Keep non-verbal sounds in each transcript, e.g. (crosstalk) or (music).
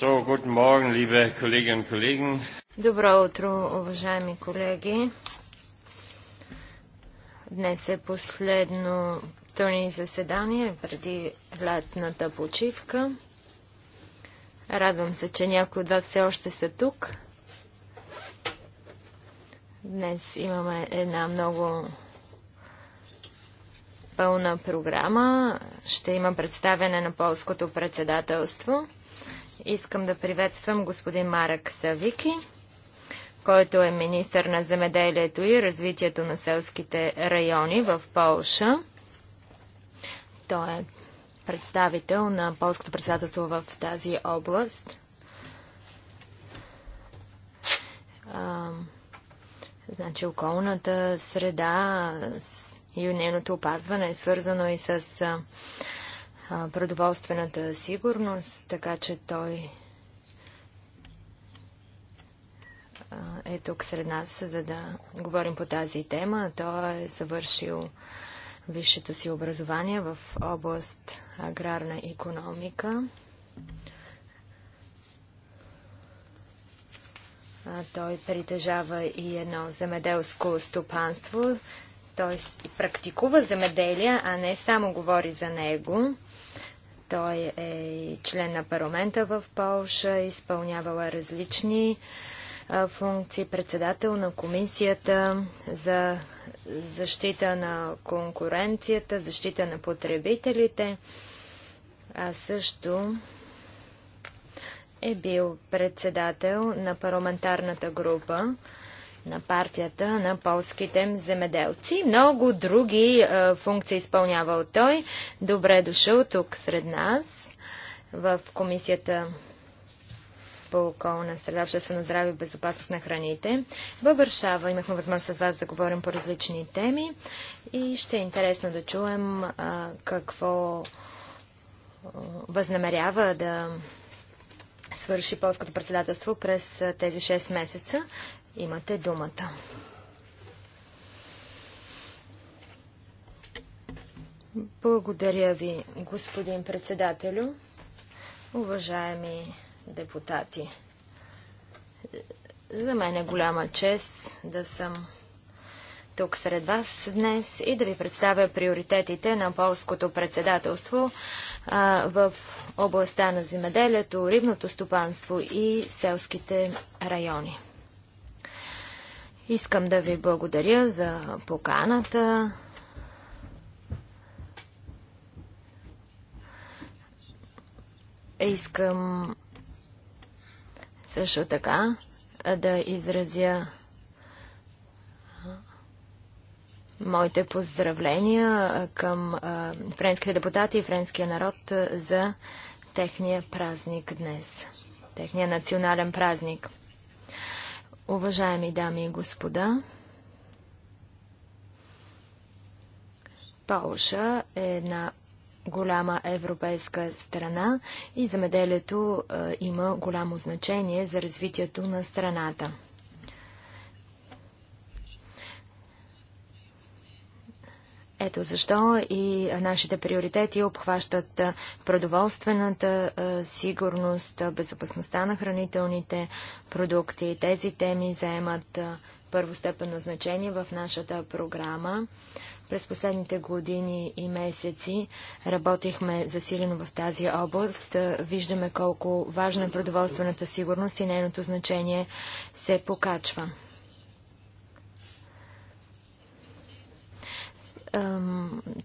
So, guten Morgen, liebe Kolleginnen und Kollegen. Добро утро, уважаеми колеги. Днес е последно ни заседание преди лятната почивка. Радвам се, че някои от вас все още са тук. Днес имаме една много пълна програма. Ще има представяне на полското председателство. Искам да приветствам господин Марък Савики, който е министър на земеделието и развитието на селските райони в Полша. Той е представител на полското председателство в тази област. А, значи околната среда и нейното опазване е свързано и с продоволствената сигурност, така че той е тук сред нас, за да говорим по тази тема. Той е завършил висшето си образование в област аграрна економика. той притежава и едно земеделско стопанство, Той практикува земеделие, а не само говори за него. Той е член на парламента в Полша, изпълнявала различни функции, председател на комисията за защита на конкуренцията, защита на потребителите, а също е бил председател на парламентарната група на партията на полските земеделци. Много други е, функции изпълнявал той. Добре е дошъл тук сред нас в комисията по околна среда, обществено здраве и безопасност на храните. Във Варшава имахме възможност с вас да говорим по различни теми и ще е интересно да чуем а, какво а, възнамерява да свърши полското председателство през а, тези 6 месеца. Имате думата. Благодаря ви, господин председателю. Уважаеми депутати, за мен е голяма чест да съм тук сред вас днес и да ви представя приоритетите на полското председателство в областта на земеделието, рибното стопанство и селските райони. Искам да ви благодаря за поканата. Искам също така да изразя моите поздравления към френските депутати и френския народ за техния празник днес, техния национален празник. Уважаеми дами и господа, Полша е една голяма европейска страна и замеделието е, има голямо значение за развитието на страната. Ето защо и нашите приоритети обхващат продоволствената сигурност, безопасността на хранителните продукти. Тези теми заемат първостепенно значение в нашата програма. През последните години и месеци работихме засилено в тази област. Виждаме колко важна е продоволствената сигурност и нейното значение се покачва.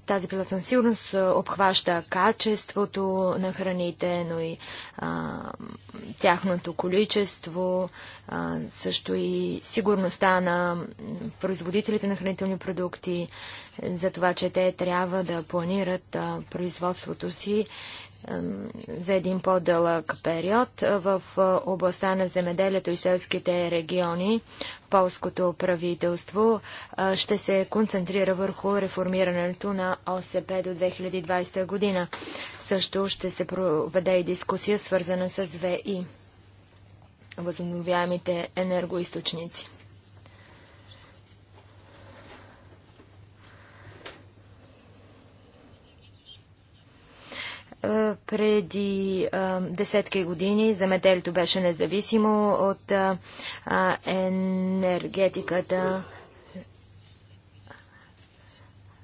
тази предварителна сигурност обхваща качеството на храните, но и а, тяхното количество, а, също и сигурността на производителите на хранителни продукти, за това, че те трябва да планират а, производството си за един по-дълъг период в областта на земеделието и селските региони. Полското правителство ще се концентрира върху реформирането на ОСП до 2020 година. Също ще се проведе и дискусия, свързана с ВИ възобновяемите енергоисточници. Е, преди е, десетки години земеделието беше независимо от е, енергетиката.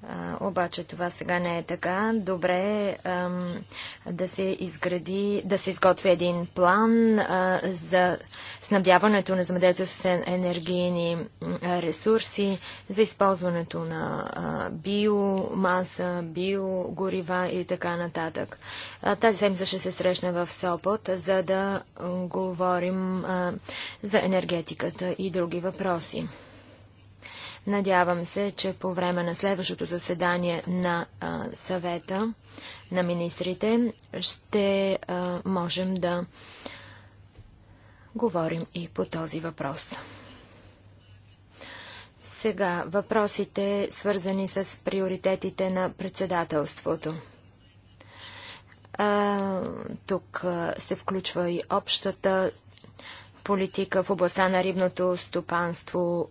А, обаче това сега не е така. Добре да се изгради, да се изготви един план а, за снабдяването на земеделието с енергийни ресурси, за използването на а, биомаса, биогорива и така нататък. Тази седмица ще се срещна в Сопот, за да говорим за енергетиката и други въпроси. Надявам се, че по време на следващото заседание на съвета на министрите ще можем да говорим и по този въпрос. Сега въпросите, свързани с приоритетите на председателството. тук се включва и общата политика в областта на рибното стопанство,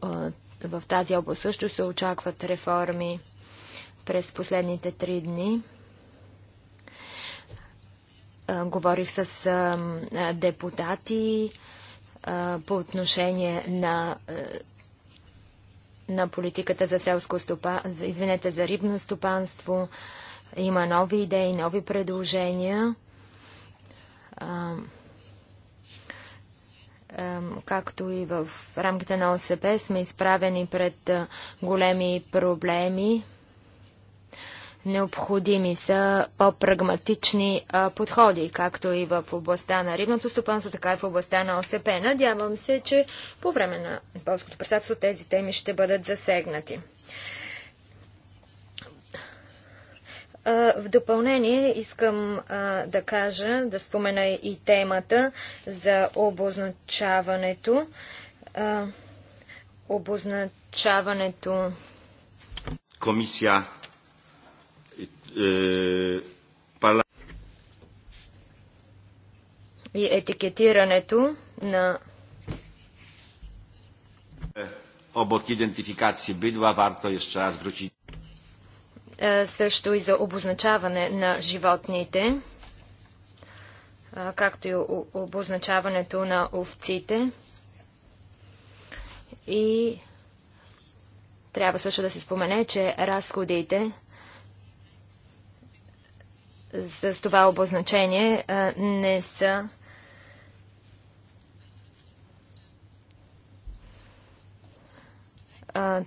в тази област също се очакват реформи през последните три дни. Говорих с депутати по отношение на на политиката за селско стопанство, извинете, за рибно стопанство. Има нови идеи, нови предложения както и в рамките на ОСП, сме изправени пред големи проблеми. Необходими са по-прагматични подходи, както и в областта на рибното стопанство, така и в областта на ОСП. Надявам се, че по време на полското председателство тези теми ще бъдат засегнати. В допълнение искам да кажа, да спомена и темата за обозначаването. Обозначаването. Комисия. Е, е, и етикетирането на obok е, идентификации бидва, варто jeszcze raz също и за обозначаване на животните, както и обозначаването на овците. И трябва също да се спомене, че разходите с това обозначение не са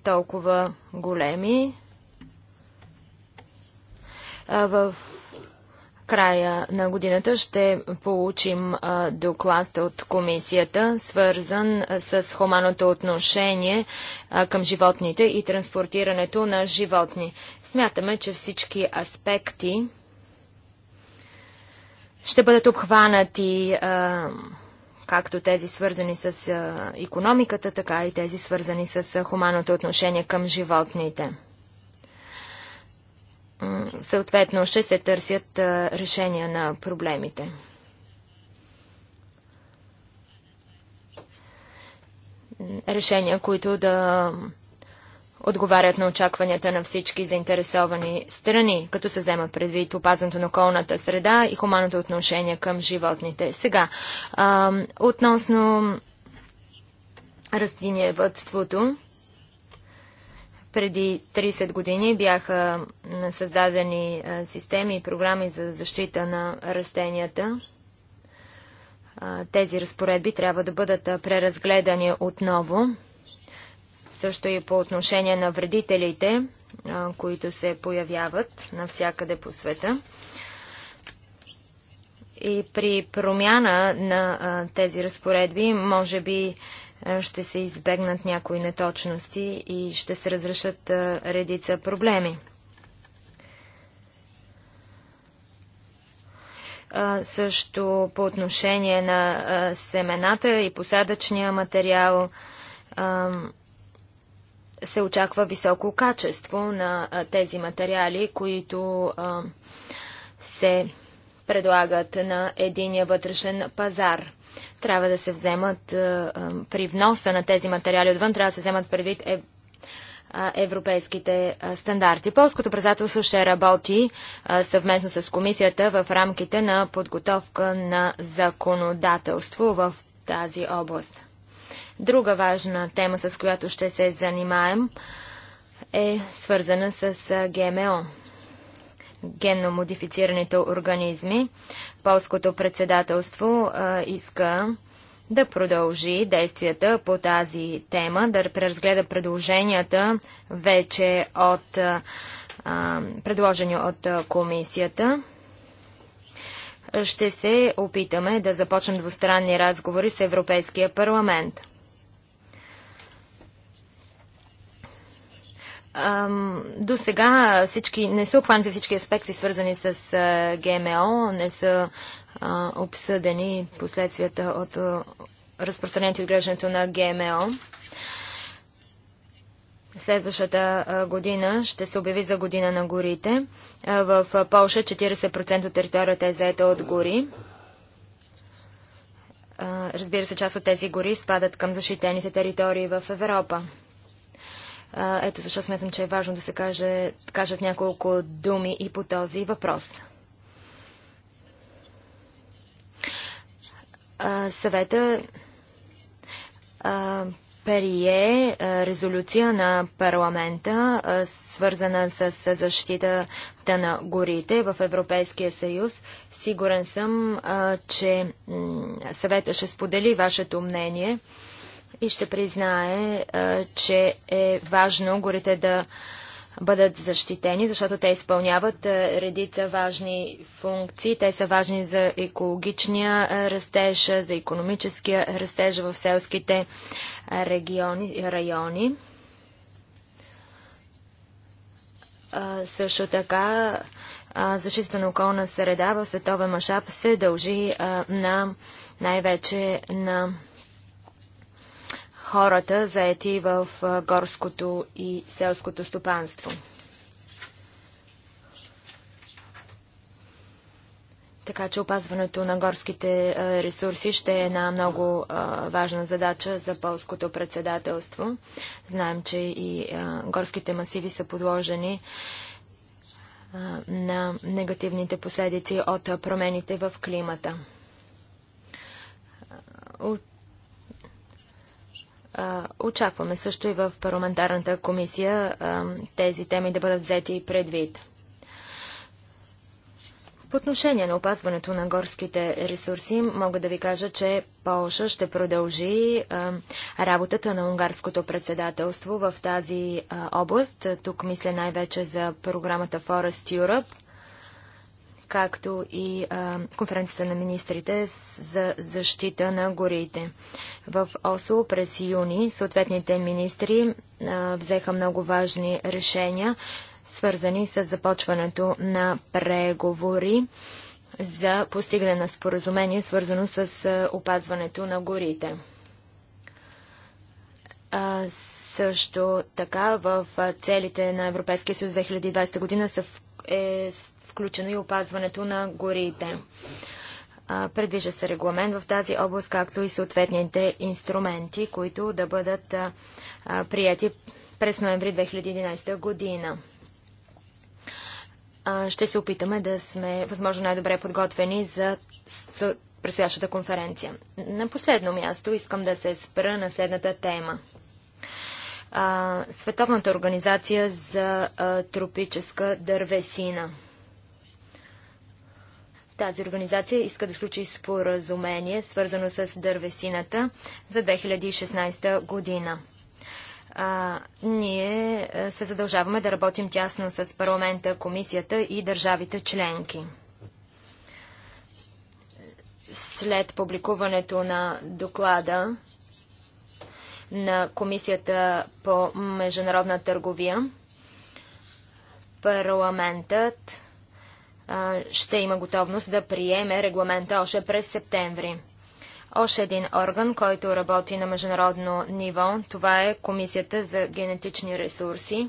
толкова големи. В края на годината ще получим доклад от комисията, свързан с хуманото отношение към животните и транспортирането на животни. Смятаме, че всички аспекти ще бъдат обхванати както тези свързани с економиката, така и тези свързани с хуманото отношение към животните съответно ще се търсят решения на проблемите. Решения, които да отговарят на очакванията на всички заинтересовани страни, като се взема предвид опазването на околната среда и хуманното отношение към животните. Сега, относно относно растениевътството, преди 30 години бяха създадени системи и програми за защита на растенията. Тези разпоредби трябва да бъдат преразгледани отново. Също и по отношение на вредителите, които се появяват навсякъде по света. И при промяна на тези разпоредби, може би, е, ще се избегнат някои неточности и ще се разрешат е, редица проблеми. Е, също по отношение на семената и посадъчния материал се очаква високо качество на тези материали, които се предлагат на единия вътрешен пазар. Трябва да се вземат а, при вноса на тези материали отвън, трябва да се вземат предвид е, а, европейските а, стандарти. Полското председателство ще работи съвместно с комисията в рамките на подготовка на законодателство в тази област. Друга важна тема, с която ще се занимаем, е свързана с ГМО генно модифицираните организми. Полското председателство а, иска да продължи действията по тази тема, да преразгледа предложенията вече от а, предложени от комисията. Ще се опитаме да започнем двустранни разговори с Европейския парламент. До сега всички, не са обхванати всички аспекти, свързани с ГМО, не са а, обсъдени последствията от разпространението и отглеждането на ГМО. Следващата година ще се обяви за година на горите. В Польша 40% от територията е заета от гори. Разбира се, част от тези гори спадат към защитените територии в Европа. Ето защо смятам, че е важно да се каже, кажат няколко думи и по този въпрос. Съвета перие резолюция на парламента, свързана с защитата на горите в Европейския съюз. Сигурен съм, че съвета ще сподели вашето мнение и ще признае, че е важно горите да бъдат защитени, защото те изпълняват редица важни функции. Те са важни за екологичния растеж, за економическия растеж в селските региони, райони. Също така, защитата на околна среда в световен мащаб се дължи на най-вече на хората, заети в горското и селското стопанство. Така че опазването на горските ресурси ще е една много важна задача за полското председателство. Знаем, че и горските масиви са подложени на негативните последици от промените в климата. От Очакваме също и в парламентарната комисия тези теми да бъдат взети предвид. По отношение на опазването на горските ресурси, мога да ви кажа, че Полша ще продължи работата на унгарското председателство в тази област. Тук мисля най-вече за програмата Forest Europe както и а, конференцията на министрите за защита на горите. В ОСО през юни съответните министри а, взеха много важни решения, свързани с започването на преговори за постигане на споразумение, свързано с а, опазването на горите. А, също така в целите на Европейския съюз 2020 година са е включено и опазването на горите. Предвижда се регламент в тази област, както и съответните инструменти, които да бъдат прияти през ноември 2011 година. ще се опитаме да сме възможно най-добре подготвени за предстоящата конференция. На последно място искам да се спра на следната тема. Световната организация за тропическа дървесина – тази организация иска да случи споразумение, свързано с дървесината за 2016 година. А, ние се задължаваме да работим тясно с парламента, комисията и държавите членки. След публикуването на доклада на Комисията по международна търговия, парламентът ще има готовност да приеме регламента още през септември. Още един орган, който работи на международно ниво, това е Комисията за генетични ресурси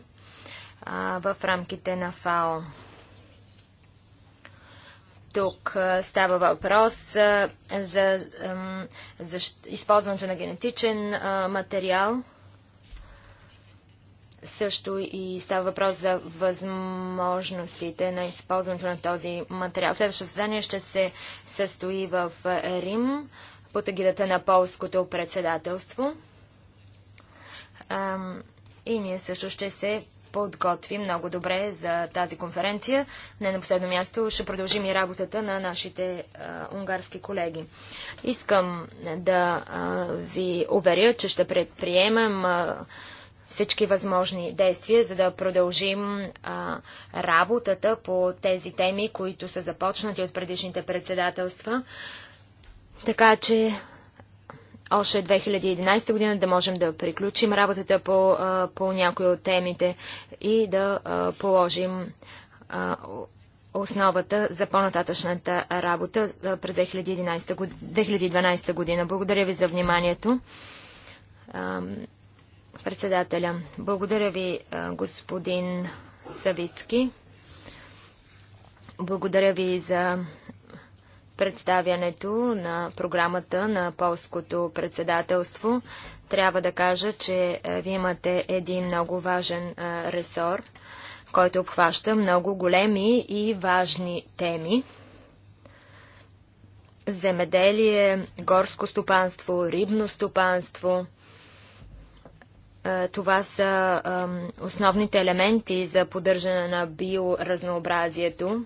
в рамките на ФАО. Тук става въпрос за използването на генетичен материал също и става въпрос за възможностите на използването на този материал. Следващото задание ще се състои в Рим под агидата на полското председателство. И ние също ще се подготвим много добре за тази конференция. Не на последно място ще продължим и работата на нашите а, унгарски колеги. Искам да а, ви уверя, че ще предприемем а, всички възможни действия, за да продължим а, работата по тези теми, които са започнати от предишните председателства. Така че още 2011 година да можем да приключим работата по, а, по някои от темите и да а, положим а, основата за по-нататъчната работа през 2011, 2012 година. Благодаря ви за вниманието. Председателя, благодаря ви, господин Савицки. Благодаря ви за представянето на програмата на полското председателство. Трябва да кажа, че ви имате един много важен ресор, който обхваща много големи и важни теми. Земеделие, горско стопанство, рибно стопанство, е, това са основните елементи за поддържане на биоразнообразието.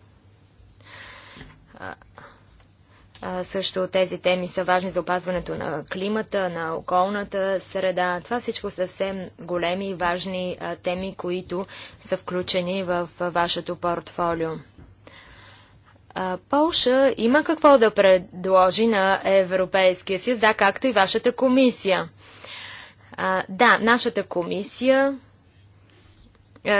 Също тези теми са важни за опазването на климата, на околната среда. Това всичко съвсем големи и важни теми, които са включени в вашето портфолио. Полша има какво да предложи на Европейския съюз, да, както и вашата комисия да, нашата комисия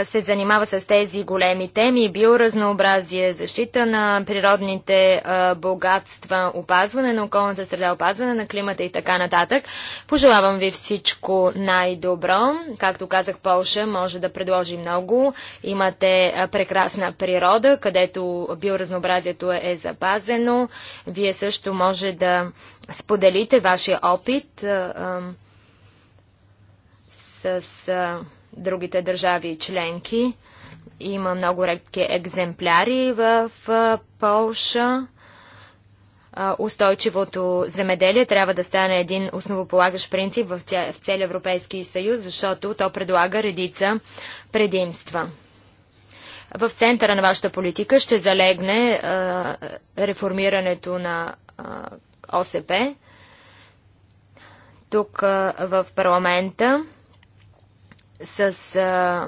се занимава с тези големи теми биоразнообразие, защита на природните богатства, опазване на околната среда, опазване на климата и така нататък. Пожелавам ви всичко най-добро. Както казах, Полша може да предложи много. Имате прекрасна природа, където биоразнообразието е запазено. Вие също може да споделите вашия опит с другите държави членки. Има много редки екземпляри в Полша. Устойчивото земеделие трябва да стане един основополагащ принцип в цел Европейски съюз, защото то предлага редица предимства. В центъра на вашата политика ще залегне а, реформирането на а, ОСП. Тук а, в парламента с а,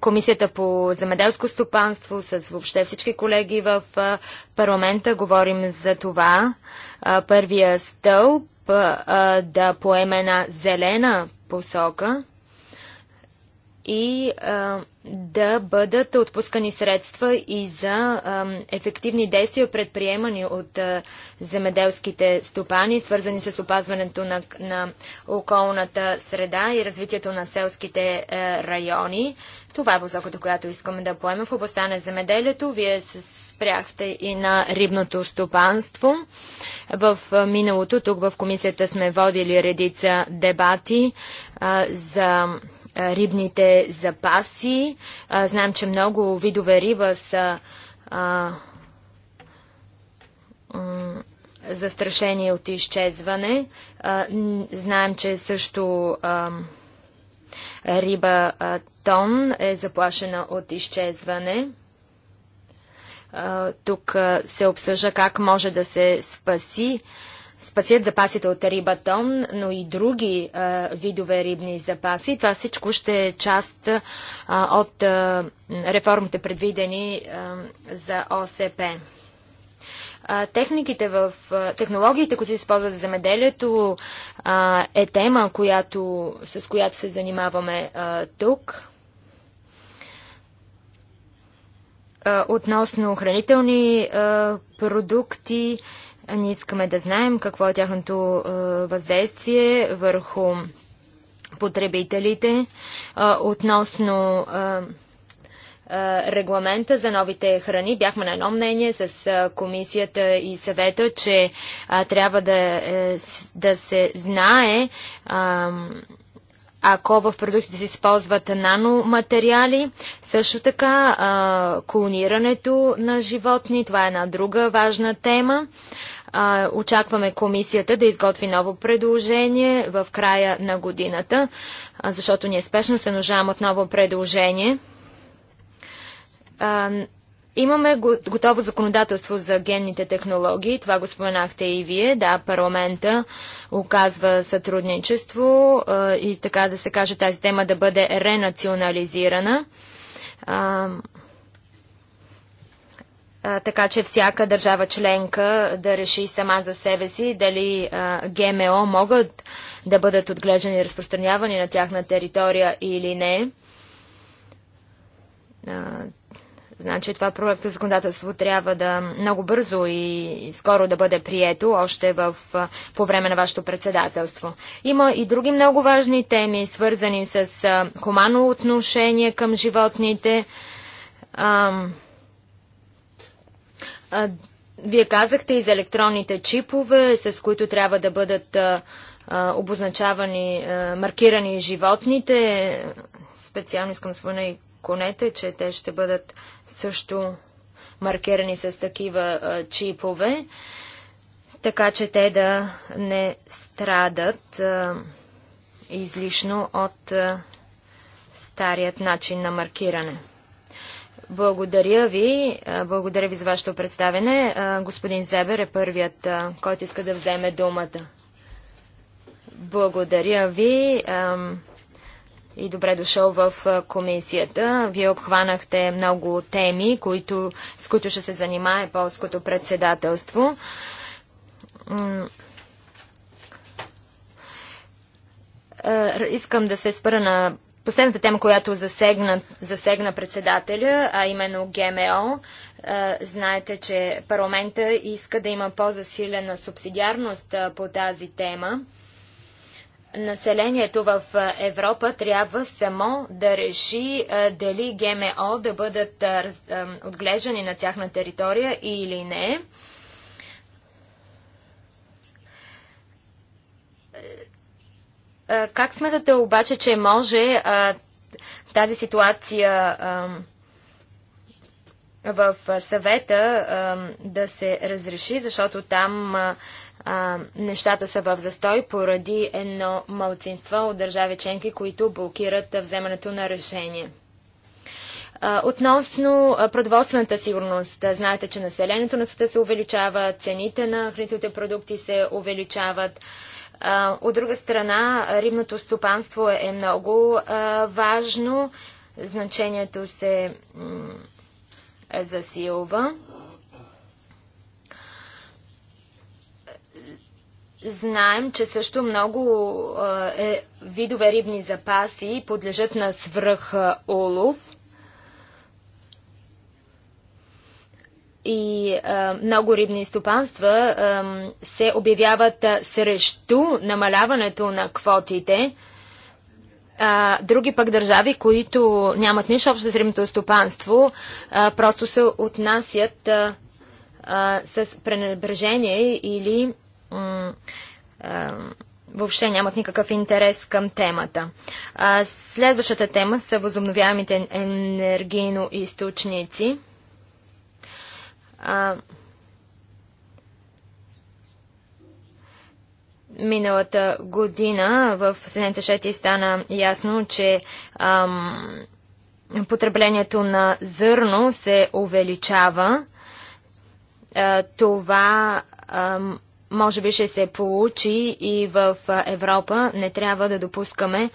Комисията по земеделско стопанство, с въобще всички колеги в а, парламента. Говорим за това а, първия стълб а, да поеме на зелена посока и а, да бъдат отпускани средства и за ефективни действия, предприемани от земеделските стопани, свързани с опазването на, на околната среда и развитието на селските е, райони. Това е посоката, която искаме да поемем в областта на земеделието. Вие се спряхте и на рибното стопанство. В миналото тук в комисията сме водили редица дебати а, за рибните запаси. Знаем, че много видове риба са застрашени от изчезване. Знаем, че също риба тон е заплашена от изчезване. Тук се обсъжда как може да се спаси спасят запасите от рибатон, но и други а, видове рибни запаси. Това всичко ще е част а, от а, реформите предвидени а, за ОСП. техниките в технологиите, които се използват за земеделието, е тема, която, с която се занимаваме тук. относно хранителни продукти, ние искаме да знаем какво е тяхното е, въздействие върху потребителите е, относно е, регламента за новите храни. Бяхме на едно мнение с комисията и съвета, че трябва да, да се знае ако в продуктите се използват наноматериали. Също така, а, клонирането на животни, това е една друга важна тема. А, очакваме комисията да изготви ново предложение в края на годината, защото ние спешно се нуждаем от ново предложение Имаме готово законодателство за генните технологии, това го споменахте и вие. Да, парламента оказва сътрудничество и така да се каже тази тема да бъде ренационализирана. А, а, така че всяка държава членка да реши сама за себе си дали а, ГМО могат да бъдат отглеждани и разпространявани на тяхна територия или не Значи това проекта законодателство трябва да много бързо и скоро да бъде прието, още в, по време на вашето председателство. Има и други много важни теми, свързани с хуманно отношение към животните. А, а, вие казахте и за електронните чипове, с които трябва да бъдат а, обозначавани, а, маркирани животните. Специално искам да спомена и конете, че те ще бъдат също маркирани с такива а, чипове, така че те да не страдат а, излишно от а, старият начин на маркиране. Благодаря ви. Благодаря ви за вашето представене. Господин Зебер е първият, който иска да вземе думата. Благодаря ви и добре дошъл в комисията. Вие обхванахте много теми, които, с които ще се занимае полското председателство. Искам да се спра на последната тема, която засегна, засегна председателя, а именно ГМО. Знаете, че парламента иска да има по-засилена субсидиарност по тази тема населението в Европа трябва само да реши дали ГМО да бъдат отглеждани на тяхна територия или не. как смятате обаче, че може тази ситуация в съвета да се разреши, защото там а, нещата са в застой поради едно малцинство от държави членки, които блокират вземането на решение. Относно продоволствената сигурност, знаете, че населението на света се увеличава, цените на хранителните продукти се увеличават. От друга страна, рибното стопанство е много важно, значението се е засилва. Знаем, че също много е, видове рибни запаси подлежат на свръх улов. И е, много рибни стопанства е, се обявяват срещу намаляването на квотите. А, други пък държави, които нямат нищо общо с рибното стопанство, е, просто се отнасят е, е, с пренебрежение или въобще нямат никакъв интерес към темата. следващата тема са възобновяемите енергийно източници. миналата година в Съединените щати стана ясно, че ам, потреблението на зърно се увеличава. А, това ам, може би ще се получи и в Европа. Не трябва да допускаме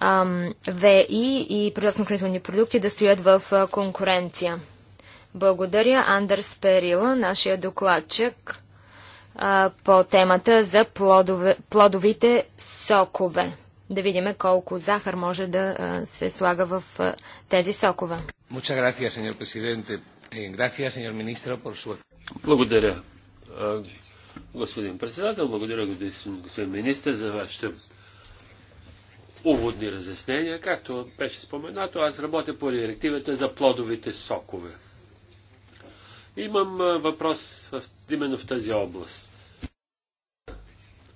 ам, ВИ и природно-хранителни продукти да стоят в конкуренция. Благодаря Андърс Перила, нашия докладчик а, по темата за плодове, плодовите сокове. Да видим колко захар може да а, се слага в а, тези сокове. Eh, Благодаря, Благодаря, господин председател. Благодаря, господин министр, за вашите уводни разяснения. Както беше споменато, аз работя по директивата за плодовите сокове. Имам въпрос именно в тази област.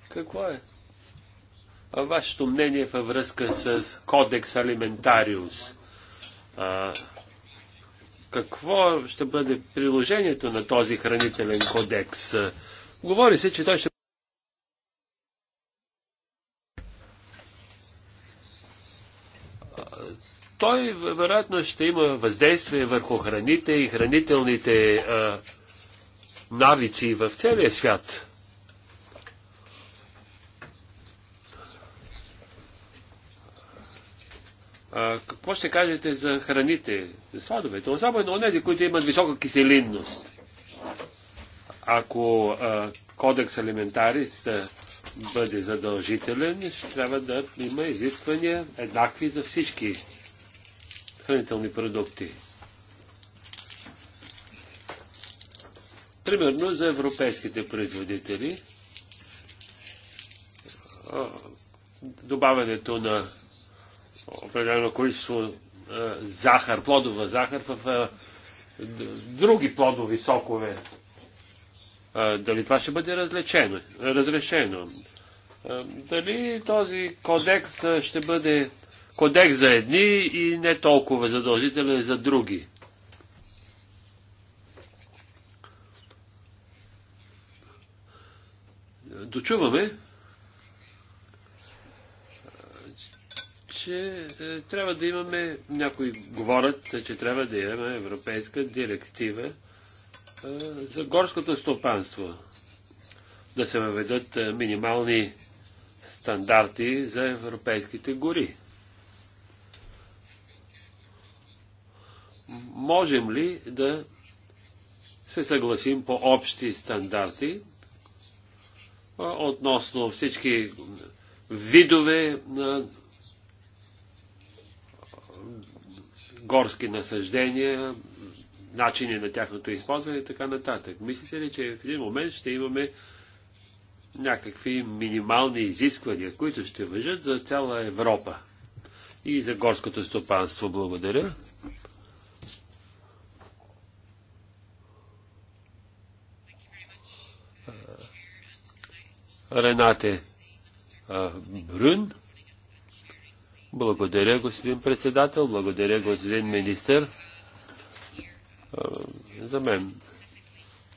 Какво е вашето мнение във връзка с Кодекс Алиментариус? А, какво ще бъде приложението на този хранителен кодекс? Говори се, че той ще. Той вероятно ще има въздействие върху храните и хранителните а, навици в целия свят. А, какво ще кажете за храните, за сладовете, особено тези, които имат висока киселинност? Ако а, кодекс елементарис а, бъде задължителен, ще трябва да има изисквания еднакви за всички хранителни продукти. Примерно за европейските производители добавянето на определено количество захар, плодова захар в други плодови сокове дали това ще бъде разлечено, разрешено, дали този кодекс ще бъде кодекс за едни и не толкова задължителен за други. Дочуваме, че е, трябва да имаме, някои говорят, че трябва да имаме европейска директива е, за горското стопанство. Да се въведат е, минимални стандарти за европейските гори. Можем ли да се съгласим по общи стандарти относно всички видове на горски насъждения, начини на тяхното използване и така нататък. Мислите ли, че в един момент ще имаме някакви минимални изисквания, които ще въжат за цяла Европа и за горското стопанство? Благодаря. Ренате Брюн. Благодаря, господин председател. Благодаря, господин министър. За мен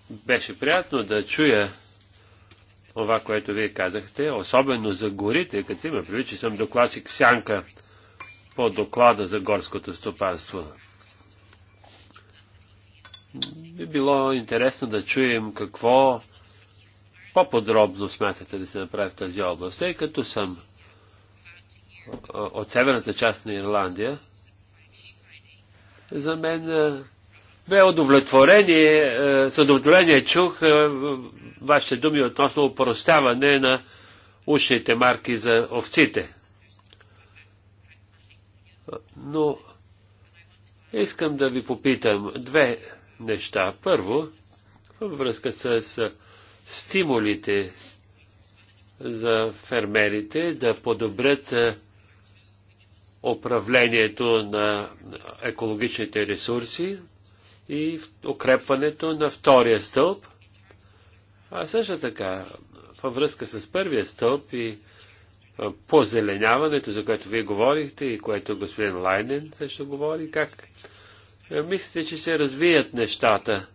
беше приятно да чуя това, което вие казахте, особено за горите, като има предвид, че съм докладчик Сянка по доклада за горското стопанство. Би било интересно да чуем какво по-подробно смятате да се направи в тази област, тъй като съм от северната част на Ирландия. За мен бе удовлетворение, е, с удовлетворение чух е, вашите думи относно упростяване на ушните марки за овците. Но искам да ви попитам две неща. Първо, във връзка с стимулите за фермерите да подобрят е, управлението на екологичните ресурси, и укрепването на втория стълб. А също така, във връзка с първия стълб и позеленяването, за което вие говорихте и което господин Лайнен също говори, как мислите, че се развият нещата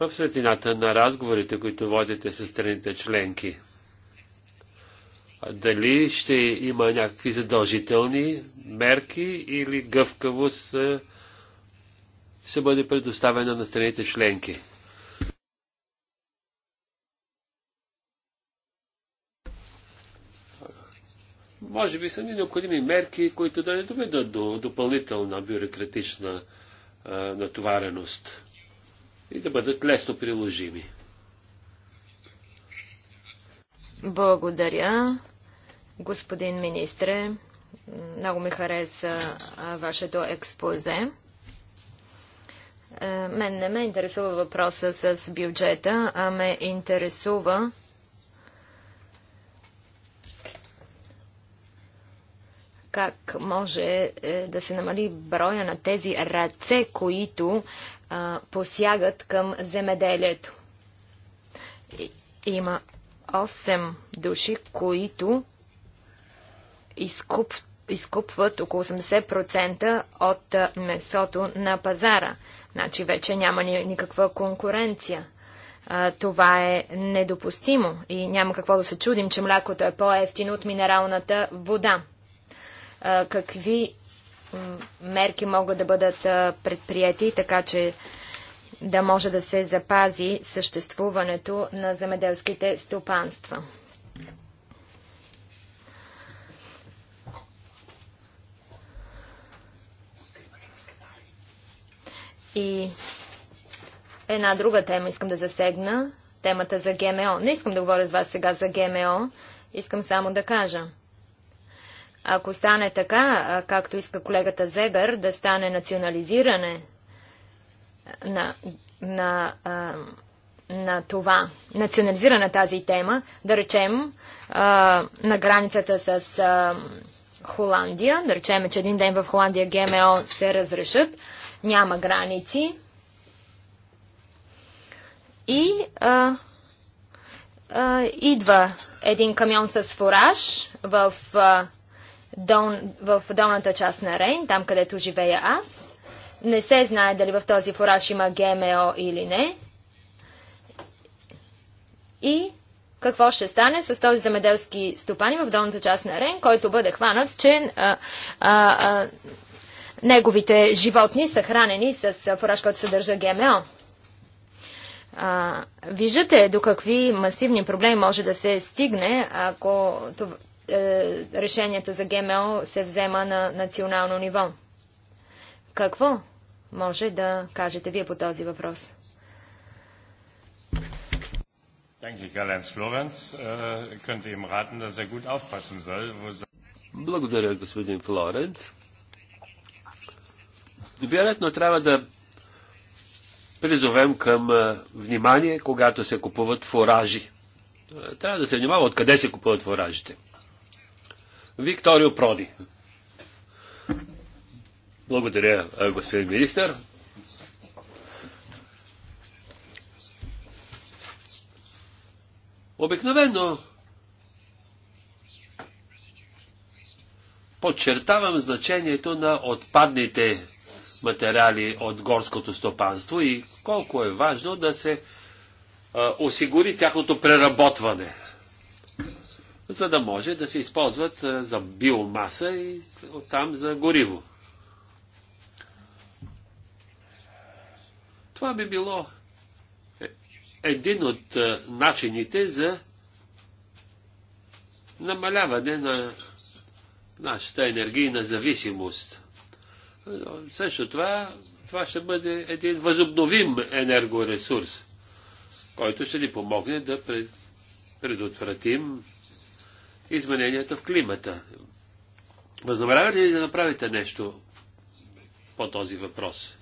в светлината на разговорите, които водите с страните членки? Дали ще има някакви задължителни мерки или гъвкавост ще бъде предоставена на страните членки. Може би са ни необходими мерки, които да не доведат до допълнителна бюрократична а, натовареност и да бъдат лесно приложими. Благодаря, господин министре. Много ми хареса вашето експозе. Е, мен не ме интересува въпроса с бюджета, а ме интересува как може е, да се намали броя на тези ръце, които посягат към земеделието. има 8 души, които изкупват изкупват около 80% от месото на пазара. Значи вече няма никаква конкуренция. Това е недопустимо и няма какво да се чудим, че млякото е по-ефтино от минералната вода. Какви мерки могат да бъдат предприяти, така че да може да се запази съществуването на земеделските стопанства? И една друга тема искам да засегна. Темата за ГМО. Не искам да говоря с вас сега за ГМО. Искам само да кажа. Ако стане така, както иска колегата Зегър, да стане национализиране на, на, на това, национализиране на тази тема, да речем, на границата с Холандия, да речем, че един ден в Холандия ГМО се разрешат, няма граници. И а, а, идва един камион с фураж в, а, дон, в долната част на Рейн, там където живея аз. Не се знае дали в този фураж има ГМО или не. И какво ще стане с този земеделски стопани в долната част на Рен, който бъде хванат, че а, а, а, неговите животни са хранени с фураж, който съдържа ГМО. А, виждате до какви масивни проблеми може да се стигне, ако това, е, решението за ГМО се взема на национално ниво. Какво може да кажете вие по този въпрос? Äh, er Благодаря, господин Флоренц вероятно трябва да призовем към внимание, когато се купуват фуражи. Трябва да се внимава откъде се купуват фуражите. Викторио Проди. Благодаря, господин министър. Обикновено подчертавам значението на отпадните материали от горското стопанство и колко е важно да се а, осигури тяхното преработване, за да може да се използват а, за биомаса и оттам за гориво. Това би било е, един от а, начините за намаляване на нашата енергийна зависимост. Също това, това ще бъде един възобновим енергоресурс, който ще ни помогне да предотвратим измененията в климата. Възнамерявате ли да направите нещо по този въпрос?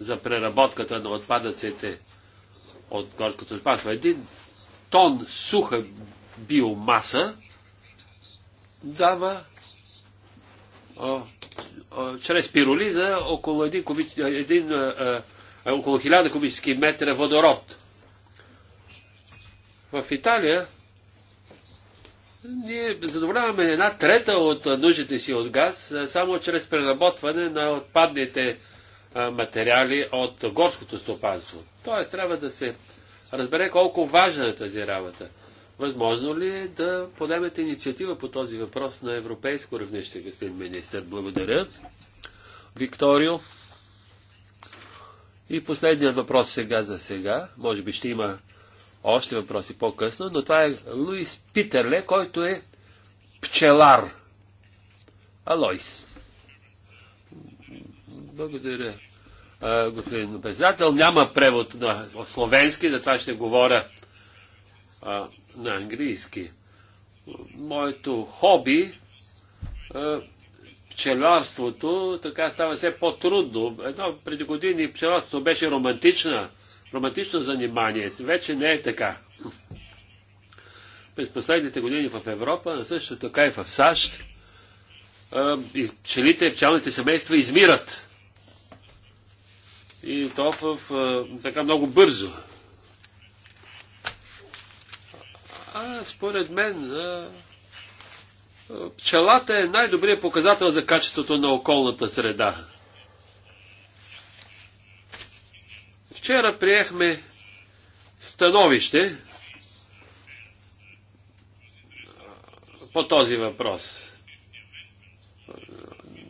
За преработката на отпадъците от горското спасва, Един тон суха биомаса дава чрез пиролиза около, един кубич, един, а, а, около 1000 кубически метра водород. В Италия ние задоволяваме една трета от нуждите си от газ само чрез преработване на отпадните материали от горското стопанство. Тоест трябва да се разбере колко важна е тази работа. Възможно ли е да подемете инициатива по този въпрос на европейско равнище, господин министр? Благодаря. Викторио. И последният въпрос сега за сега. Може би ще има още въпроси по-късно, но това е Луис Питерле, който е пчелар. Алойс. Благодаря, господин председател. Няма превод на словенски, затова ще говоря на английски. Моето хоби, е, пчеларството, така става все по-трудно. Едно преди години пчеларството беше романтична, романтично занимание. Вече не е така. През последните години в Европа, на също така и в САЩ, е, пчелите, пчелните семейства измират. И то в, е, така много бързо. според мен, а, пчелата е най-добрият показател за качеството на околната среда. Вчера приехме становище по този въпрос.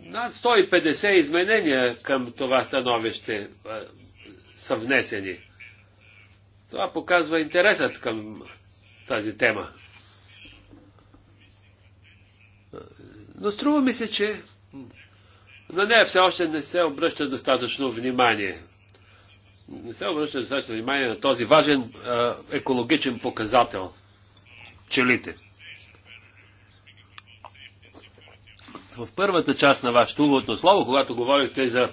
Над 150 изменения към това становище са внесени. Това показва интересът към тази тема. Но струва ми се, че на нея все още не се обръща достатъчно внимание. Не се обръща достатъчно внимание на този важен а, екологичен показател пчелите. В първата част на вашето уводно слово, когато говорихте за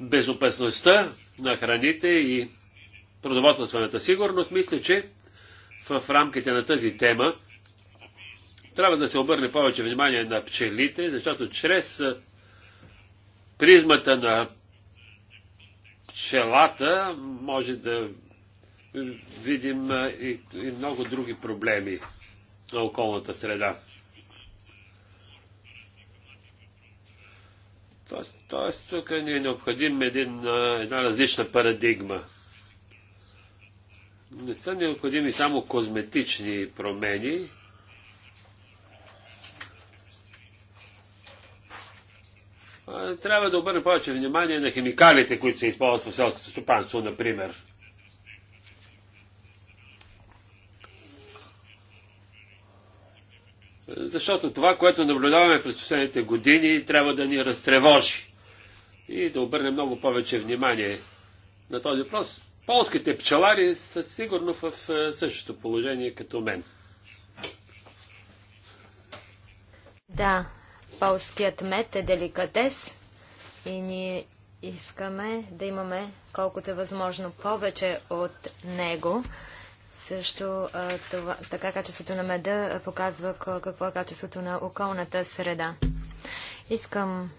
безопасността на храните и продоволствената сигурност, мисля, че в рамките на тази тема трябва да се обърне повече внимание на пчелите, защото чрез призмата на пчелата може да видим и, и много други проблеми на околната среда. Тоест, тоест тук ни е необходим един, една различна парадигма не са необходими само козметични промени, трябва да обърне повече внимание на химикалите, които се използват в селското стопанство, например. Защото това, което наблюдаваме през последните години, трябва да ни разтревожи и да обърне много повече внимание на този въпрос. Полските пчелари са сигурно в е, същото положение като мен. Да, полският мед е деликатес и ние искаме да имаме колкото е възможно повече от него. Също е, това, така качеството на меда показва какво е качеството на околната среда. Искам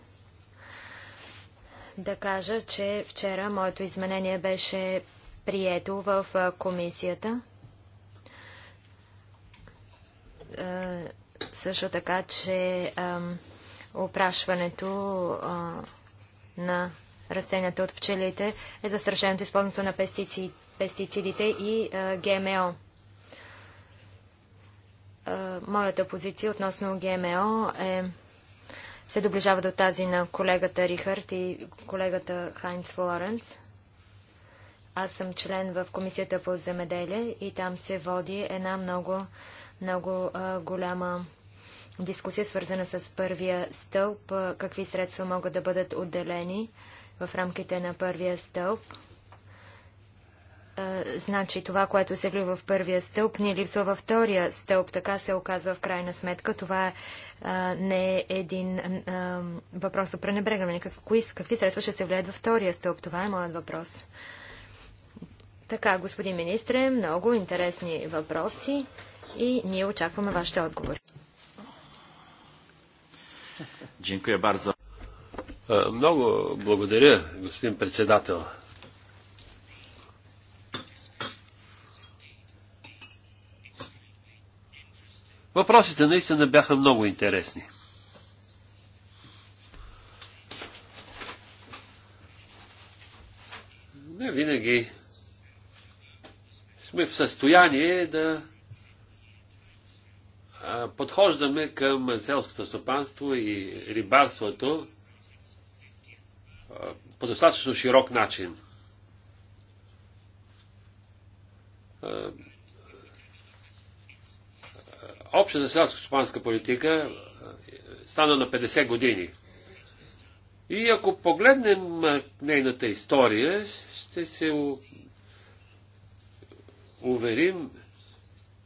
да кажа, че вчера моето изменение беше прието в комисията. Също така, че опрашването на растенията от пчелите е застрашеното използването на пестицидите и ГМО. Моята позиция относно ГМО е се доближава до тази на колегата Рихард и колегата Хайнц Флоренц. Аз съм член в Комисията по земеделие и там се води една много, много а, голяма дискусия, свързана с първия стълб, а, какви средства могат да бъдат отделени в рамките на първия стълб. А, значи това, което се влива в първия стълб, ни липсва във втория стълб. Така се оказва в крайна сметка. Това а, не е един а, въпрос за пренебрегване. Как, кои, какви средства ще се влияят във втория стълб? Това е моят въпрос. Така, господин министре, много интересни въпроси и ние очакваме вашите отговори. Дякую барзо. Много благодаря, господин председател. Въпросите наистина бяха много интересни. Не винаги сме в състояние да подхождаме към селското стопанство и рибарството по достатъчно широк начин. Обща за селско-стопанска политика стана на 50 години. И ако погледнем нейната история, ще се уверим,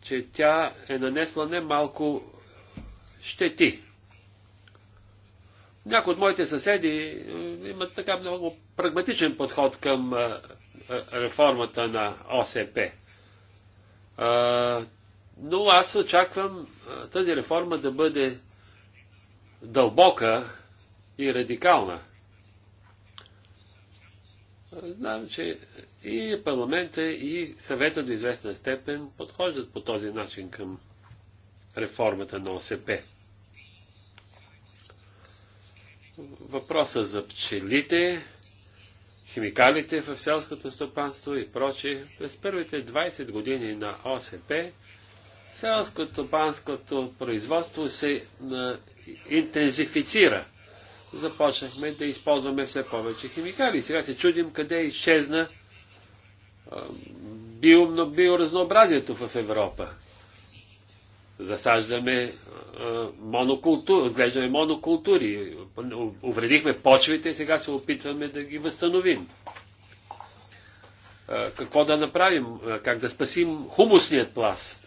че тя е нанесла немалко щети. Някои от моите съседи имат така много прагматичен подход към реформата на ОСП. Но аз очаквам тази реформа да бъде дълбока и радикална. Знам, че и парламента и съвета до известна степен подхождат по този начин към реформата на ОСП. Въпроса за пчелите, химикалите в селското стопанство и прочие. През първите 20 години на ОСП селско-стопанското производство се интензифицира. Започнахме да използваме все повече химикали. Сега се чудим къде изчезна био, биоразнообразието в Европа. Засаждаме монокултури, отглеждаме монокултури, увредихме почвите и сега се опитваме да ги възстановим. Какво да направим? Как да спасим хумусният пласт?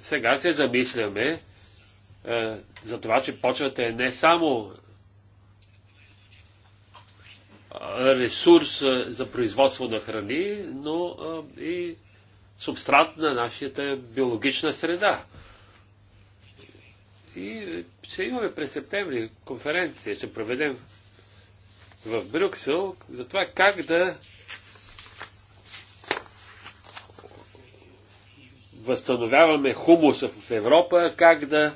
Сега се замисляме за това, че почвата е не само ресурс за производство на храни, но и субстрат на нашата биологична среда. И ще имаме през септември конференция, ще проведем в Брюксел за това как да възстановяваме хумуса в Европа, как да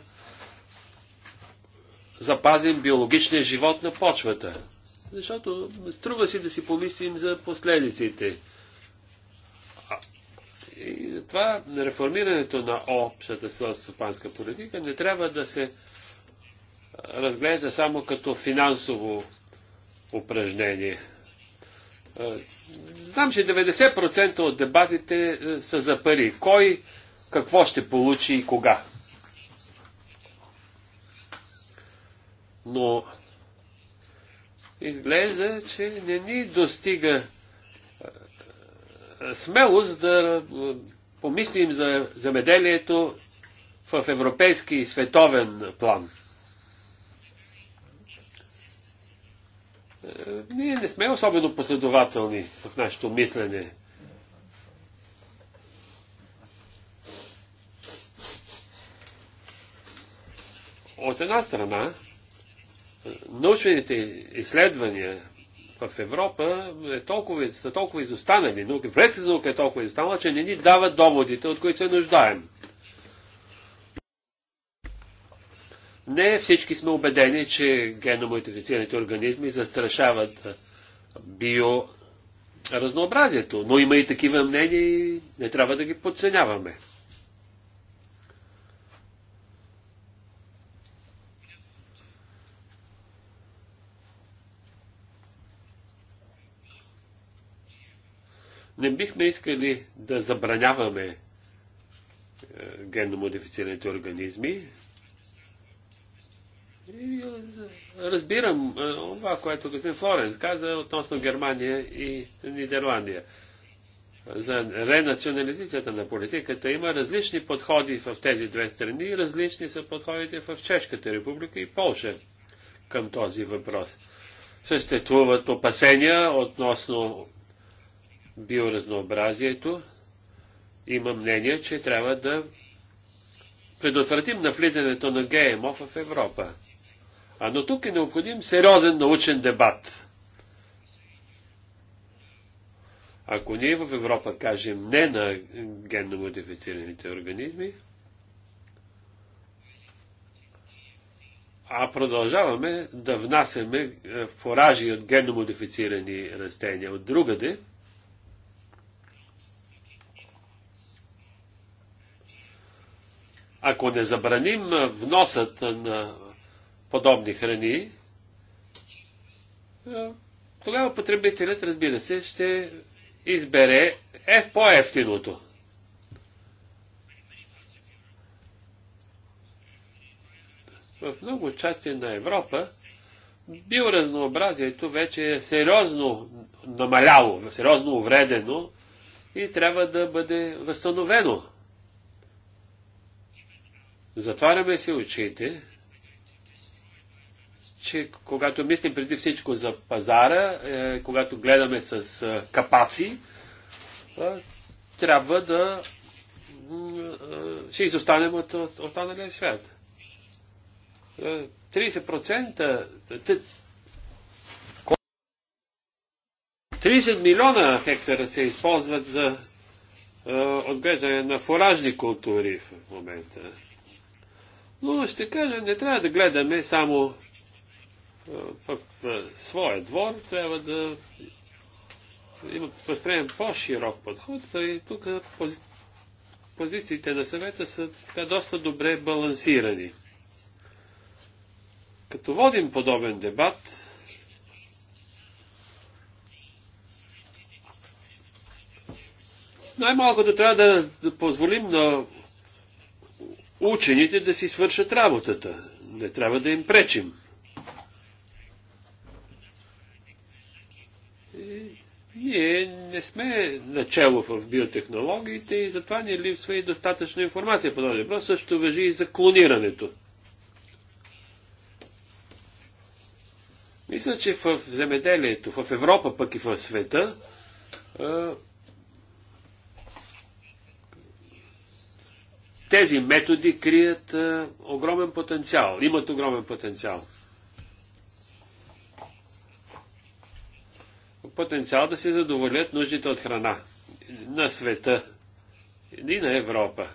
запазим биологичния живот на почвата. Защото струва си да си помислим за последиците. И затова реформирането на общата стопанска политика не трябва да се разглежда само като финансово упражнение. Знам, че 90% от дебатите са за пари. Кой какво ще получи и кога. Но изглежда, че не ни достига смелост да помислим за земеделието в европейски и световен план. Ние не сме особено последователни в нашето мислене. От една страна, научните изследвания в Европа е толкова, са толкова изостанали, наука, връзка наука е толкова изостанала, че не ни дава доводите, от които се нуждаем. Не всички сме убедени, че геномодифицираните организми застрашават биоразнообразието, но има и такива мнения и не трябва да ги подценяваме. Не бихме искали да забраняваме е, генно модифицираните организми. И е, разбирам е, това, което господин Флоренс каза относно Германия и Нидерландия. За ренационализацията на политиката има различни подходи в тези две страни, различни са подходите в Чешката република и Полша към този въпрос. Съществуват опасения относно биоразнообразието има мнение, че трябва да предотвратим навлизането на ГМО в Европа. А но тук е необходим сериозен научен дебат. Ако ние в Европа кажем не на генно модифицираните организми, а продължаваме да внасяме е, фуражи от генно модифицирани растения от другаде, Ако не забраним вносът на подобни храни, е, тогава потребителят, разбира се, ще избере е по-ефтиното. В много части на Европа биоразнообразието вече е сериозно намаляло, сериозно увредено и трябва да бъде възстановено. Затваряме си очите, че когато мислим преди всичко за пазара, е, когато гледаме с е, капаци, е, трябва да ще изостанем от останалия свят. 30% 30 милиона хектара се използват за отглеждане на фуражни култури в момента. Но ще кажа, не трябва да гледаме само в своя двор, трябва да възприемем по-широк подход. И тук пози... позициите на съвета са така доста добре балансирани. Като водим подобен дебат, най малко да трябва да позволим на учените да си свършат работата. Не трябва да им пречим. И ние не сме начало в биотехнологиите и затова ни липсва и достатъчно информация по този въпрос. Също въжи и за клонирането. Мисля, че в земеделието, в Европа, пък и в света, Тези методи крият а, огромен потенциал, имат огромен потенциал. Потенциал да се задоволят нуждите от храна на света и на Европа.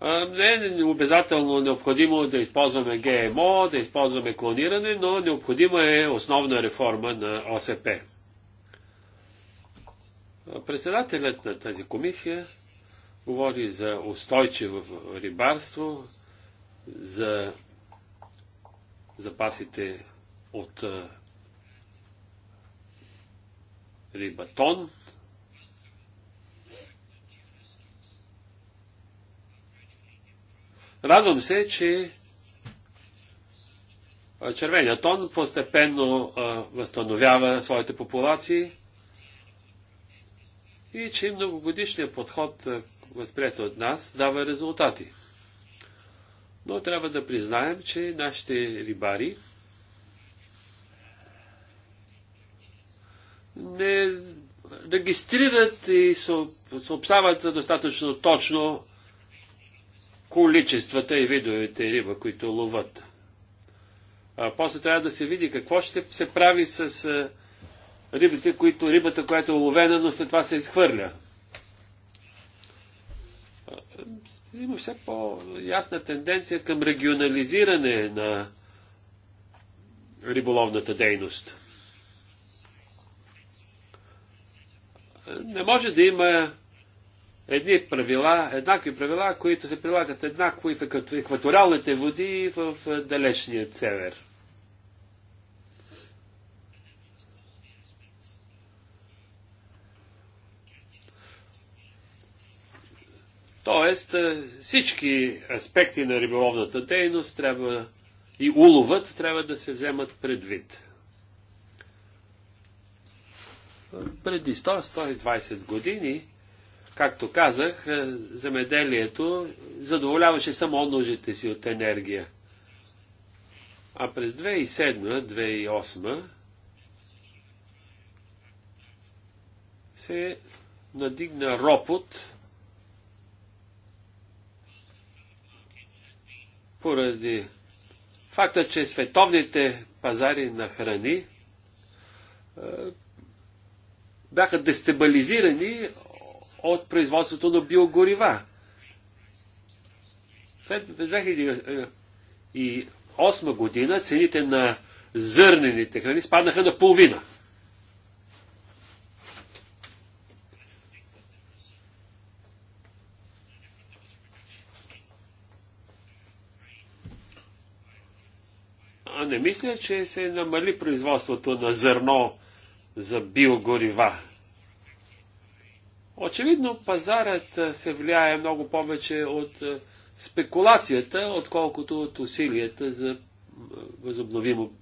А, не е обязателно необходимо да използваме ГМО, да използваме клониране, но необходима е основна реформа на ОСП. Председателят на тази комисия говори за устойчиво рибарство, за запасите от рибатон. Радвам се, че червения тон постепенно възстановява своите популации и че многогодишният подход възприето от нас, дава резултати. Но трябва да признаем, че нашите рибари не регистрират и съобщават достатъчно точно количествата и видовете риба, които ловат. А после трябва да се види какво ще се прави с рибите, които, рибата, която е уловена, но след това се изхвърля. има все по-ясна тенденция към регионализиране на риболовната дейност. Не може да има едни правила, еднакви правила, които се прилагат еднакво и в екваториалните води и в далечният север. Тоест всички аспекти на риболовната дейност трябва и уловът трябва да се вземат предвид. Преди 100-120 години, както казах, земеделието задоволяваше само нуждите си от енергия. А през 2007-2008 се надигна ропот поради факта, че световните пазари на храни е, бяха дестабилизирани от производството на биогорива. След 2008 година цените на зърнените храни спаднаха на половина. а не мисля, че се намали производството на зърно за биогорива. Очевидно, пазарът се влияе много повече от спекулацията, отколкото от усилията за възобновимо,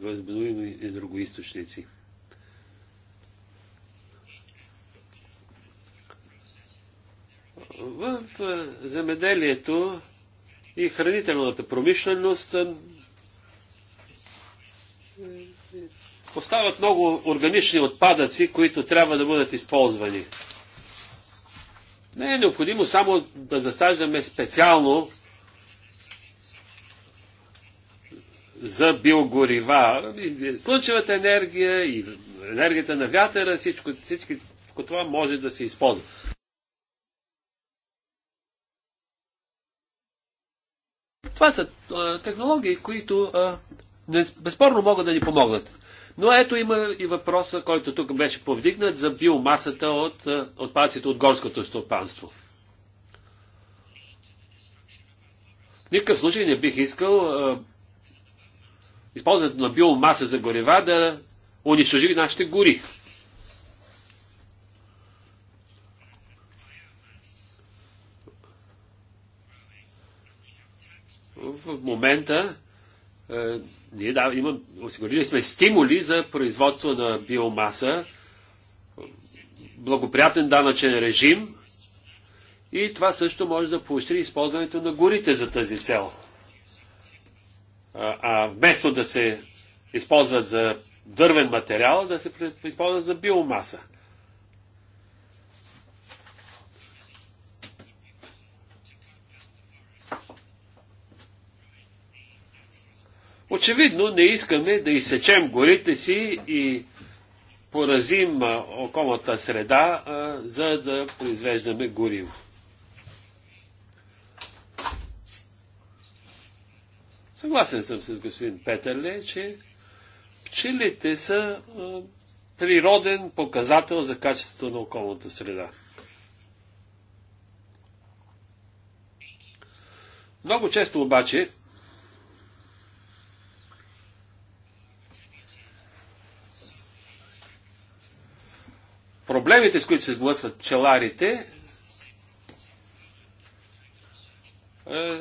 възобновими другоисточници. В земеделието и хранителната промишленост остават много органични отпадъци, които трябва да бъдат използвани. Не е необходимо само да засаждаме специално за биогорива. Ами, слънчевата енергия и енергията на вятъра, всичко, всички, това може да се използва. Това са а, технологии, които а, безспорно могат да ни помогнат. Но ето има и въпроса, който тук беше повдигнат за биомасата от е, отпадците от горското стопанство. В никакъв случай не бих искал е, използването на биомаса за горева да унищожи нашите гори. В момента е, ние да, имам, осигурили сме стимули за производство на биомаса, благоприятен данъчен режим и това също може да поощри използването на горите за тази цел. А, а вместо да се използват за дървен материал, да се използват за биомаса. Очевидно не искаме да изсечем горите си и поразим околната среда, за да произвеждаме гориво. Съгласен съм с господин Петърле, че пчелите са природен показател за качеството на околната среда. Много често обаче проблемите, с които се сблъсват пчеларите, е,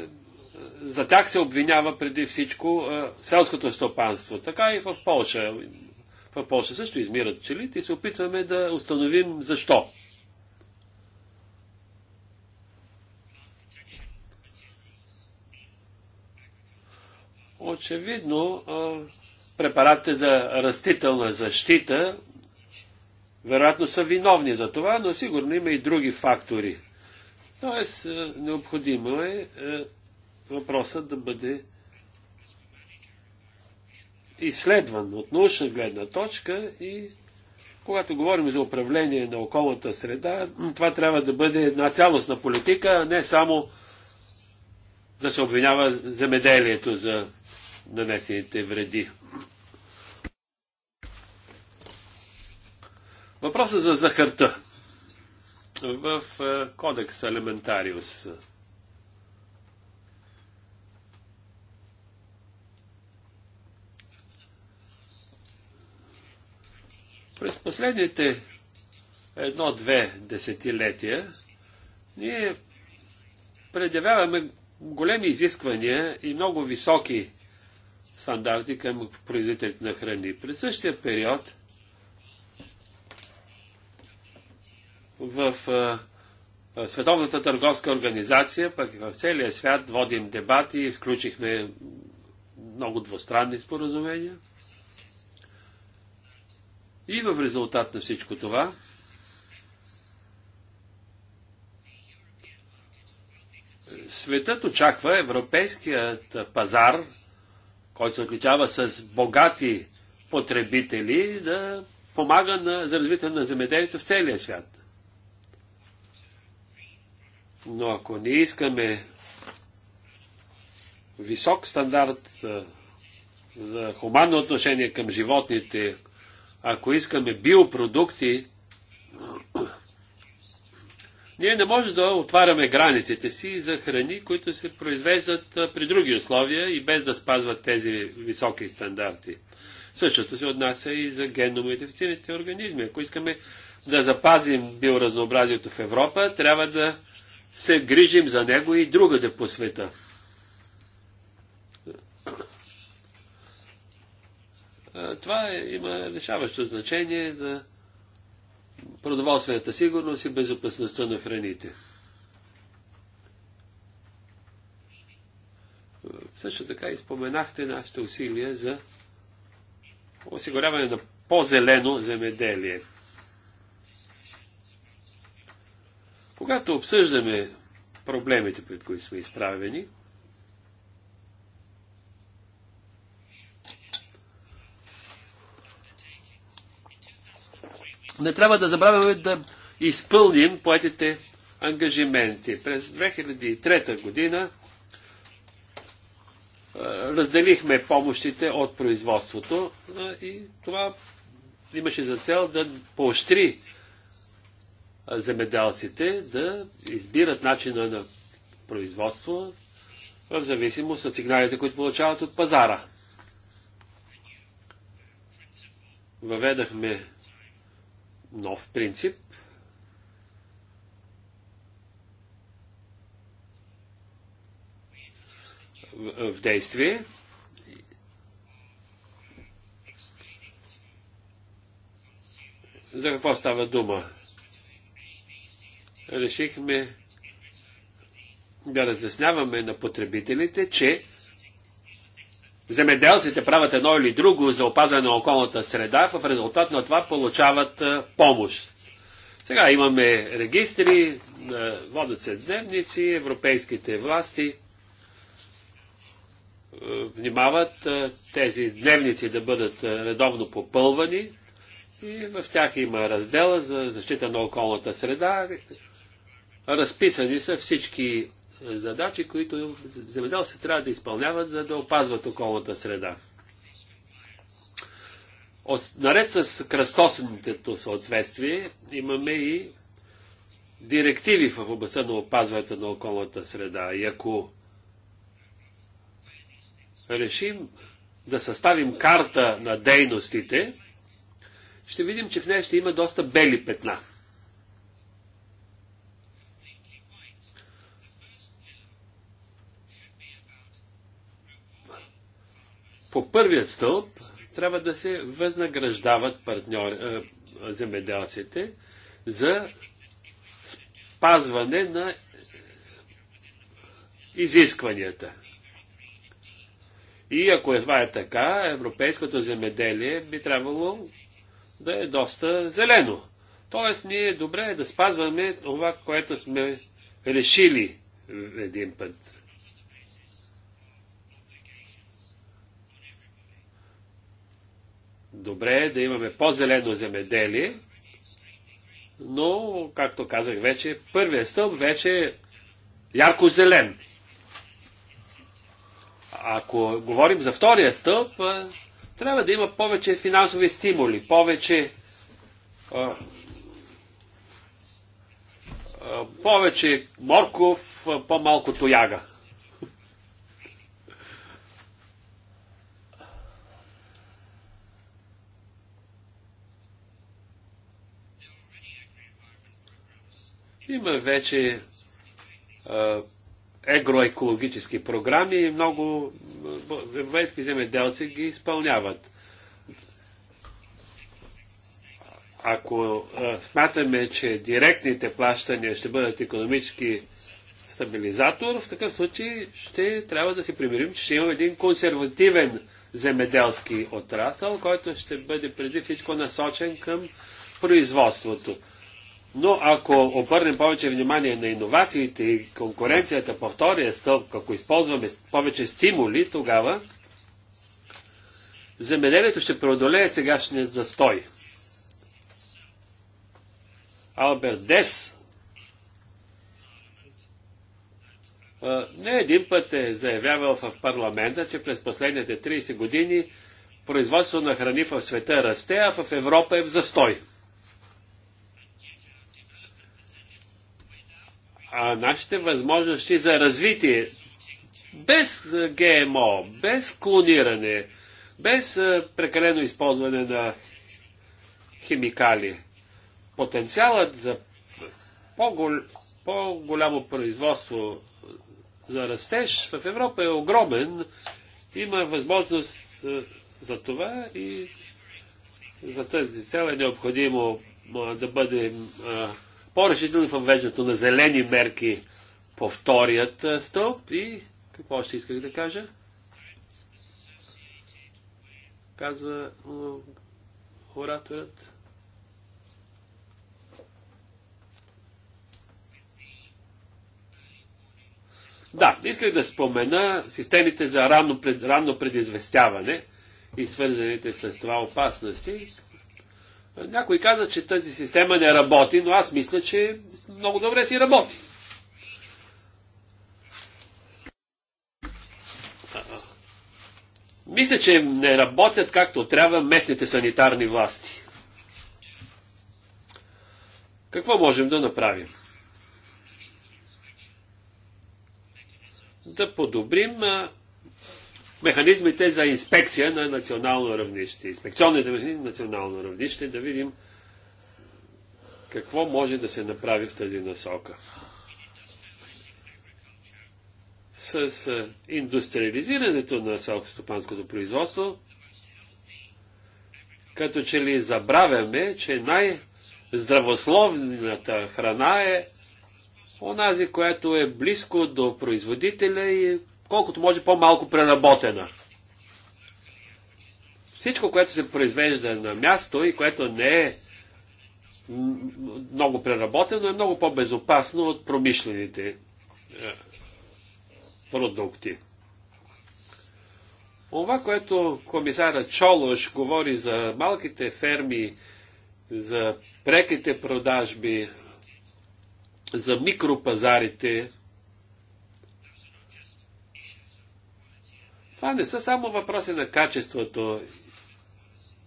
за тях се обвинява преди всичко е, селското стопанство. Така и в Польша. В Польша също измират пчелите и се опитваме да установим защо. Очевидно, е, препаратите за растителна защита вероятно са виновни за това, но сигурно има и други фактори. Тоест, е, необходимо е, е въпросът да бъде изследван от научна гледна точка и когато говорим за управление на околната среда, това трябва да бъде една цялостна политика, а не само да се обвинява земеделието за нанесените вреди. Въпросът за захарта в е, кодекс Елементариус. През последните едно-две десетилетия ние предявяваме големи изисквания и много високи стандарти към производителите на храни. През същия период в Световната търговска организация, пък и в целия свят водим дебати, изключихме много двустранни споразумения. И в резултат на всичко това, светът очаква европейският пазар, който се отличава с богати потребители, да помага на, за развитие на земеделието в целия свят. Но ако не искаме висок стандарт за хуманно отношение към животните, ако искаме биопродукти, (clears throat) ние не можем да отваряме границите си за храни, които се произвеждат при други условия и без да спазват тези високи стандарти. Същото се отнася и за генномодифицираните организми. Ако искаме да запазим биоразнообразието в Европа, трябва да се грижим за него и другаде по света. Това е, има решаващо значение за продоволствената сигурност и безопасността на храните. Също така изпоменахте нашите усилия за осигуряване на по-зелено земеделие. Когато обсъждаме проблемите, пред които сме изправени, не трябва да забравяме да изпълним поетите ангажименти. През 2003 година разделихме помощите от производството и това имаше за цел да поощри земеделците да избират начина на производство в зависимост от сигналите, които получават от пазара. Въведахме нов принцип, в действие. За какво става дума? решихме да разясняваме на потребителите, че земеделците правят едно или друго за опазване на околната среда, в резултат на това получават помощ. Сега имаме регистри, водят се дневници, европейските власти внимават тези дневници да бъдат редовно попълвани и в тях има раздела за защита на околната среда, разписани са всички е, задачи, които земеделците трябва да изпълняват, за да опазват околната среда. Наред с кръстосното съответствие имаме и директиви в областта на опазването на околната среда. И ако решим да съставим карта на дейностите, ще видим, че в нея ще има доста бели петна. по първият стълб трябва да се възнаграждават партньори, земеделците за спазване на изискванията. И ако това е така, европейското земеделие би трябвало да е доста зелено. Тоест, ние е добре е да спазваме това, което сме решили един път. Добре е да имаме по-зелено земеделие, но, както казах вече, първият стълб вече е ярко-зелен. Ако говорим за втория стълб, трябва да има повече финансови стимули, повече повече морков, по-малко тояга. Има вече егроекологически програми и много европейски земеделци ги изпълняват. Ако а, смятаме, че директните плащания ще бъдат економически стабилизатор, в такъв случай ще трябва да се примирим, че ще имаме един консервативен земеделски отрасъл, който ще бъде преди всичко насочен към производството. Но ако обърнем повече внимание на иновациите и конкуренцията по втория стълб, ако използваме повече стимули, тогава земеделието ще преодолее сегашният застой. Алберт Дес не един път е заявявал в парламента, че през последните 30 години производството на храни в света расте, а в Европа е в застой. а нашите възможности за развитие без ГМО, без клониране, без прекалено използване на химикали. Потенциалът за по-голямо производство за растеж в Европа е огромен. Има възможност за това и за тази цел е необходимо да бъдем по-решително въвеждането на зелени мерки по вторият стълб и какво още исках да кажа? Казва ораторът. Да, исках да спомена системите за ранно, пред, ранно предизвестяване и свързаните с това опасности. Някой каза, че тази система не работи, но аз мисля, че много добре си работи. Мисля, че не работят както трябва местните санитарни власти. Какво можем да направим? Да подобрим механизмите за инспекция на национално равнище, инспекционните механизми на национално равнище, да видим какво може да се направи в тази насока. С индустриализирането на селко-стопанското производство, като че ли забравяме, че най-здравословната храна е онази, която е близко до производителя и колкото може по-малко преработена. Всичко, което се произвежда на място и което не е много преработено, е много по-безопасно от промишлените е, продукти. Това, което комисара Чолош говори за малките ферми, за преките продажби, за микропазарите, Това не са само въпроси на качеството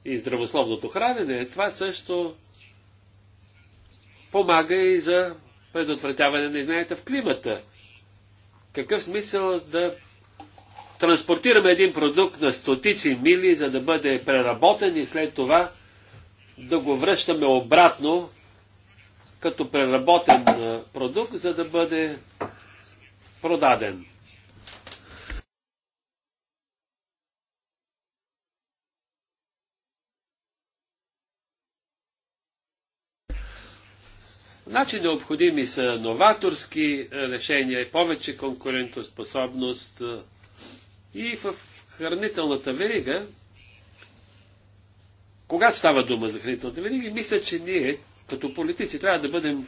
и здравословното хранене, това също помага и за предотвратяване на измененията в климата. Какъв смисъл да транспортираме един продукт на стотици мили, за да бъде преработен и след това да го връщаме обратно като преработен продукт, за да бъде продаден. Значи необходими са новаторски е, решения, повече конкурентоспособност е, и в хранителната верига. Когато става дума за хранителната верига, мисля, че ние като политици трябва да бъдем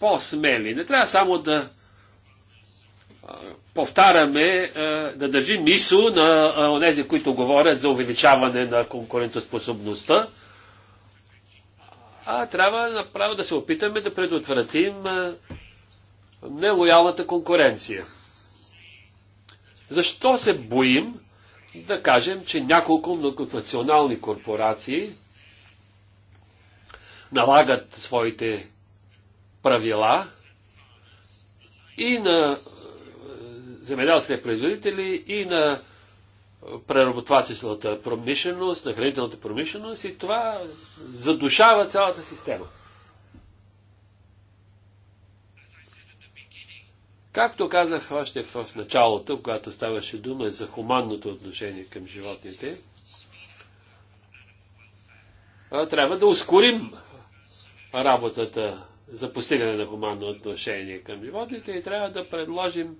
по-смели. Не трябва само да е, повтаряме, да държим мисо на тези, които говорят за увеличаване на конкурентоспособността, а трябва направо да се опитаме да предотвратим нелоялната конкуренция. Защо се боим да кажем, че няколко многонационални корпорации налагат своите правила и на земеделските производители, и на преработвателната промишленост, на хранителната промишленост и това задушава цялата система. Както казах още в началото, когато ставаше дума за хуманното отношение към животните, трябва да ускорим работата за постигане на хуманно отношение към животните и трябва да предложим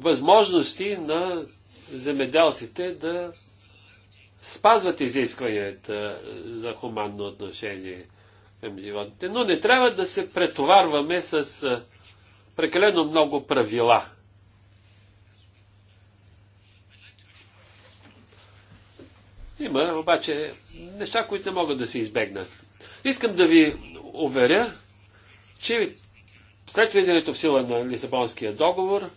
възможности на земеделците да спазват изискванията е, за хуманно отношение към животните. Но не трябва да се претоварваме с е, прекалено много правила. Има обаче неща, които не могат да се избегнат. Искам да ви уверя, че след влизането в сила на Лисабонския договор,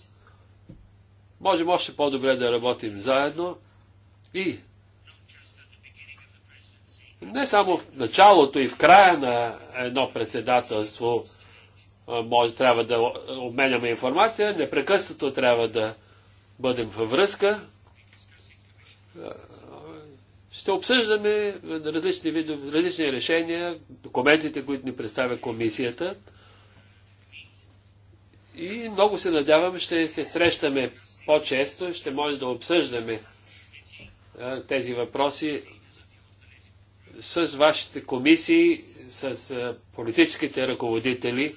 можем още по-добре да работим заедно и не само в началото и в края на едно председателство може, трябва да обменяме информация, непрекъснато трябва да бъдем във връзка. Ще обсъждаме различни, видов, различни решения, документите, които ни представя комисията. И много се надявам, ще се срещаме по-често ще може да обсъждаме тези въпроси с вашите комисии, с политическите ръководители.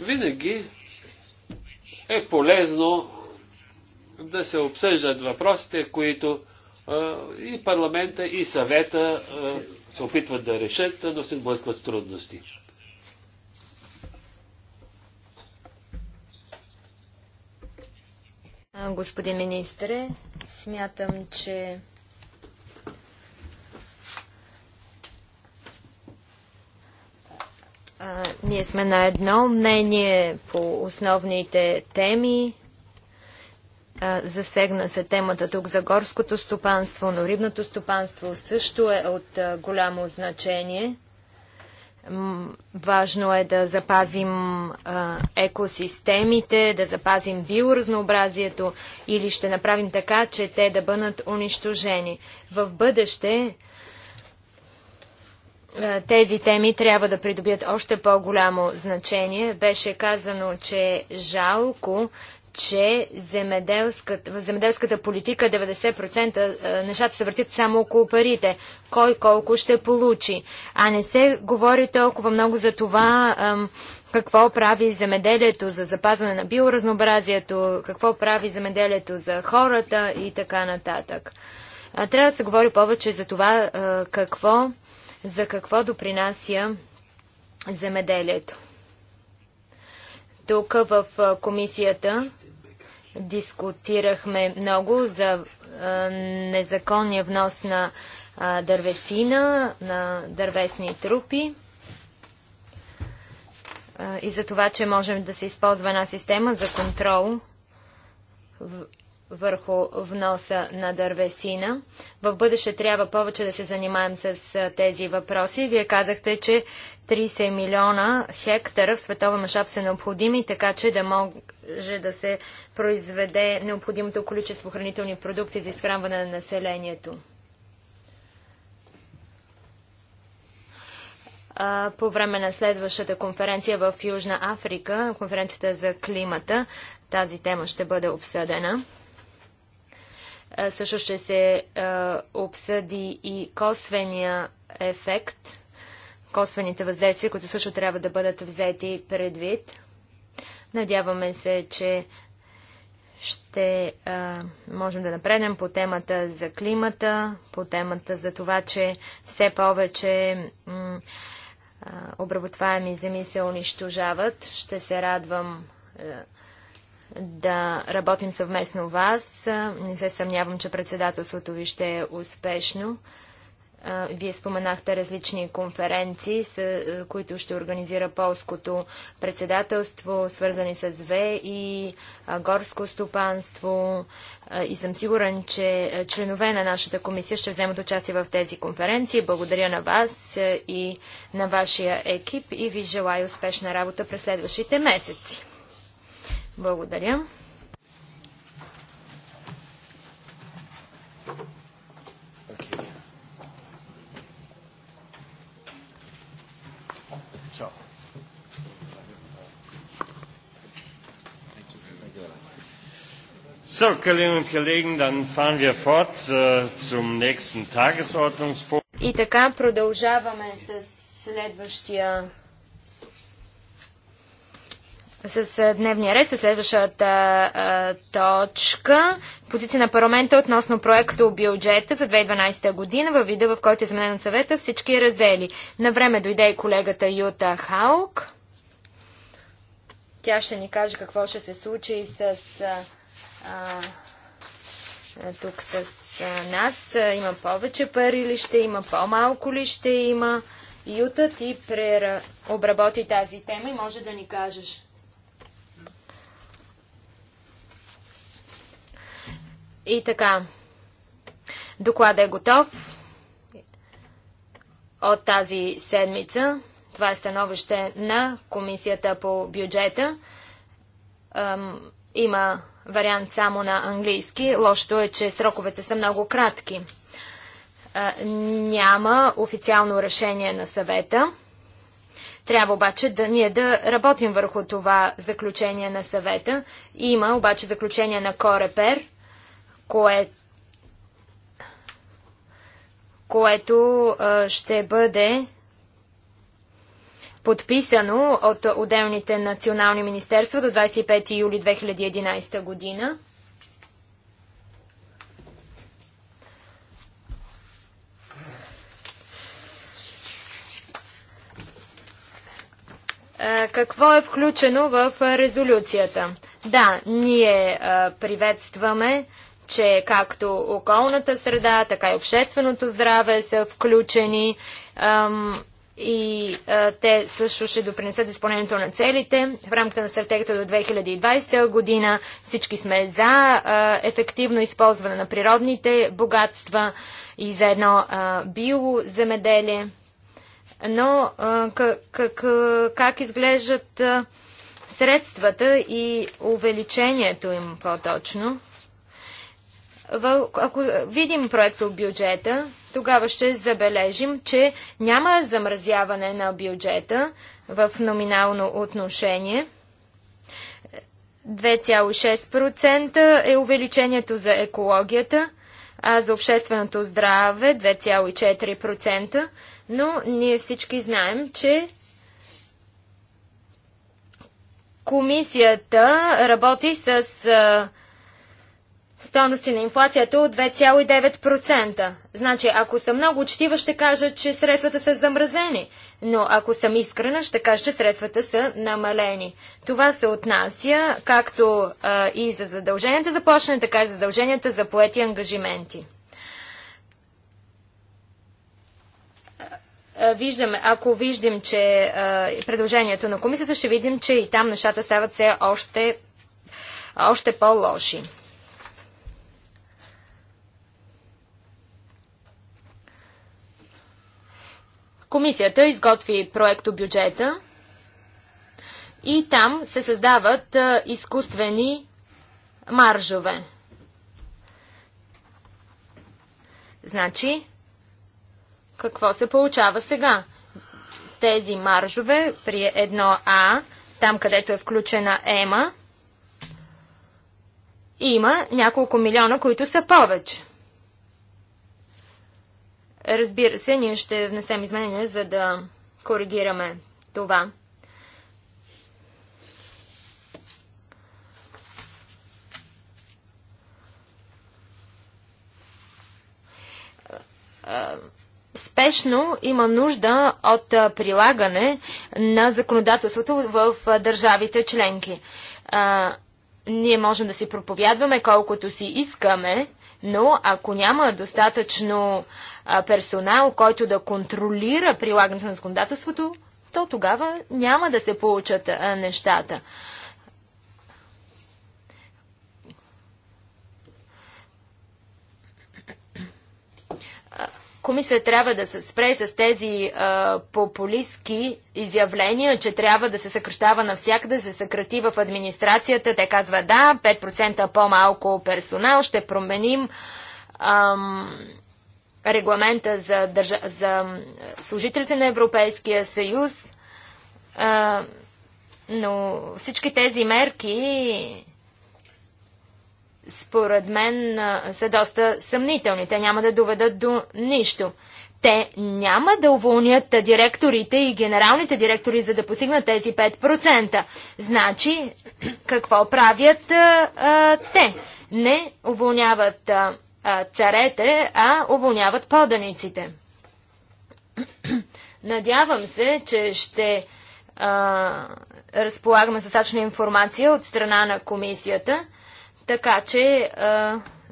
Винаги е полезно да се обсъждат въпросите, които и парламента, и съвета се опитват да решат, но се блъскват с трудности. Господин министре, смятам, че ние сме на едно мнение по основните теми. засегна се темата тук за горското стопанство, но рибното стопанство също е от голямо значение. Важно е да запазим екосистемите, да запазим биоразнообразието или ще направим така, че те да бъдат унищожени. В бъдеще тези теми трябва да придобият още по-голямо значение. Беше казано, че е жалко, че земеделската, в земеделската политика 90% е, нещата се въртят само около парите. Кой колко ще получи. А не се говори толкова много за това какво прави земеделието за запазване на биоразнообразието, какво прави земеделието за хората и така нататък. трябва да се говори повече за това е, какво, за какво допринася земеделието тук в е, комисията Дискутирахме много за незаконния внос на дървесина, на дървесни трупи и за това, че можем да се използва една система за контрол върху вноса на дървесина. В бъдеще трябва повече да се занимаем с тези въпроси. Вие казахте, че 30 милиона хектара в световен мащаб са необходими, така че да може да се произведе необходимото количество хранителни продукти за изхранване на населението. по време на следващата конференция в Южна Африка, конференцията за климата, тази тема ще бъде обсъдена. Също ще се обсъди и косвения ефект, косвените въздействия, които също трябва да бъдат взети предвид. Надяваме се, че ще можем да напреднем по темата за климата, по темата за това, че все повече обработваеми земи се унищожават. Ще се радвам да работим съвместно вас. Не се съмнявам, че председателството ви ще е успешно. Вие споменахте различни конференции, които ще организира полското председателство, свързани с ВЕ и горско стопанство. И съм сигурен, че членове на нашата комисия ще вземат участие в тези конференции. Благодаря на вас и на вашия екип и ви желая успешна работа през следващите месеци. Благодаря. So, Kolleginnen und Kollegen, dann fahren wir fort äh, zum nächsten Tagesordnungspunkt с дневния ред, с следващата а, точка. Позиция на парламента относно проекто бюджета за 2012 година във вида, в който е заменен от съвета всички раздели. На време дойде и колегата Юта Хаук. Тя ще ни каже какво ще се случи с а, тук с а, нас. Има повече пари ли ще има, по-малко ли ще има. Юта, ти преобработи тази тема и може да ни кажеш И така, докладът е готов от тази седмица. Това е становище на Комисията по бюджета. Има вариант само на английски. Лошото е, че сроковете са много кратки. Няма официално решение на съвета. Трябва обаче да ние да работим върху това заключение на съвета. Има обаче заключение на Корепер – кое, което а, ще бъде подписано от отделните национални министерства до 25 юли 2011 година. Какво е включено в резолюцията? Да, ние приветстваме че както околната среда, така и общественото здраве са включени ам, и а, те също ще допринесат изпълнението на целите. В рамките на стратегията до 2020 година всички сме за а, ефективно използване на природните богатства и за едно биоземеделие. Но а, как, как, как изглеждат а, средствата и увеличението им по-точно? Ако видим проекто бюджета, тогава ще забележим, че няма замразяване на бюджета в номинално отношение. 2,6% е увеличението за екологията, а за общественото здраве 2,4%. Но ние всички знаем, че комисията работи с стойности на инфлацията от 2,9%. Значи, ако съм много учтива, ще кажа, че средствата са замразени, но ако съм искрена, ще кажа, че средствата са намалени. Това се отнася както а, и за задълженията за плащане, така и за задълженията за поети ангажименти. виждаме, ако виждам, че а, предложението на комисията, ще видим, че и там нещата стават все още, още по-лоши. Комисията изготви проекто бюджета и там се създават изкуствени маржове. Значи, какво се получава сега? Тези маржове при едно а там където е включена ЕМА, има няколко милиона, които са повече. Разбира се, ние ще внесем изменения, за да коригираме това. спешно има нужда от прилагане на законодателството в държавите членки. ние можем да си проповядваме колкото си искаме, но ако няма достатъчно персонал, който да контролира прилагането на законодателството, то тогава няма да се получат нещата. Комисията трябва да се спре с тези а, популистски изявления, че трябва да се съкръщава навсякъде, да се съкрати в администрацията. Те казват да, 5% по-малко персонал, ще променим ам, регламента за, държа, за служителите на Европейския съюз. А, но всички тези мерки според мен са доста съмнителни. Те няма да доведат до нищо. Те няма да уволнят директорите и генералните директори, за да постигнат тези 5%. Значи, (clears throat) какво правят а, а, те? Не уволняват а, а, царете, а уволняват поданиците. (clears throat) Надявам се, че ще а, разполагаме достатъчно информация от страна на комисията така че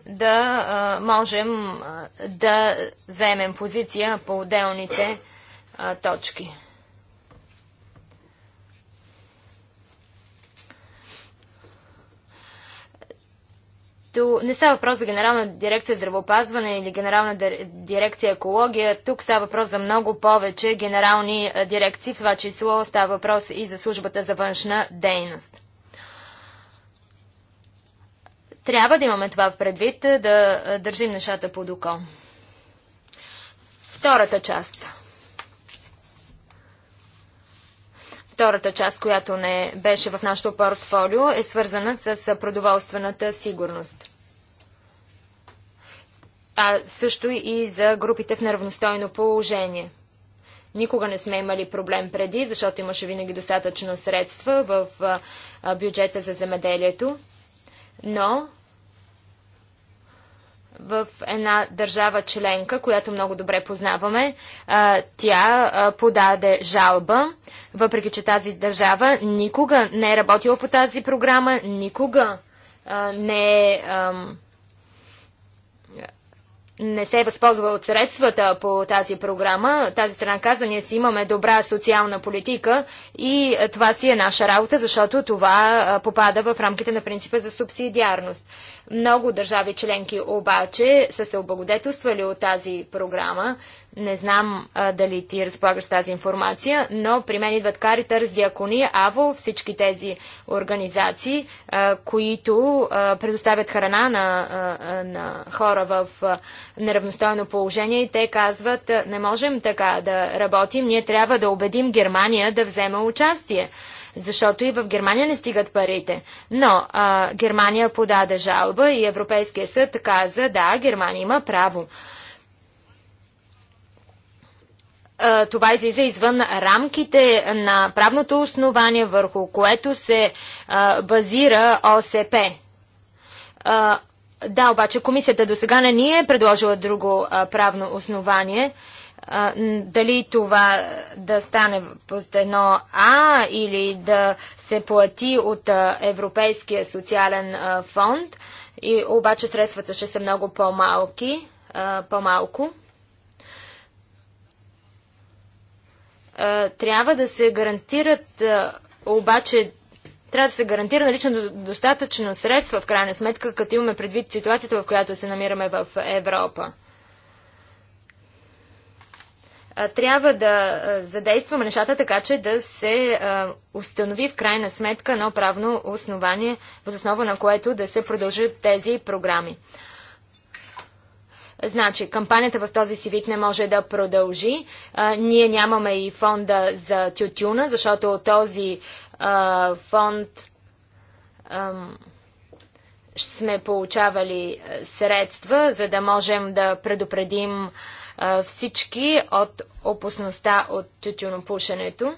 да можем да заемем позиция по отделните точки. То не става въпрос за Генерална дирекция здравеопазване или Генерална дирекция екология. Тук става въпрос за много повече генерални дирекции, в това число става въпрос и за службата за външна дейност. Трябва да имаме това предвид, е, да е, държим нещата под око. Втората част. Втората част, която не беше в нашото портфолио, е свързана с е, продоволствената сигурност. А също и за групите в неравностойно положение. Никога не сме имали проблем преди, защото имаше винаги достатъчно средства в бюджета за земеделието но в една държава членка, която много добре познаваме, тя подаде жалба, въпреки че тази държава никога не е работила по тази програма, никога не е ам, не се е възползва от средствата по тази програма. Тази страна каза, ние си имаме добра социална политика и е, това си е наша работа, защото това е, попада в рамките на принципа за субсидиарност. Много държави членки обаче са се облагодетелствали от тази програма. Не знам а, дали ти разполагаш тази информация, но при мен идват с Диакони, АВО, всички тези организации, а, които а, предоставят храна на, а, на хора в а, неравностойно положение и те казват, не можем така да работим, ние трябва да убедим Германия да вземе участие защото и в Германия не стигат парите. Но а, Германия подаде жалба и Европейския съд каза, да, Германия има право. А, това излиза извън рамките на правното основание, върху което се а, базира ОСП. А, да, обаче комисията до сега не ни е предложила друго а, правно основание а, дали това да стане под едно А или да се плати от а, Европейския социален а, фонд, и, обаче средствата ще са много по-малки, по-малко. Трябва да се гарантират обаче трябва да се гарантира налично достатъчно средства в крайна сметка, като имаме предвид ситуацията, в която се намираме в Европа трябва да задействаме нещата така, че да се установи в крайна сметка едно правно основание, възоснова на което да се продължат тези програми. Значи, кампанията в този си вид не може да продължи. ние нямаме и фонда за тютюна, защото този фонд сме получавали средства, за да можем да предупредим а, всички от опасността от тютюнопушенето.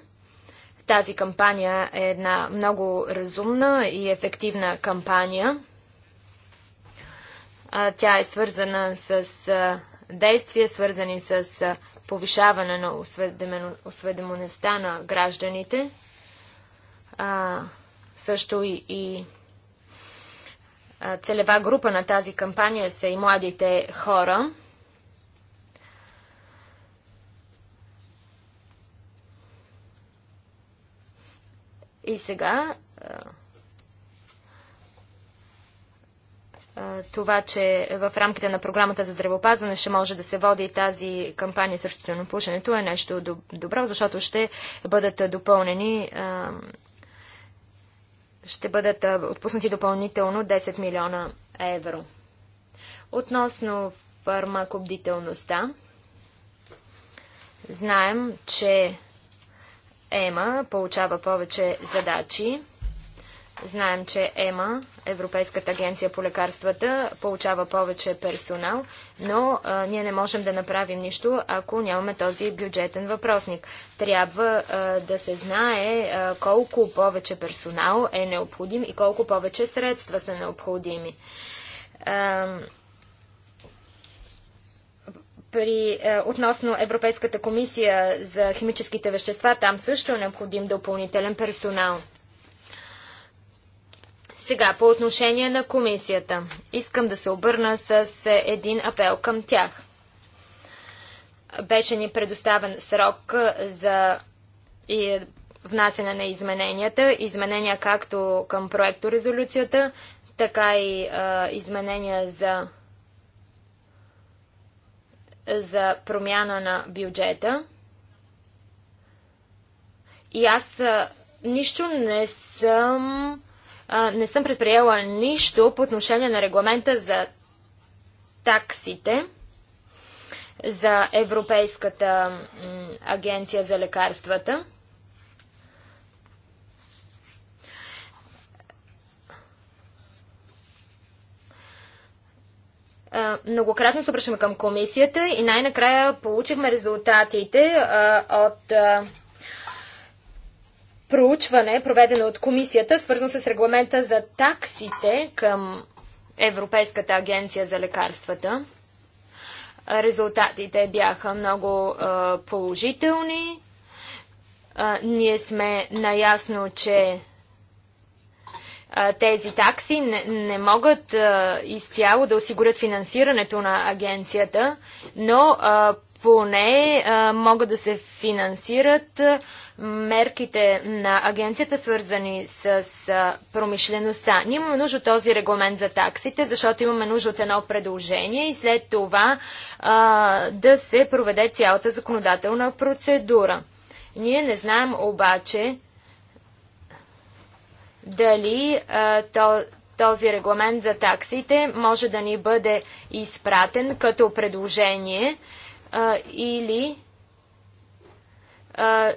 Тази кампания е една много разумна и ефективна кампания. Тя е свързана с действия, свързани с повишаване на осведомеността на гражданите, а, също и, и целева група на тази кампания са и младите хора. И сега това, че в рамките на програмата за здравеопазване ще може да се води тази кампания срещу тютюнопушенето е нещо добро, защото ще бъдат допълнени ще бъдат отпуснати допълнително 10 милиона евро. Относно фармакобдителността, знаем, че ЕМА получава повече задачи. Знаем, че ЕМА, Европейската агенция по лекарствата, получава повече персонал, но а, ние не можем да направим нищо, ако нямаме този бюджетен въпросник. Трябва а, да се знае а, колко повече персонал е необходим и колко повече средства са необходими. А, при, е, относно Европейската комисия за химическите вещества, там също е необходим допълнителен персонал. Сега, по отношение на комисията, искам да се обърна с един апел към тях. Беше ни предоставен срок е, за и е, внасяне на измененията, изменения както към проекторезолюцията, така и а, изменения за за промяна на бюджета. И аз нищо не съм не съм предприела нищо по отношение на регламента за таксите за Европейската агенция за лекарствата. многократно се обръщаме към комисията и най-накрая получихме резултатите от проучване, проведено от комисията, свързано с регламента за таксите към Европейската агенция за лекарствата. Резултатите бяха много положителни. Ние сме наясно, че тези такси не, не могат а, изцяло да осигурят финансирането на агенцията, но а, поне а, могат да се финансират мерките на агенцията, свързани с, а, промишлеността. Ние имаме нужда от този регламент за таксите, защото имаме нужда от едно предложение и след това а, да се проведе цялата законодателна процедура. Ние не знаем обаче дали а, то, този регламент за таксите може да ни бъде изпратен като предложение а, или а,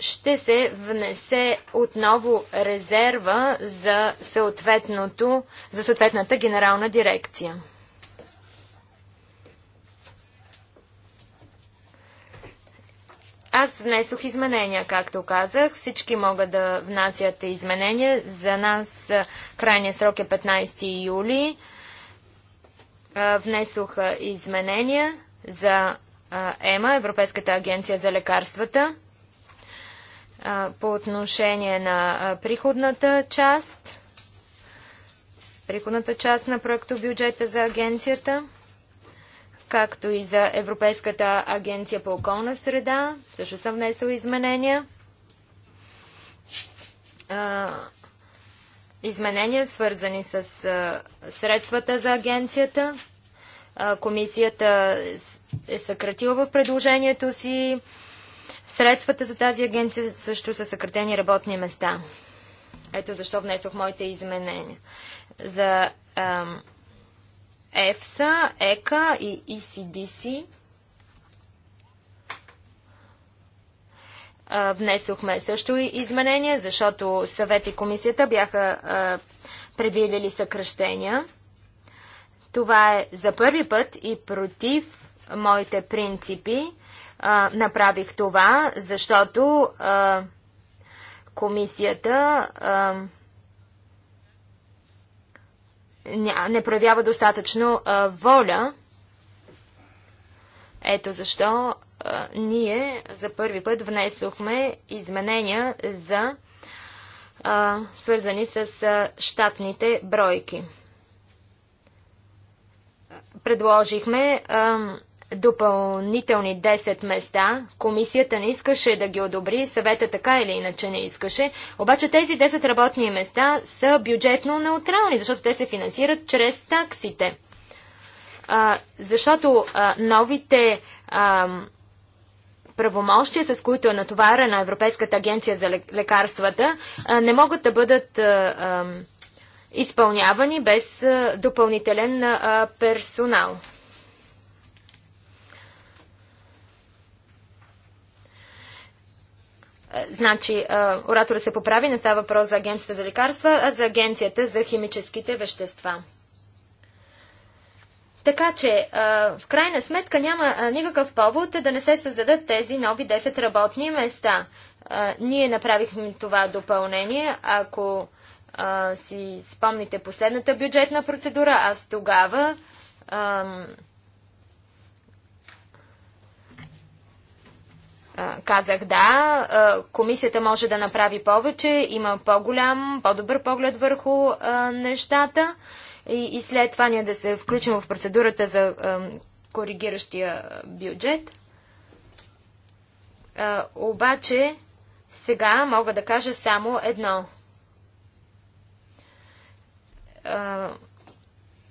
ще се внесе отново резерва за, съответното, за съответната генерална дирекция. Аз внесох изменения, както казах. Всички могат да внасят изменения. За нас крайният срок е 15 юли. Внесох изменения за ЕМА, Европейската агенция за лекарствата, по отношение на приходната част, приходната част на бюджета за агенцията както и за Европейската агенция по околна среда. Също съм внесъл изменения. Изменения, свързани с средствата за агенцията. Комисията е съкратила в предложението си. Средствата за тази агенция също са съкратени работни места. Ето защо внесох моите изменения. За ам, ЕФСА, ЕКА и ECDC. Внесохме също и изменения, защото съвет и комисията бяха предвидели съкръщения. Това е за първи път и против моите принципи. направих това, защото комисията а, не проявява достатъчно а, воля. Ето защо а, ние за първи път внесохме изменения за а, свързани с а, щатните бройки. Предложихме а, допълнителни 10 места. Комисията не искаше да ги одобри, съвета така или иначе не искаше. Обаче тези 10 работни места са бюджетно неутрални, защото те се финансират чрез таксите. А, защото а, новите а, правомощия, с които е натоварена Европейската агенция за лекарствата, а, не могат да бъдат. А, а, изпълнявани без допълнителен персонал. Е, значи, е, оратора се поправи, не става въпрос за Агенцията за лекарства, а за Агенцията за химическите вещества. Така че, е, в крайна сметка няма никакъв повод да не се създадат тези нови 10 работни места. Ние направихме това допълнение. Ако си спомните последната бюджетна процедура, аз тогава казах да, комисията може да направи повече, има по-голям, по-добър поглед върху нещата и, и след това ние да се включим в процедурата за коригиращия бюджет. Обаче сега мога да кажа само едно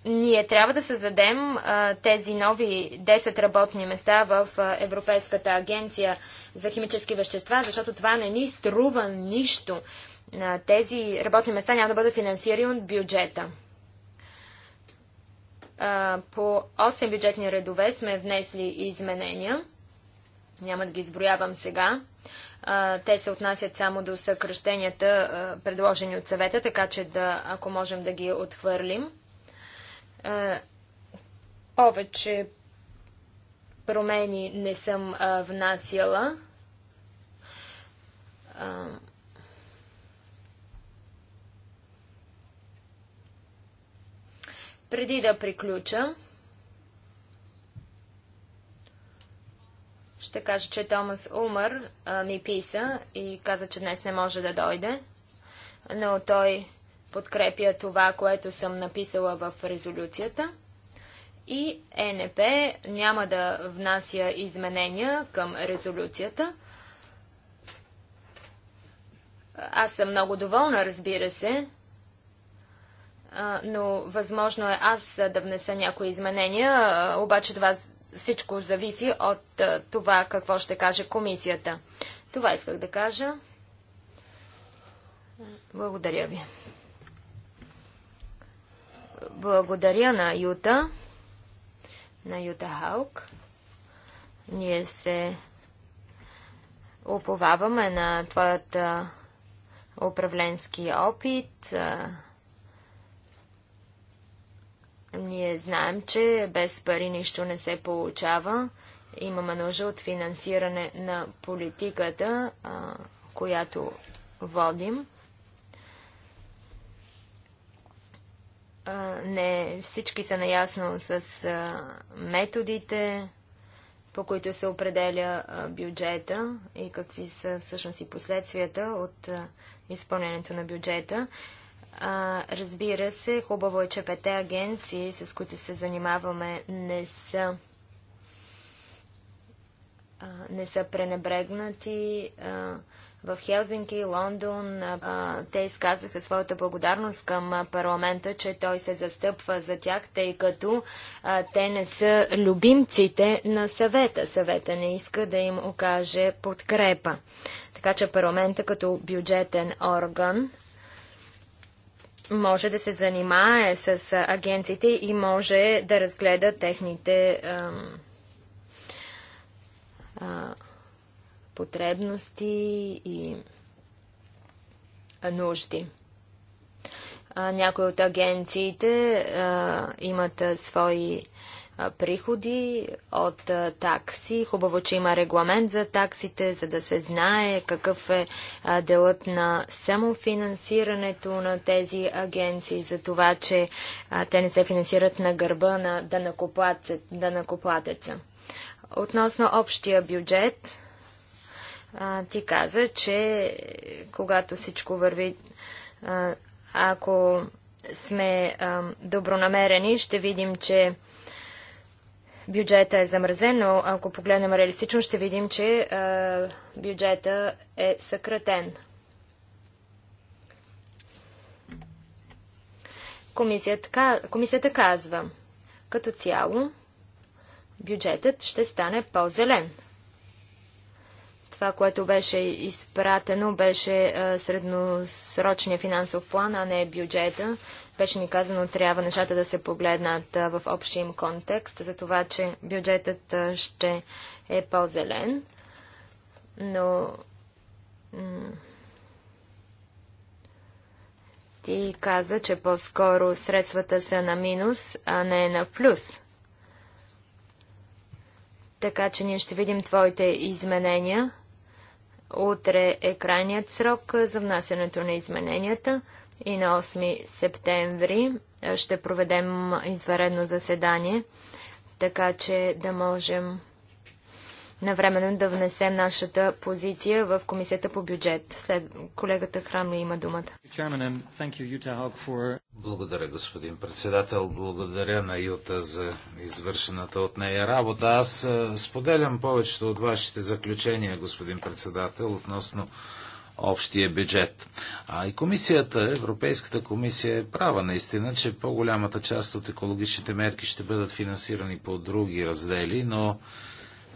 ние трябва да създадем а, тези нови 10 работни места в а, Европейската агенция за химически вещества, защото това не ни струва нищо. А, тези работни места няма да бъдат финансирани от бюджета. А, по 8 бюджетни редове сме внесли изменения. Няма да ги изброявам сега. А, те се отнасят само до съкръщенията, предложени от съвета, така че да, ако можем да ги отхвърлим повече промени не съм а, внасяла. А, преди да приключа, ще кажа, че Томас Умър а, ми писа и каза, че днес не може да дойде, но той подкрепя това, което съм написала в резолюцията. И ЕНП няма да внася изменения към резолюцията. Аз съм много доволна, разбира се, но възможно е аз да внеса някои изменения, обаче това всичко зависи от това какво ще каже комисията. Това исках да кажа. Благодаря ви. Благодаря на Юта, на Юта Халк. Ние се уповаваме на твоята управленски опит. Ние знаем, че без пари нищо не се получава. Имаме нужда от финансиране на политиката, която водим. не всички са наясно с методите, по които се определя бюджета и какви са всъщност и последствията от изпълнението на бюджета. Разбира се, хубаво е, че пете агенции, с които се занимаваме, не са не са пренебрегнати в Хелзинки, Лондон. Те изказаха своята благодарност към парламента, че той се застъпва за тях, тъй като те не са любимците на съвета. Съвета не иска да им окаже подкрепа. Така че парламента като бюджетен орган може да се занимае с агенциите и може да разгледа техните ам, а, потребности и нужди. Някои от агенциите имат свои приходи от такси. Хубаво, че има регламент за таксите, за да се знае какъв е делът на самофинансирането на тези агенции, за това, че те не се финансират на гърба на данакоплатеца. Относно общия бюджет, а, ти каза, че когато всичко върви, а, ако сме а, добронамерени, ще видим, че бюджета е замръзен, но ако погледнем реалистично, ще видим, че а, бюджета е съкратен. Комисията, комисията казва, като цяло бюджетът ще стане по-зелен. Това, което беше изпратено, беше средносрочния финансов план, а не бюджета. Беше ни казано, трябва нещата да се погледнат в общия им контекст, за това, че бюджетът ще е по-зелен. Но ти каза, че по-скоро средствата са на минус, а не на плюс. Така че ние ще видим твоите изменения Утре е крайният срок за внасянето на измененията и на 8 септември ще проведем изваредно заседание, така че да можем навременно да внесем нашата позиция в Комисията по бюджет. След колегата Храм има думата. Благодаря, господин председател. Благодаря на Юта за извършената от нея работа. Аз е, споделям повечето от вашите заключения, господин председател, относно общия бюджет. А и комисията, Европейската комисия е права наистина, че по-голямата част от екологичните мерки ще бъдат финансирани по други раздели, но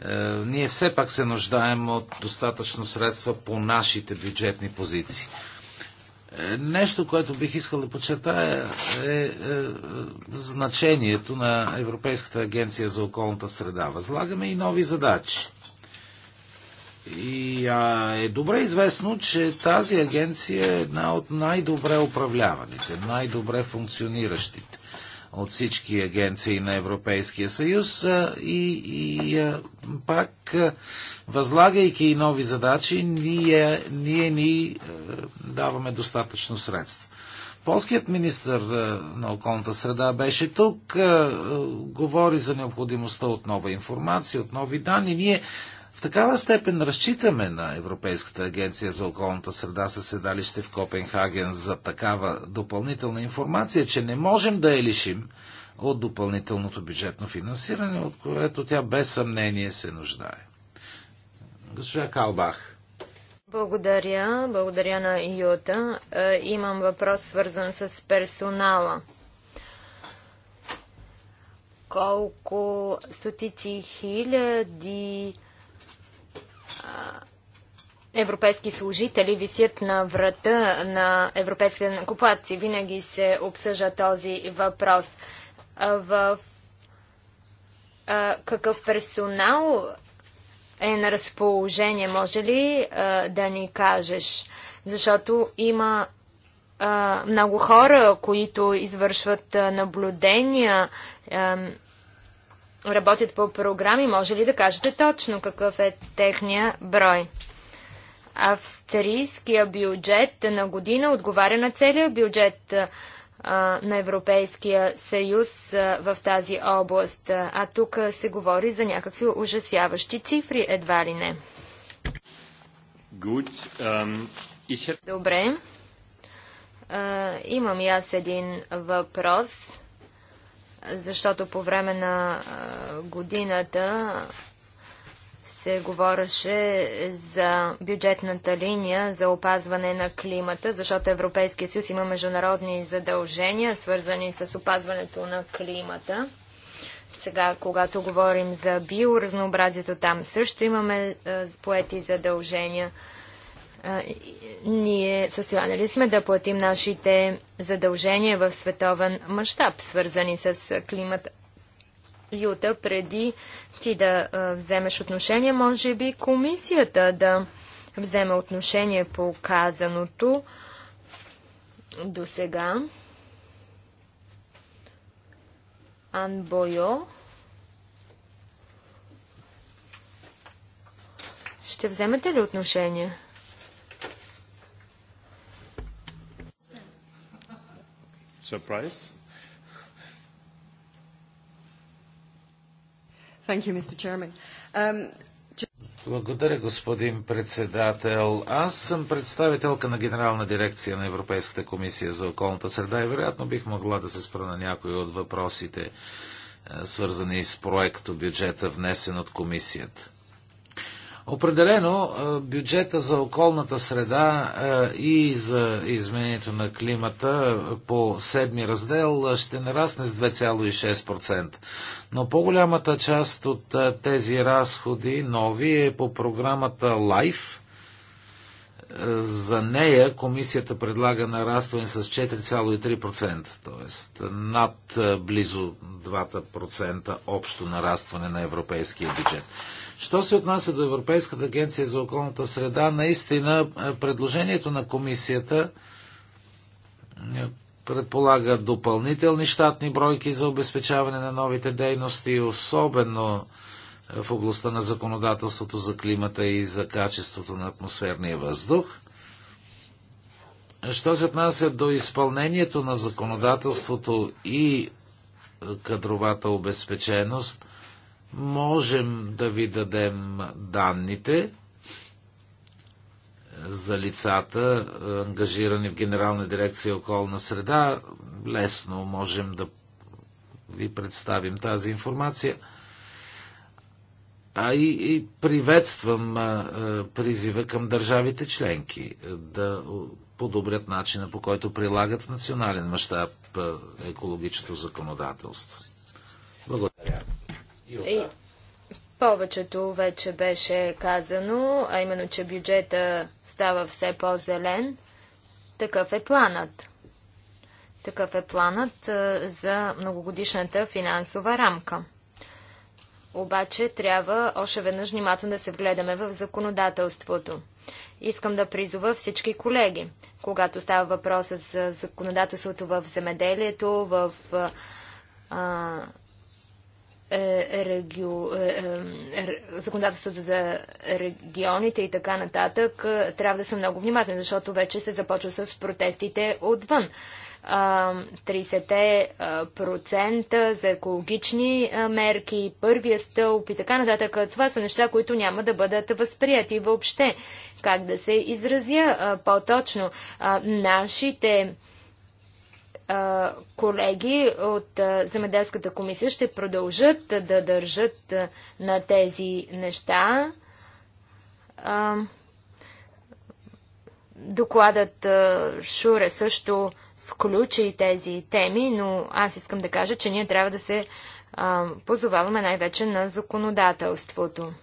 е, ние все пак се нуждаем от достатъчно средства по нашите бюджетни позиции. Е, нещо, което бих искал да подчертая е, е значението на Европейската агенция за околната среда. Възлагаме и нови задачи. И а, е добре известно, че тази агенция е една от най-добре управляваните, най-добре функциониращите от всички агенции на Европейския съюз и, и пак възлагайки и нови задачи, ние, ние ни даваме достатъчно средства. Полският министр на околната среда беше тук, говори за необходимостта от нова информация, от нови данни. Ние в такава степен разчитаме на Европейската агенция за околната среда със седалище в Копенхаген за такава допълнителна информация, че не можем да я лишим от допълнителното бюджетно финансиране, от което тя без съмнение се нуждае. Госпожа Калбах. Благодаря. Благодаря на Юта. Е, имам въпрос свързан с персонала. Колко стотици хиляди европейски служители висят на врата на европейските накупаци. Винаги се обсъжда този въпрос. В какъв персонал е на разположение, може ли да ни кажеш? Защото има много хора, които извършват наблюдения работят по програми, може ли да кажете точно какъв е техния брой? Австрийския бюджет на година отговаря на целия бюджет на Европейския съюз в тази област. А тук се говори за някакви ужасяващи цифри, едва ли не. Добре. Имам и аз един въпрос защото по време на годината се говореше за бюджетната линия за опазване на климата, защото Европейския съюз има международни задължения, свързани с опазването на климата. Сега, когато говорим за биоразнообразието, там също имаме поети задължения ние състояние ли сме да платим нашите задължения в световен мащаб, свързани с климата? Юта, преди ти да вземеш отношение, може би комисията да вземе отношение по казаното до сега. Анбойо. Ще вземете ли отношение? Surprise. Thank you, Mr. Chairman. Um, благодаря, господин председател. Аз съм представителка на Генерална дирекция на Европейската комисия за околната среда и вероятно бих могла да се спра на някои от въпросите, е, свързани с проекто бюджета, внесен от комисията. Определено е, бюджета за околната среда е, и за изменението на климата е, по седми раздел ще нарасне с 2,6%. Но по-голямата част от тези разходи нови е по програмата LIFE. За нея комисията предлага нарастване с 4,3%, т.е. над близо 2% общо нарастване на европейския бюджет. Що се отнася до Европейската агенция за околната среда, наистина е, предложението на комисията е, предполага допълнителни щатни бройки за обезпечаване на новите дейности, особено е, в областта на законодателството за климата и за качеството на атмосферния въздух. Що се отнася до изпълнението на законодателството и кадровата обезпеченост, Можем да ви дадем данните за лицата, ангажирани в Генерална дирекция околна среда. Лесно можем да ви представим тази информация. А и, и приветствам а, призива към държавите членки да подобрят начина по който прилагат в национален мащаб екологичното законодателство. И повечето вече беше казано, а именно, че бюджета става все по-зелен. Такъв е планът. Такъв е планът за многогодишната финансова рамка. Обаче трябва още веднъж внимателно да се вгледаме в законодателството. Искам да призова всички колеги, когато става въпрос за законодателството в земеделието, в а, е, регио, е, е, законодателството за регионите и така нататък, трябва да са много внимателен, защото вече се започва с протестите отвън. 30% за екологични мерки, първия стълб и така нататък. Това са неща, които няма да бъдат възприяти въобще. Как да се изразя по-точно? Нашите колеги от Земеделската комисия ще продължат да държат на тези неща. Докладът Шуре също включи тези теми, но аз искам да кажа, че ние трябва да се позоваваме най-вече на законодателството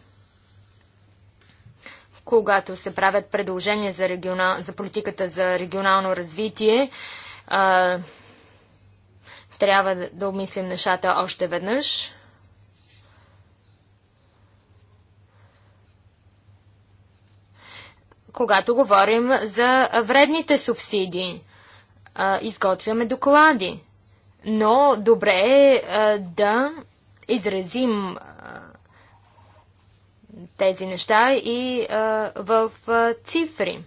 когато се правят предложения за, регионал... за политиката за регионално развитие, трябва да, обмислим нещата още веднъж. Когато говорим за вредните субсидии, изготвяме доклади. Но добре е да изразим тези неща и в цифри.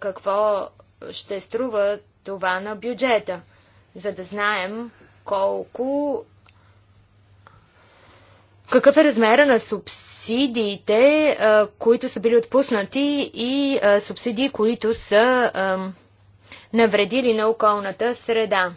какво ще струва това на бюджета, за да знаем колко. Какъв е размера на субсидиите, които са били отпуснати и субсидии, които са навредили на околната среда?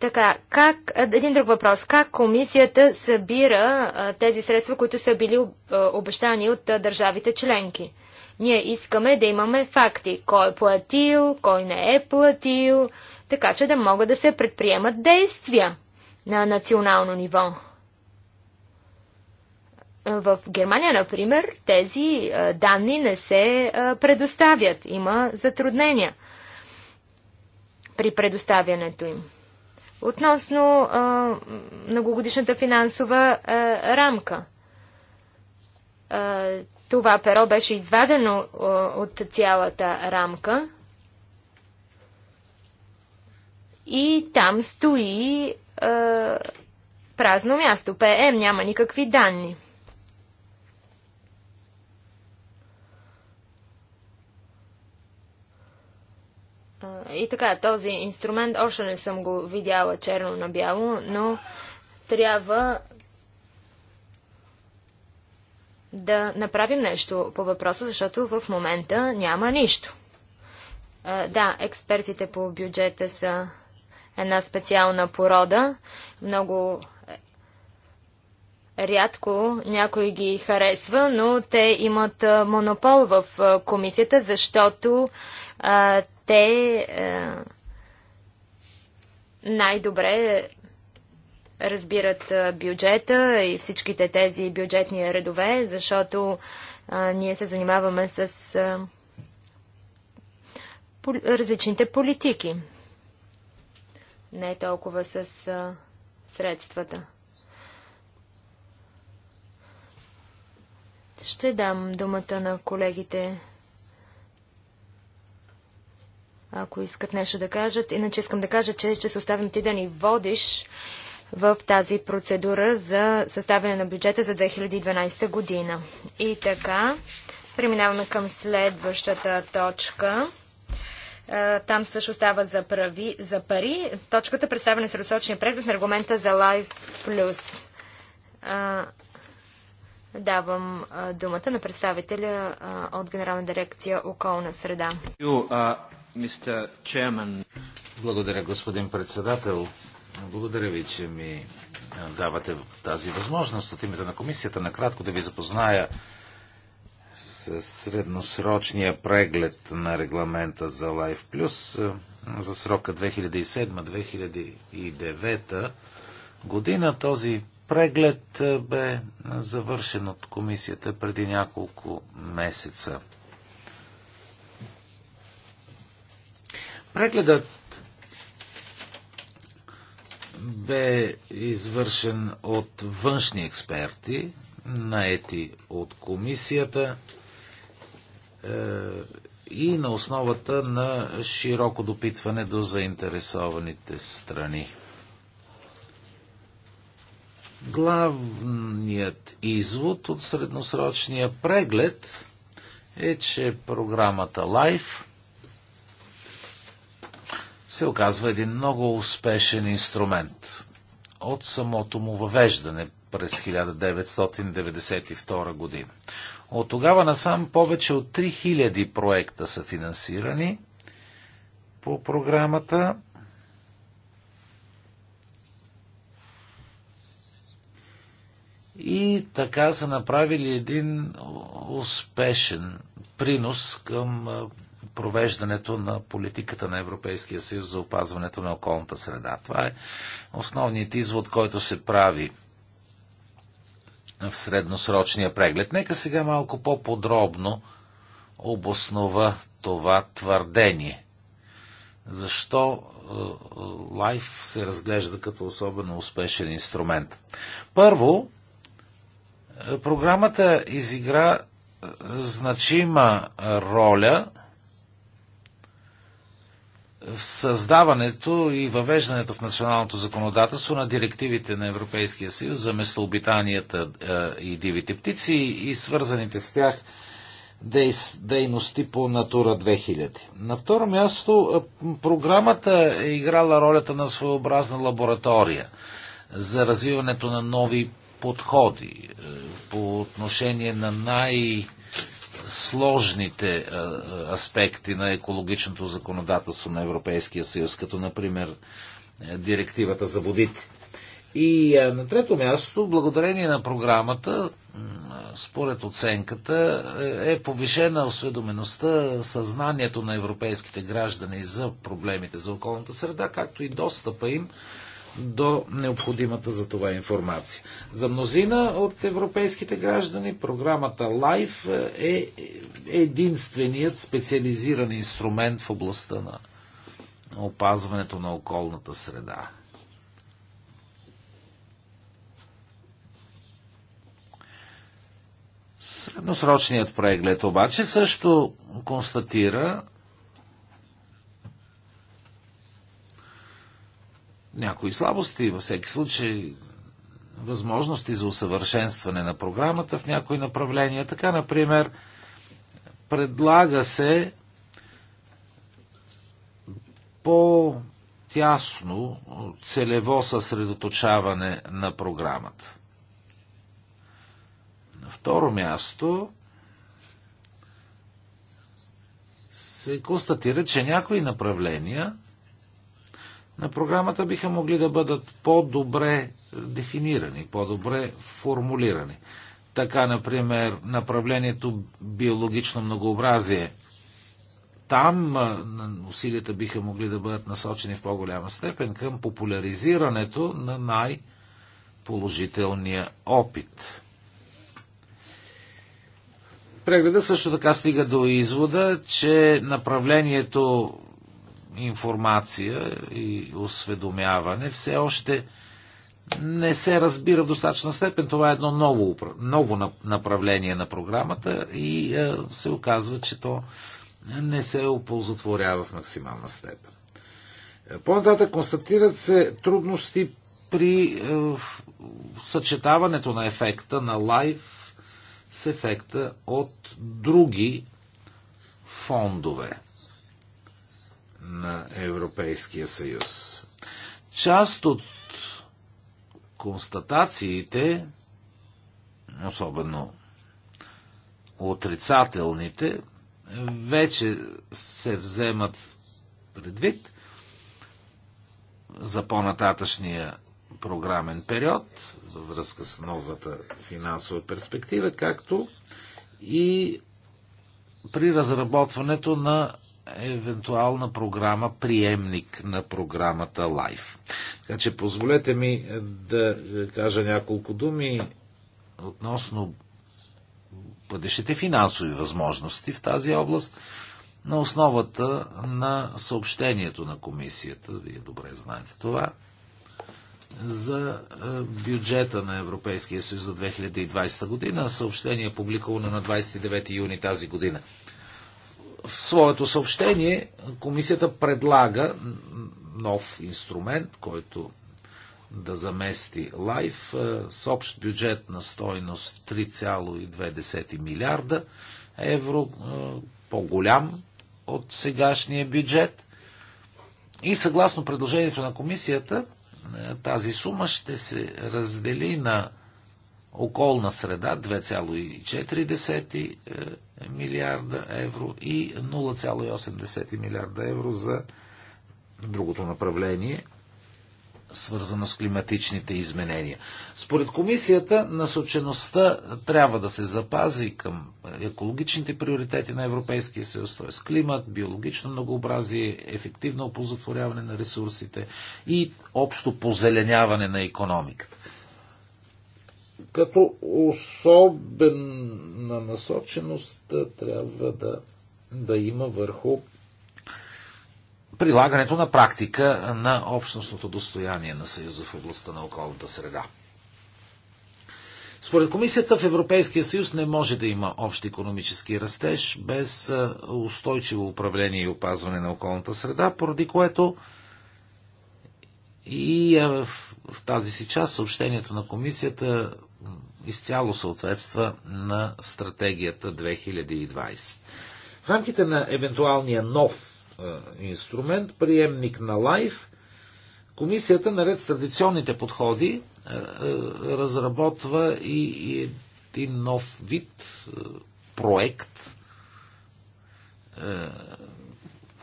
Така, как, един друг въпрос. Как комисията събира а, тези средства, които са били а, обещани от а, държавите членки? Ние искаме да имаме факти. Кой е платил, кой не е платил, така че да могат да се предприемат действия на национално ниво. В Германия, например, тези данни не се предоставят. Има затруднения при предоставянето им. Относно а, многогодишната финансова а, рамка. А, това перо беше извадено а, от цялата рамка и там стои а, празно място. ПМ няма никакви данни. И така, този инструмент още не съм го видяла черно на бяло, но трябва да направим нещо по въпроса, защото в момента няма нищо. Да, експертите по бюджета са една специална порода. Много е, рядко някой ги харесва, но те имат монопол в комисията, защото те е, най-добре разбират е, бюджета и всичките тези бюджетни редове, защото а, е, ние се занимаваме с а, по различните политики. Не толкова с а, средствата. Ще дам думата на колегите ако искат нещо да кажат. Иначе искам да кажа, че ще се оставим ти да ни водиш в тази процедура за съставяне на бюджета за 2012 година. И така, преминаваме към следващата точка. Там също става за, прави, за пари. Точката представена с разсочния преглед на аргумента за Life Plus. Давам думата на представителя от Генерална дирекция Околна среда. Благодаря, господин председател. Благодаря ви, че ми е, давате тази възможност от името на комисията накратко да ви запозная с средносрочния преглед на регламента за Life Plus е, за срока 2007-2009 година. Този преглед е, бе завършен от комисията преди няколко месеца. Прегледът бе извършен от външни експерти, наети от комисията е, и на основата на широко допитване до заинтересованите страни. Главният извод от средносрочния преглед е, че програмата LIFE се оказва един много успешен инструмент. От самото му въвеждане през 1992 година. От тогава насам повече от 3000 проекта са финансирани по програмата. И така са направили един успешен принос към провеждането на политиката на Европейския съюз за опазването на околната среда. Това е основният извод, който се прави в средносрочния преглед. Нека сега малко по-подробно обоснова това твърдение. Защо е, е, лайф се разглежда като особено успешен инструмент? Първо, е, програмата изигра значима роля създаването и въвеждането в националното законодателство на директивите на Европейския съюз за местообитанията е, и дивите птици и свързаните с тях дейности по Натура 2000. На второ място, е, програмата е играла ролята на своеобразна лаборатория за развиването на нови подходи е, по отношение на най- сложните аспекти на екологичното законодателство на Европейския съюз, като например е, директивата за водите. И на трето място, благодарение на програмата, според оценката, е, е повишена осведомеността, съзнанието на европейските граждани за проблемите за околната среда, както и достъпа им до необходимата за това информация. За мнозина от европейските граждани програмата LIFE е, е, е единственият специализиран инструмент в областта на опазването на околната среда. Средносрочният преглед обаче също констатира, някои слабости, във всеки случай възможности за усъвършенстване на програмата в някои направления. Така, например, предлага се по-тясно целево съсредоточаване на програмата. На второ място се констатира, че някои направления – на програмата биха могли да бъдат по-добре дефинирани, по-добре формулирани. Така, например, направлението биологично многообразие. Там усилията биха могли да бъдат насочени в по-голяма степен към популяризирането на най-положителния опит. Прегледа също така стига до извода, че направлението информация и осведомяване все още не се разбира в достатъчна степен. Това е едно ново, ново направление на програмата и е, се оказва, че то не се оползотворява в максимална степен. Е, по-нататък констатират се трудности при е, съчетаването на ефекта на лайф с ефекта от други фондове на Европейския съюз. Част от констатациите, особено отрицателните, вече се вземат предвид за по-нататъчния програмен период във връзка с новата финансова перспектива, както и при разработването на евентуална програма, приемник на програмата LIFE. Така че позволете ми е, да е, кажа няколко думи относно бъдещите финансови възможности в тази област на основата на съобщението на комисията, вие добре знаете това, за е, бюджета на Европейския съюз за 2020 година, съобщение публикувано на 29 юни тази година в своето съобщение комисията предлага нов инструмент, който да замести лайф е, с общ бюджет на стойност 3,2 милиарда евро, е, по-голям от сегашния бюджет. И съгласно предложението на комисията, е, тази сума ще се раздели на околна среда 2,4 е, милиарда евро и 0,8 милиарда евро за другото направление, свързано с климатичните изменения. Според комисията, насочеността трябва да се запази към екологичните приоритети на Европейския съюз, т.е. климат, биологично многообразие, ефективно опозотворяване на ресурсите и общо позеленяване на економиката като особена насоченост трябва да, да има върху прилагането на практика на общностното достояние на Съюза в областта на околната среда. Според комисията в Европейския съюз не може да има общ економически растеж без устойчиво управление и опазване на околната среда, поради което и в тази си част съобщението на комисията изцяло съответства на стратегията 2020. В рамките на евентуалния нов е, инструмент, приемник на лайф, комисията, наред с традиционните подходи, е, е, разработва и един нов вид проект,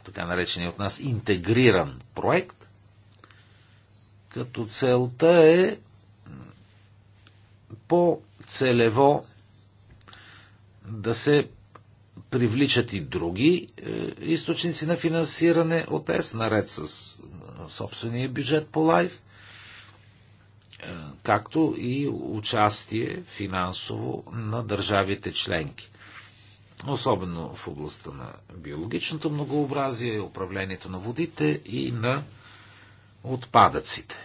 така наречения от нас интегриран проект, като целта е по-целево да се привличат и други е, източници на финансиране от ЕС, наред с е, собствения бюджет по лайф, е, както и участие финансово на държавите членки. Особено в областта на биологичното многообразие, управлението на водите и на отпадъците.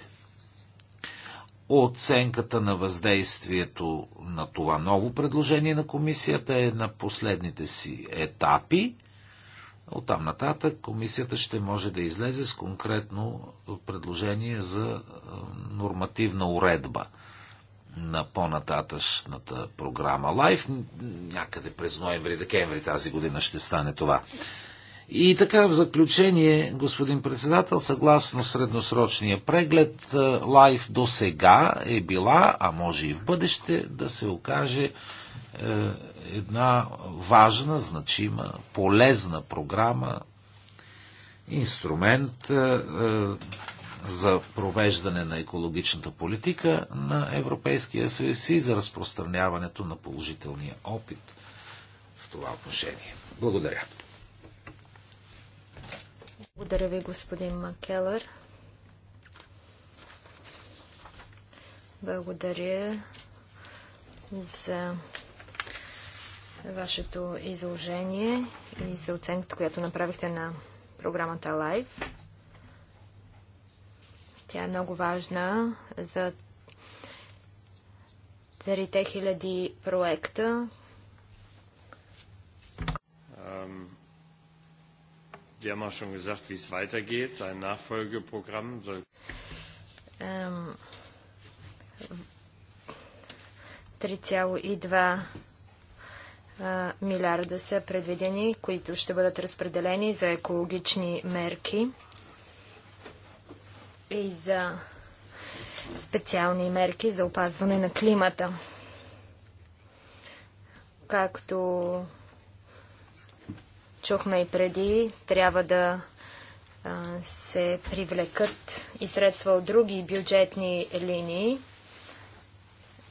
Оценката на въздействието на това ново предложение на комисията е на последните си етапи. От там нататък комисията ще може да излезе с конкретно предложение за нормативна уредба на по-нататъчната програма Лайф. Някъде през ноември-декември тази година ще стане това. И така в заключение, господин председател, съгласно средносрочния преглед, е, лайф до сега е била, а може и в бъдеще, да се окаже е, една важна, значима, полезна програма, инструмент е, за провеждане на екологичната политика на Европейския съюз и за разпространяването на положителния опит в това отношение. Благодаря. Благодаря ви, господин Макелър. Благодаря за вашето изложение и за оценката, която направихте на програмата Live. Тя е много важна за 3000 проекта. Um, Die haben auch schon gesagt, wie es weitergeht. Sein Nachfolgeprogramm soll. Ähm, 3,2 милиарда са предвидени, които ще бъдат разпределени за екологични мерки и за специални мерки за опазване на климата. Както чухме и преди, трябва да а, се привлекат и средства от други бюджетни линии.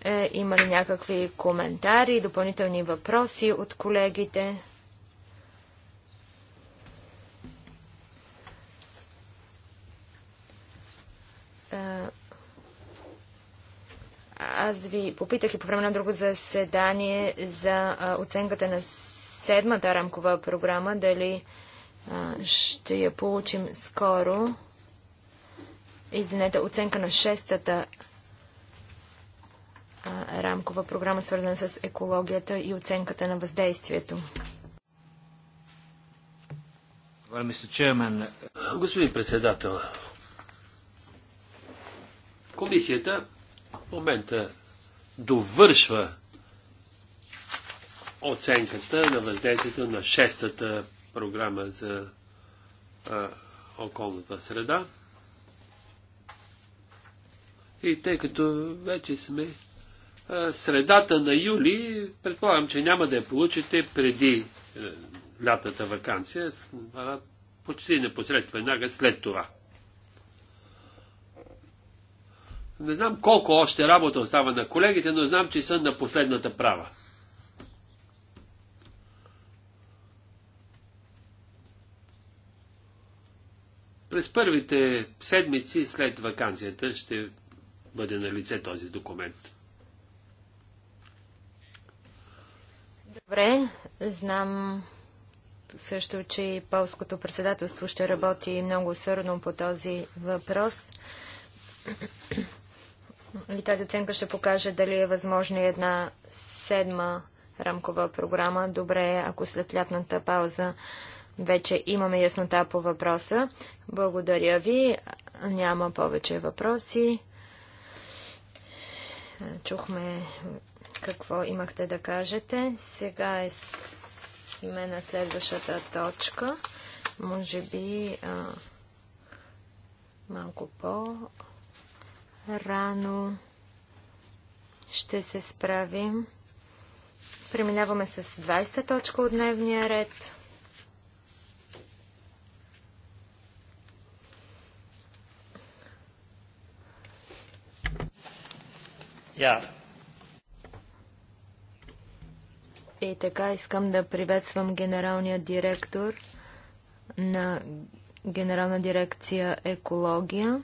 Е, има ли някакви коментари, допълнителни въпроси от колегите? Е, аз ви попитах и по време на друго заседание за оценката на седмата рамкова програма, дали а, ще я получим скоро. Извинете, оценка на шестата а, рамкова програма, свързана с екологията и оценката на въздействието. Uh, Господин председател, комисията в момента довършва оценката на въздействието на шестата програма за а, околната среда. И тъй като вече сме а, средата на юли, предполагам, че няма да я получите преди а, е, лятата вакансия, а почти непосредствено веднага след това. Не знам колко още работа остава на колегите, но знам, че са на последната права. През първите седмици след вакансията ще бъде на лице този документ. Добре, знам също, че и полското председателство ще работи много сърно по този въпрос. И тази оценка ще покаже дали е възможна една седма рамкова програма. Добре, ако след лятната пауза вече имаме яснота по въпроса. Благодаря ви. Няма повече въпроси. Чухме какво имахте да кажете. Сега е сме на следващата точка. Може би а, малко по-рано ще се справим. Преминаваме с 20-та точка от дневния ред. Yeah. И така искам да приветствам генералния директор на Генерална дирекция екология.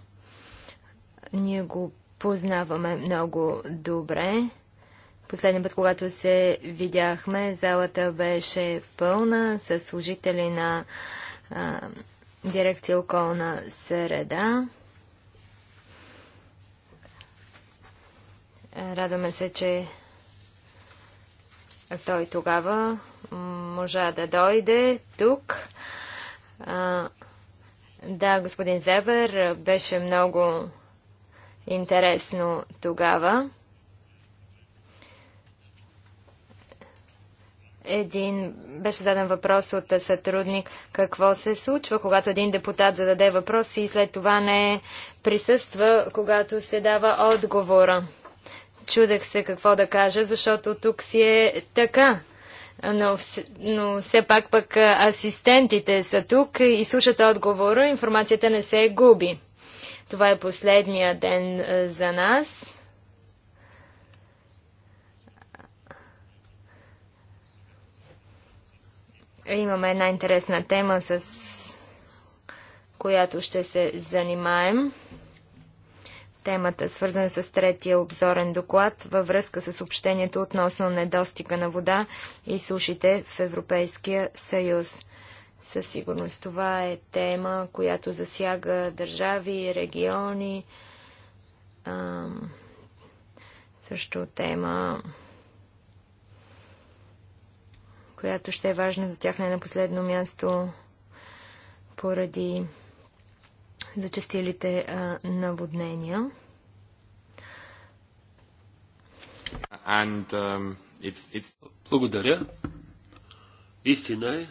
Ние го познаваме много добре. Последния път, когато се видяхме, залата беше пълна с служители на а, дирекция околна среда. Радваме се, че той тогава можа да дойде тук. да, господин Зебер, беше много интересно тогава. Един беше заден въпрос от сътрудник. Какво се случва, когато един депутат зададе въпрос и след това не присъства, когато се дава отговора? Чудех се какво да кажа, защото тук си е така. Но, но все пак пък асистентите са тук и слушат отговора, информацията не се губи. Това е последния ден за нас. Имаме една интересна тема, с която ще се занимаем темата, свързана с третия обзорен доклад във връзка с общението относно недостига на вода и сушите в Европейския съюз. Със сигурност това е тема, която засяга държави, региони, ам, също тема, която ще е важна за тях не на последно място поради зачастилите наводнения. And, um, it's, it's... Благодаря. Истина е,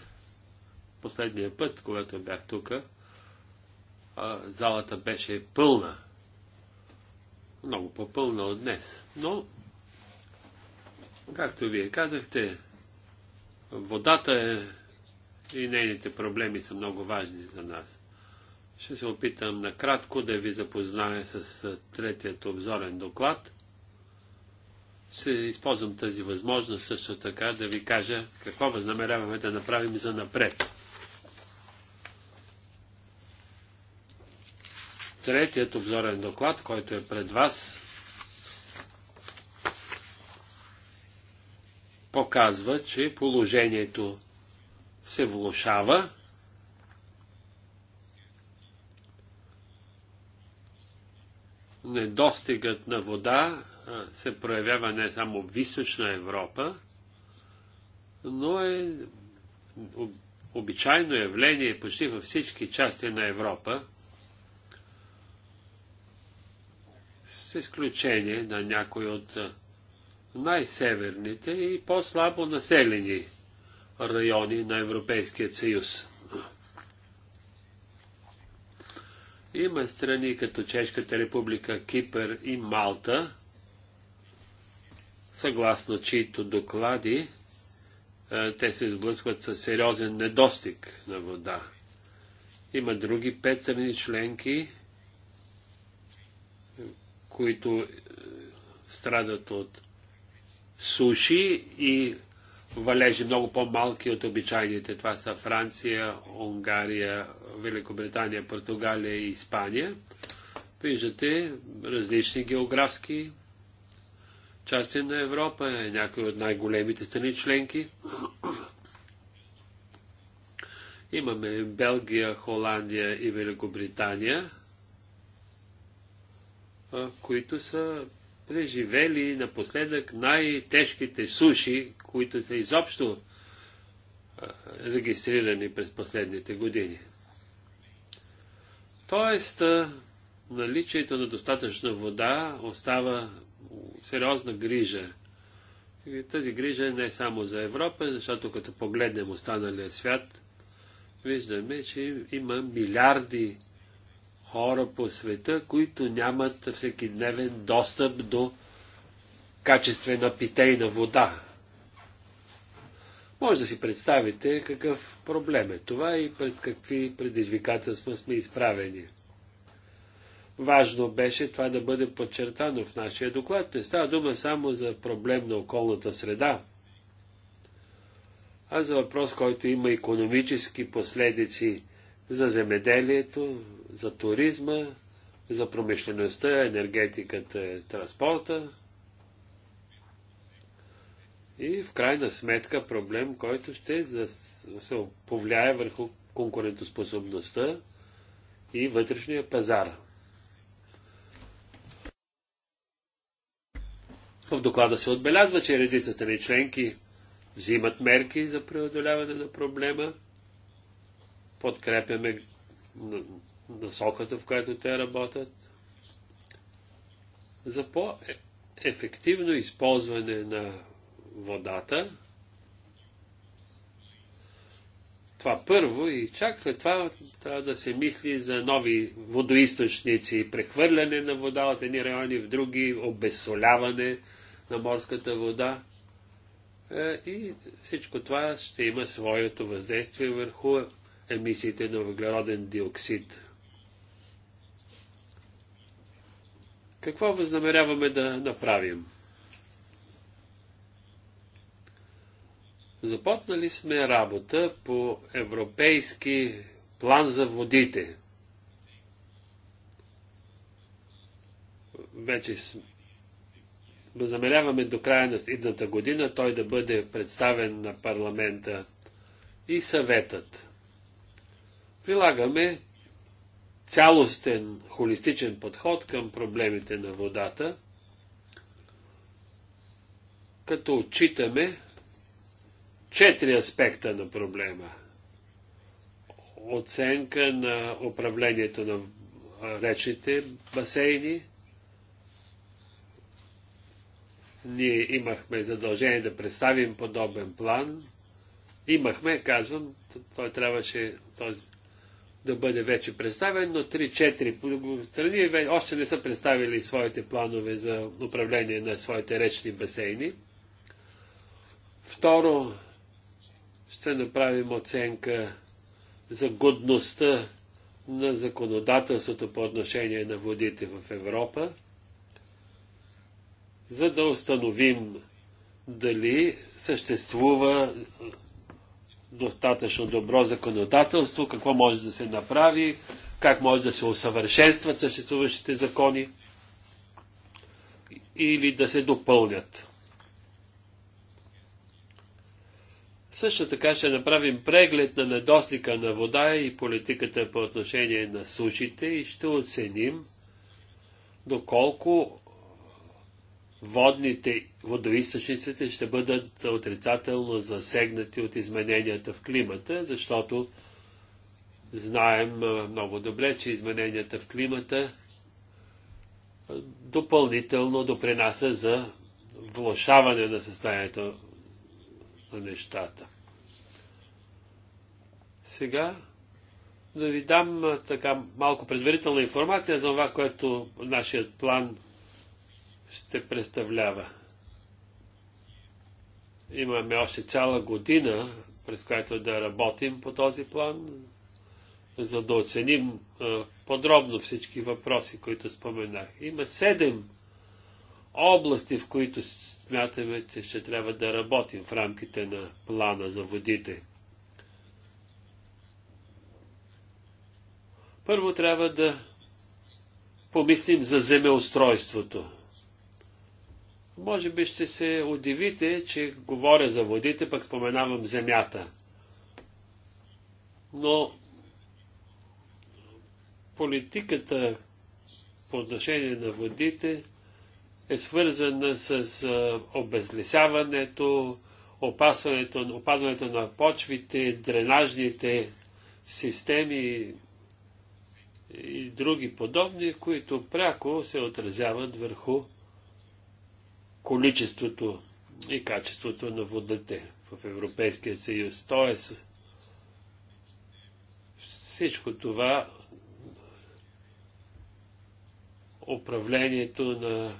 последния път, когато бях тук, залата беше пълна. Много по-пълна от днес. Но, както вие казахте, водата е и нейните проблеми са много важни за нас. Ще се опитам накратко да ви запозная с третият обзорен доклад. Ще използвам тази възможност също така да ви кажа какво възнамеряваме да направим за напред. Третият обзорен доклад, който е пред вас, показва, че положението се влушава недостигът на вода се проявява не само в източна Европа, но е обичайно явление почти във всички части на Европа, с изключение на някои от най-северните и по-слабо населени райони на Европейския съюз. Има страни като Чешката република, Кипър и Малта, съгласно чието доклади е, те се сблъскват с сериозен недостиг на вода. Има други пет страни членки, които е, страдат от суши и валежи много по-малки от обичайните. Това са Франция, Унгария, Великобритания, Португалия и Испания. Виждате различни географски части на Европа, някои от най-големите страни членки. Имаме Белгия, Холандия и Великобритания, които са преживели напоследък най-тежките суши, които са изобщо регистрирани през последните години. Тоест, наличието на достатъчно вода остава сериозна грижа. И тази грижа е не е само за Европа, защото като погледнем останалия свят, виждаме, че има милиарди хора по света, които нямат всеки дневен достъп до качествена питейна вода. Може да си представите какъв проблем е това и пред какви предизвикателства сме изправени. Важно беше това да бъде подчертано в нашия доклад. Не става дума само за проблем на околната среда, а за въпрос, който има економически последици – за земеделието, за туризма, за промишлеността, енергетиката, транспорта. И в крайна сметка проблем, който ще се повлияе върху конкурентоспособността и вътрешния пазар. В доклада се отбелязва, че редица страни членки взимат мерки за преодоляване на проблема – подкрепяме насоката, в която те работят, за по-ефективно използване на водата. Това първо и чак след това трябва да се мисли за нови водоисточници, прехвърляне на вода от едни райони в други, обесоляване на морската вода. Е, и всичко това ще има своето въздействие върху емисиите на въглероден диоксид. Какво възнамеряваме да направим? Започнали сме работа по европейски план за водите. Вече възнамеряваме до края на идната година той да бъде представен на парламента и съветът прилагаме цялостен, холистичен подход към проблемите на водата, като отчитаме четири аспекта на проблема. Оценка на управлението на речните басейни. Ние имахме задължение да представим подобен план. Имахме, казвам, той трябваше, този да бъде вече представен, но 3-4 страни още не са представили своите планове за управление на своите речни басейни. Второ, ще направим оценка за годността на законодателството по отношение на водите в Европа, за да установим дали съществува достатъчно добро законодателство, какво може да се направи, как може да се усъвършенстват съществуващите закони или да се допълнят. Също така ще направим преглед на недостига на вода и политиката по отношение на сушите и ще оценим доколко водните водоисточниците ще бъдат отрицателно засегнати от измененията в климата, защото знаем много добре, че измененията в климата допълнително допринася за влошаване на състоянието на нещата. Сега да ви дам така малко предварителна информация за това, което нашият план ще представлява. Имаме още цяла година, през която да работим по този план, за да оценим подробно всички въпроси, които споменах. Има седем области, в които смятаме, че ще трябва да работим в рамките на плана за водите. Първо трябва да помислим за земеустройството. Може би ще се удивите, че говоря за водите, пък споменавам земята. Но политиката по отношение на водите е свързана с обезлесяването, опазването, опазването на почвите, дренажните системи и други подобни, които пряко се отразяват върху количеството и качеството на водата в Европейския съюз. Тоест, всичко това управлението на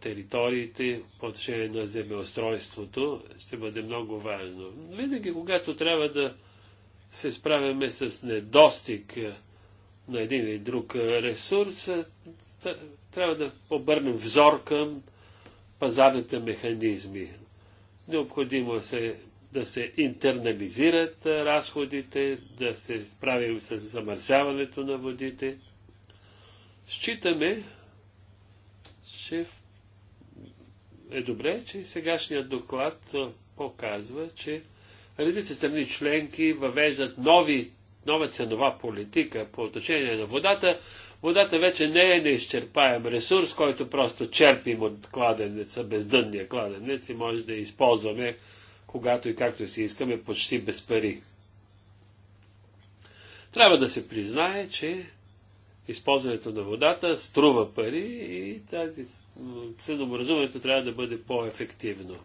териториите по отношение на земеустройството ще бъде много важно. Винаги, когато трябва да се справяме с недостиг на един или друг ресурс, трябва да обърнем взор към пазарните механизми. Необходимо е се да се интернализират разходите, да се справим с замърсяването на водите. Считаме, че е добре, че сегашният доклад показва, че редица страни членки въвеждат нови, нова ценова политика по отношение на водата, Водата вече не е неизчерпаем ресурс, който просто черпим от кладенеца, бездънния кладенец и може да използваме, когато и както си искаме, почти без пари. Трябва да се признае, че използването на водата струва пари и тази ценообразуването трябва да бъде по-ефективно.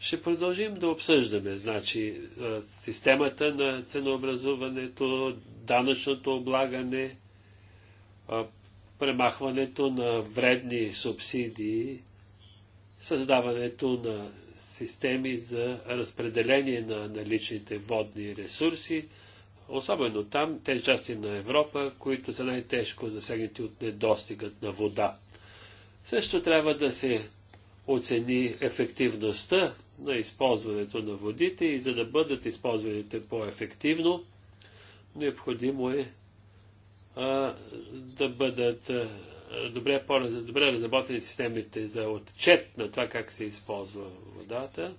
Ще продължим да обсъждаме значи, е, системата на ценообразуването, данъчното облагане, премахването на вредни субсидии, създаването на системи за разпределение на наличните водни ресурси, особено там, те части на Европа, които са най-тежко засегнати от недостигът на вода. Също трябва да се оцени ефективността на използването на водите и за да бъдат използваните по-ефективно, необходимо е да бъдат добре, добре разработени системите за отчет на това как се използва водата,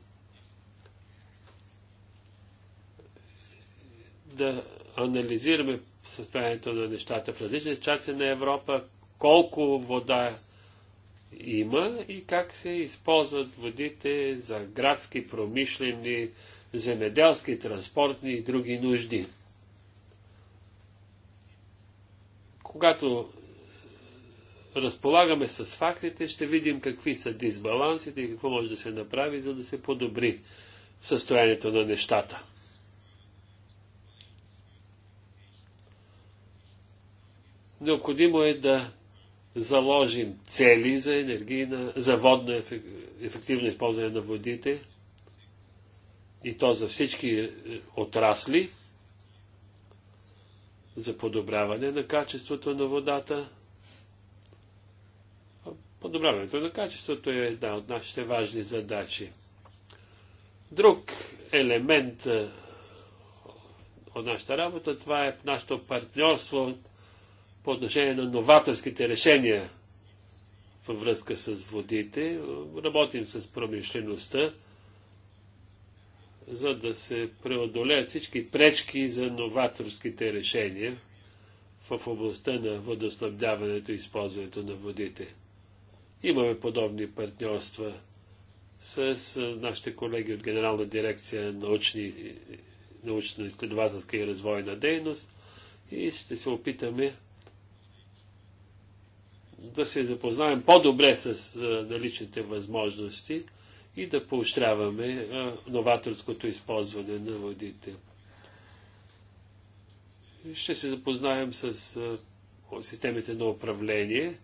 да анализираме състоянието на нещата в различни части на Европа, колко вода има и как се използват водите за градски, промишлени, земеделски, транспортни и други нужди. Когато разполагаме с фактите, ще видим какви са дисбалансите и какво може да се направи, за да се подобри състоянието на нещата. Необходимо е да заложим цели за енергийна, за водно ефективно използване на водите и то за всички е, отрасли за подобряване на качеството на водата. Подобряването на качеството е една от нашите важни задачи. Друг елемент е, от нашата работа, това е нашето партньорство по отношение на новаторските решения във връзка с водите. Работим с промишлеността за да се преодолеят всички пречки за новаторските решения в областта на водоснабдяването и използването на водите. Имаме подобни партньорства с нашите колеги от Генерална дирекция научни, научно-изследователска и развойна дейност и ще се опитаме да се запознаем по-добре с наличните възможности – и да поощряваме новаторското използване на водите. Ще се запознаем с системите на управление.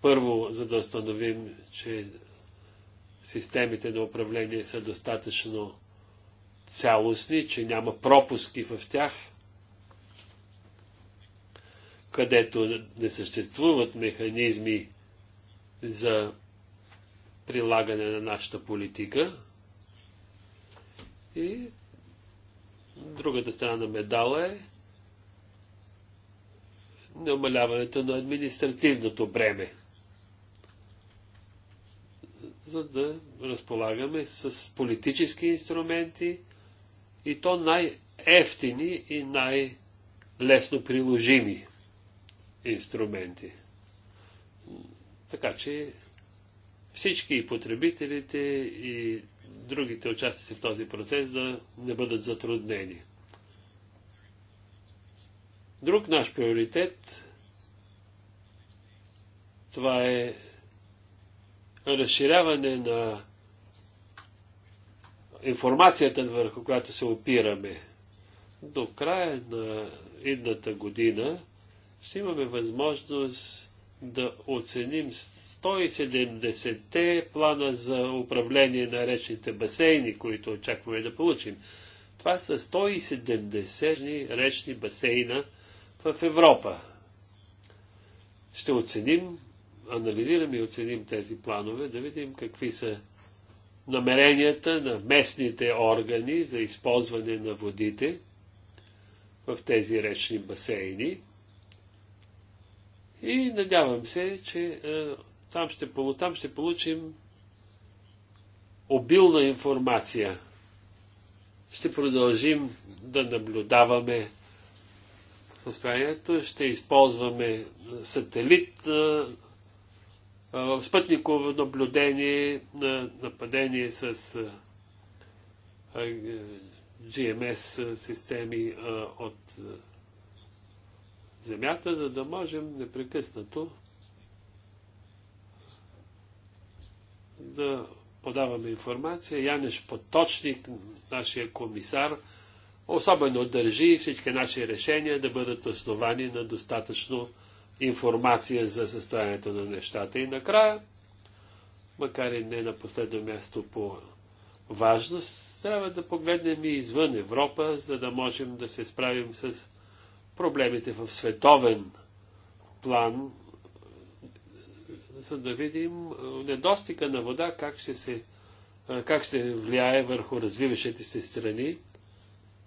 Първо, за да установим, че системите на управление са достатъчно цялостни, че няма пропуски в тях, където не съществуват механизми за прилагане на нашата политика. И другата страна на медала е намаляването на административното бреме, за да разполагаме с политически инструменти и то най-ефтини и най-лесно приложими инструменти. Така че всички и потребителите и другите участници в този процес да не бъдат затруднени. Друг наш приоритет това е разширяване на информацията, върху която се опираме. До края на едната година ще имаме възможност да оценим 170-те плана за управление на речните басейни, които очакваме да получим. Това са 170 речни басейна в Европа. Ще оценим, анализираме и оценим тези планове, да видим какви са намеренията на местните органи за използване на водите в тези речни басейни. И надявам се, че е, там ще, там ще получим обилна информация. Ще продължим да наблюдаваме състоянието, ще използваме сателит, спътниково наблюдение на нападение с GMS системи от Земята, за да можем непрекъснато да подаваме информация. Янеш Поточник, нашия комисар, особено държи всички наши решения да бъдат основани на достатъчно информация за състоянието на нещата. И накрая, макар и не на последно място по важност, трябва да погледнем и извън Европа, за да можем да се справим с проблемите в световен план за да видим недостига на вода, как ще, се, как ще влияе върху развиващите се страни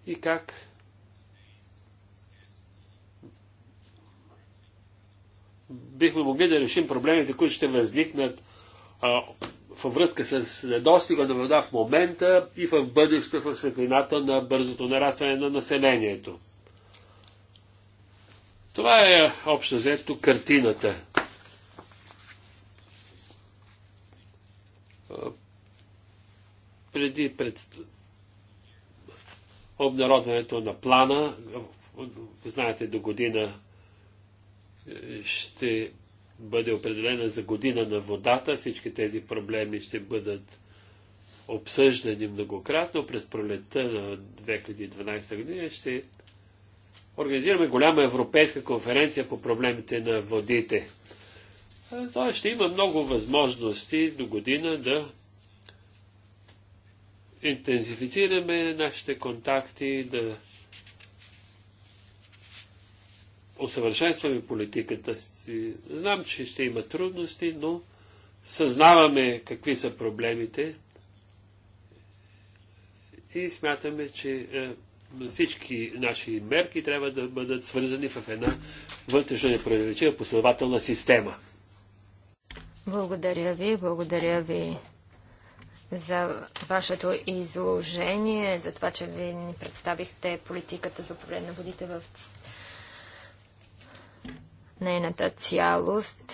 и как бихме могли да решим проблемите, които ще възникнат във връзка с недостига на вода в момента и в бъдеще в светлината на бързото нарастване на населението. Това е общо взето картината. преди пред... обнародването на плана, знаете, до година ще бъде определена за година на водата. Всички тези проблеми ще бъдат обсъждани многократно. През пролетта на 2012 година ще организираме голяма европейска конференция по проблемите на водите. Тоест ще има много възможности до година да интензифицираме нашите контакти, да усъвършенстваме политиката си. Знам, че ще има трудности, но съзнаваме какви са проблемите и смятаме, че е, всички наши мерки трябва да бъдат свързани в една вътрешна непроизвлечива последователна система. Благодаря ви, благодаря ви за вашето изложение, за това, че ви ни представихте политиката за управление на водите в нейната цялост.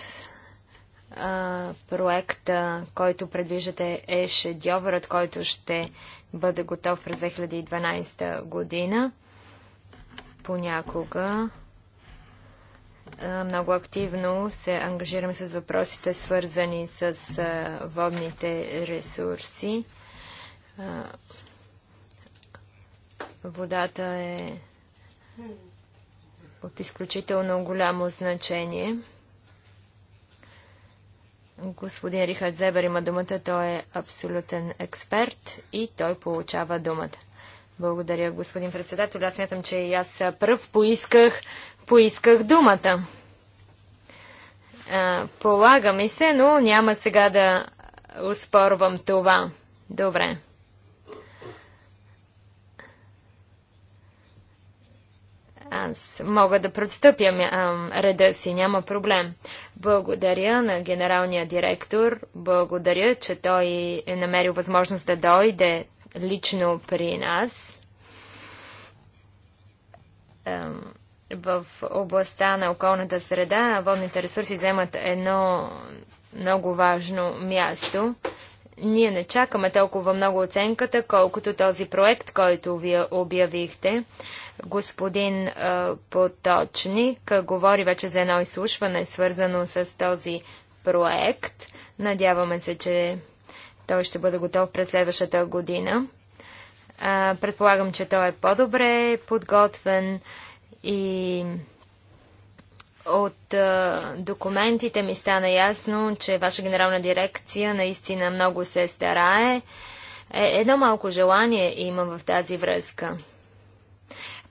проекта, който предвиждате е шедьовърът, който ще бъде готов през 2012 година. Понякога много активно се ангажирам с въпросите, свързани с водните ресурси. Водата е от изключително голямо значение. Господин Рихард Зебер има думата, той е абсолютен експерт и той получава думата. Благодаря, господин председател. Аз смятам, че и аз пръв поисках, поисках думата. Полага ми се, но няма сега да успорвам това. Добре. Аз мога да престъпя реда си, няма проблем. Благодаря на генералния директор, благодаря, че той е намерил възможност да дойде лично при нас в областта на околната среда водните ресурси вземат едно много важно място. Ние не чакаме толкова много оценката, колкото този проект, който вие обявихте. Господин е, Поточник говори вече за едно изслушване, свързано с този проект. Надяваме се, че той ще бъде готов през следващата година. А, предполагам, че той е по-добре подготвен и от а, документите ми стана ясно, че ваша генерална дирекция наистина много се старае. Е, едно малко желание имам в тази връзка.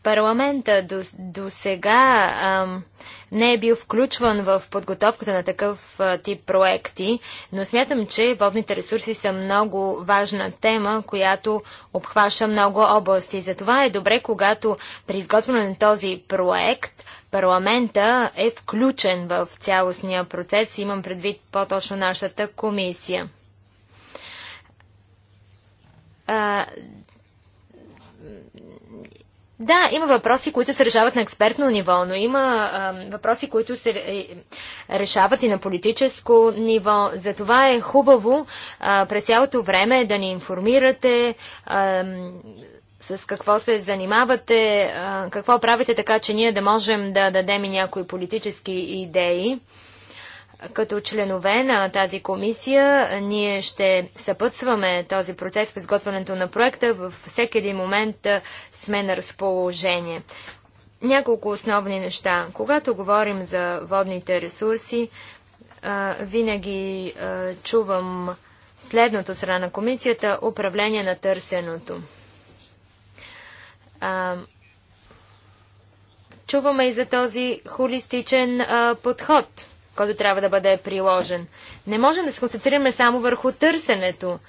Парламента до, до сега ам, не е бил включван в подготовката на такъв а, тип проекти, но смятам, че водните ресурси са много важна тема, която обхваща много области. Затова е добре, когато при изготвяне на този проект парламента е включен в цялостния процес. Имам предвид по-точно нашата комисия. А, да, има въпроси, които се решават на експертно ниво, но има а, въпроси, които се е, решават и на политическо ниво. Затова е хубаво а, през цялото време да ни информирате. А, с какво се занимавате, какво правите така, че ние да можем да дадем и някои политически идеи. Като членове на тази комисия, ние ще съпътстваме този процес в изготвянето на проекта. Във всеки един момент сме на разположение. Няколко основни неща. Когато говорим за водните ресурси, винаги чувам следното страна на комисията – управление на търсеното. Чуваме и за този холистичен подход – който трябва да бъде приложен. Не можем да се концентрираме само върху търсенето,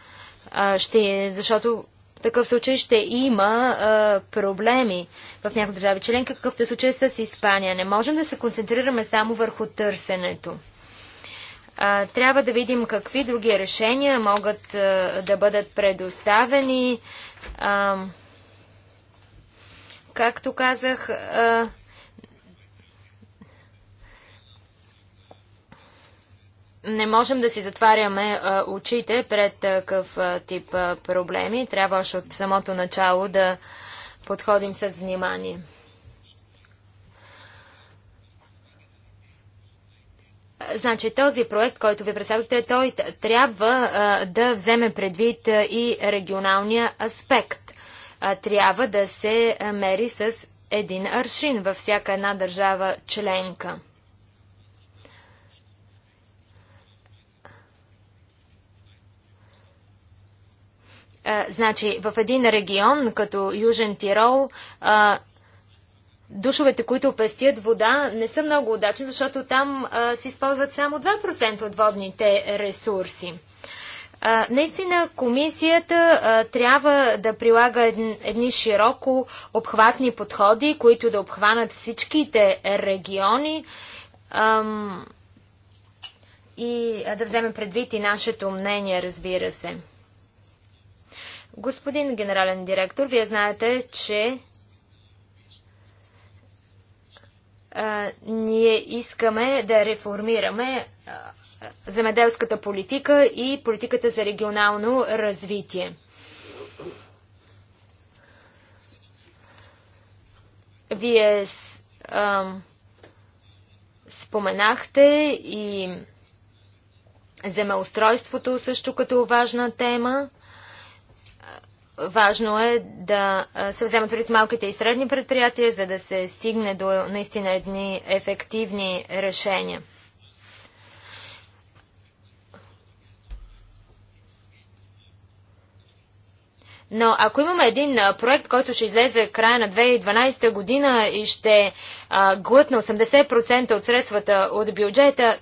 а, ще, защото в такъв случай ще има а, проблеми в някои държави член, какъвто е случай с Испания. Не можем да се концентрираме само върху търсенето. А, трябва да видим какви други решения могат а, да бъдат предоставени. А, както казах, а, не можем да си затваряме а, очите пред такъв тип а, проблеми. Трябва още от самото начало да подходим с внимание. Значи този проект, който ви представяте, той трябва а, да вземе предвид а, и регионалния аспект. А, трябва да се мери с един аршин във всяка една държава членка. Е, значи, в един регион, като Южен Тирол, а, душовете, които пестят вода, не са много удачни, защото там а, се използват само 2% от водните ресурси. А, наистина комисията а, трябва да прилага едни, едни широко обхватни подходи, които да обхванат всичките региони ам, и да вземе предвид и нашето мнение, разбира се. Господин генерален директор, вие знаете, че а, ние искаме да реформираме а, земеделската политика и политиката за регионално развитие. Вие а, споменахте и земеустройството също като важна тема. Важно е да се вземат пред малките и средни предприятия, за да се стигне до наистина едни ефективни решения. Но ако имаме един проект, който ще излезе края на 2012 година и ще глътне 80% от средствата от бюджета,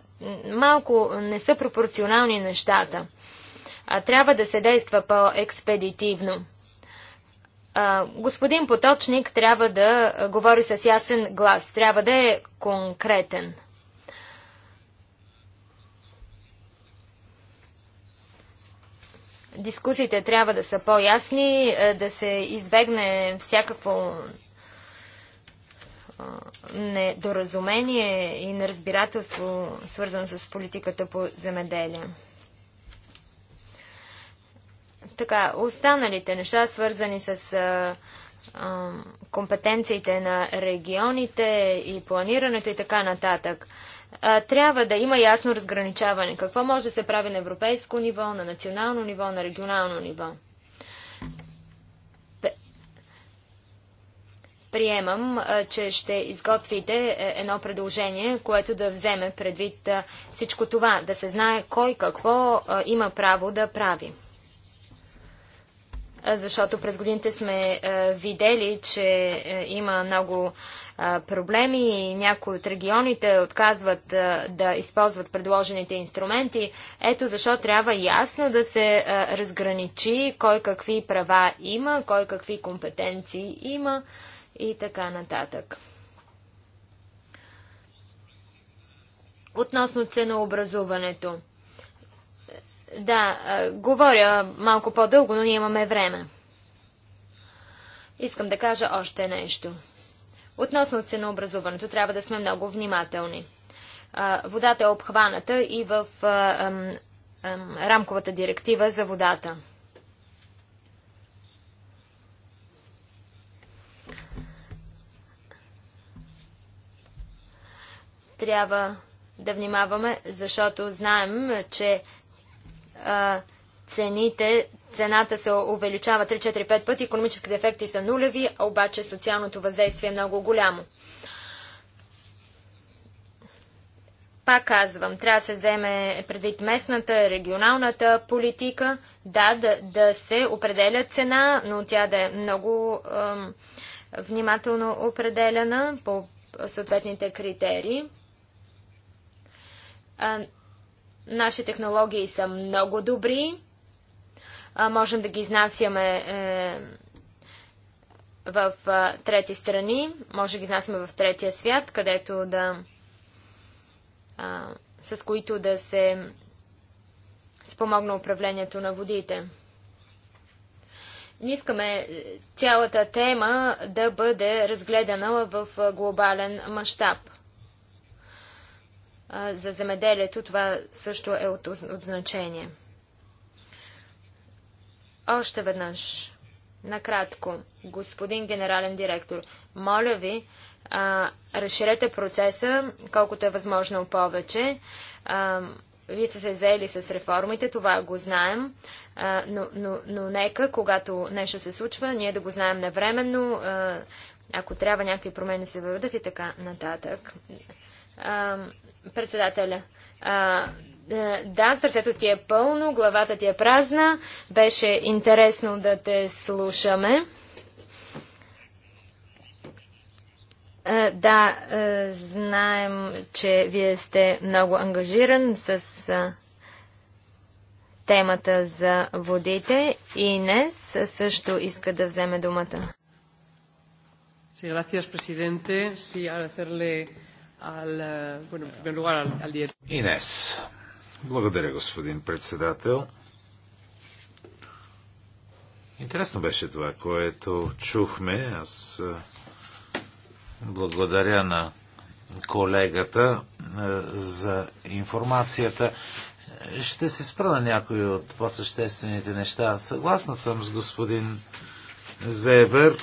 малко не са пропорционални нещата. Трябва да се действа по-експедитивно. Господин Поточник трябва да говори с ясен глас, трябва да е конкретен. Дискусиите трябва да са по-ясни, е, да се избегне всякакво недоразумение и неразбирателство, свързано с политиката по земеделие. Така, останалите неща, свързани с а, а, компетенциите на регионите и планирането и така нататък, а, трябва да има ясно разграничаване. Какво може да се прави на европейско ниво, на национално ниво, на регионално ниво? приемам, че ще изготвите е, едно предложение, което да вземе предвид всичко това, да се знае кой какво има право да прави защото през годините сме видели, че има много проблеми и някои от регионите отказват да използват предложените инструменти. Ето защо трябва ясно да се разграничи кой какви права има, кой какви компетенции има и така нататък. Относно ценообразуването. Да, говоря малко по-дълго, но ние имаме време. Искам да кажа още нещо. Относно ценообразуването трябва да сме много внимателни. Водата е обхваната и в рамковата директива за водата. Трябва да внимаваме, защото знаем, че а, цените, цената се увеличава 3-4-5 пъти, економическите ефекти са нулеви, а обаче социалното въздействие е много голямо. Пак казвам, трябва да се вземе предвид местната, регионалната политика, да, да, да се определя цена, но тя да е много ем, внимателно определена по съответните критерии Наши технологии са много добри. А, можем да ги изнасяме е, в трети страни. Може да ги изнасяме в третия свят, където да. А, с които да се спомогна управлението на водите. Не искаме е, цялата тема да бъде разгледана в глобален мащаб за земеделието това също е от, от значение. Още веднъж, накратко, господин генерален директор, моля ви, а, разширете процеса, колкото е възможно повече. А, вие сте се заели с реформите, това го знаем, а, но, но, но нека, когато нещо се случва, ние да го знаем навременно, а, ако трябва някакви промени се въведат и така нататък. А, Председателя. А, е, да, сърцето ти е пълно, главата ти е празна. Беше интересно да те слушаме. Е, да, е, знаем, че вие сте много ангажиран с темата за водите. Инес също иска да вземе думата. Благодаря, президенте. Благодаря, al, eh, bueno, en primer lugar al, al director. Инес. Благодаря, господин председател. Интересно беше това, което чухме. Аз е, благодаря на колегата е, за информацията. Ще се спра на някои от по-съществените неща. Съгласна съм с господин Зебер.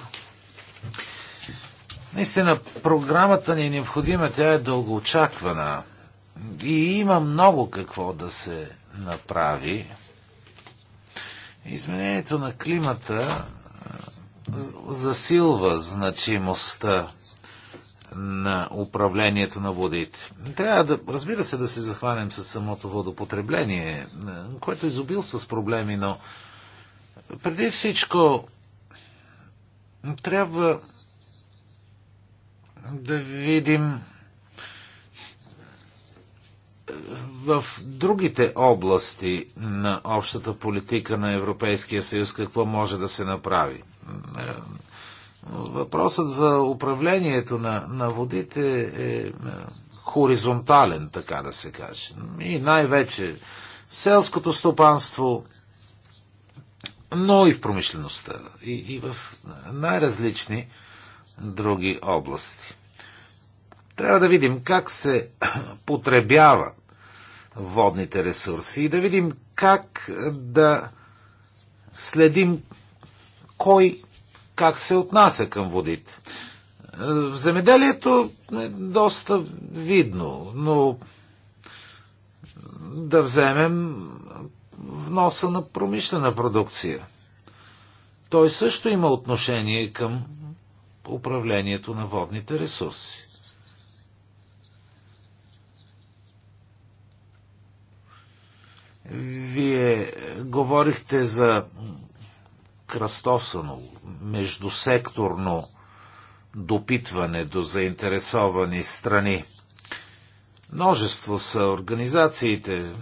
Наистина, програмата ни е необходима, тя е дългоочаквана и има много какво да се направи. Изменението на климата засилва значимостта на управлението на водите. Трябва да, разбира се, да се захванем с самото водопотребление, което изобилства с проблеми, но преди всичко трябва да видим в другите области на общата политика на Европейския съюз какво може да се направи. Въпросът за управлението на, на водите е, е хоризонтален, така да се каже. И най-вече селското стопанство, но и в промишлеността, и, и в най-различни други области. Трябва да видим как се (clears throat) потребява водните ресурси и да видим как да следим кой как се отнася към водите. В земеделието е доста видно, но да вземем вноса на промишлена продукция. Той също има отношение към управлението на водните ресурси. Вие говорихте за кръстосано, междусекторно допитване до заинтересовани страни. Множество са организациите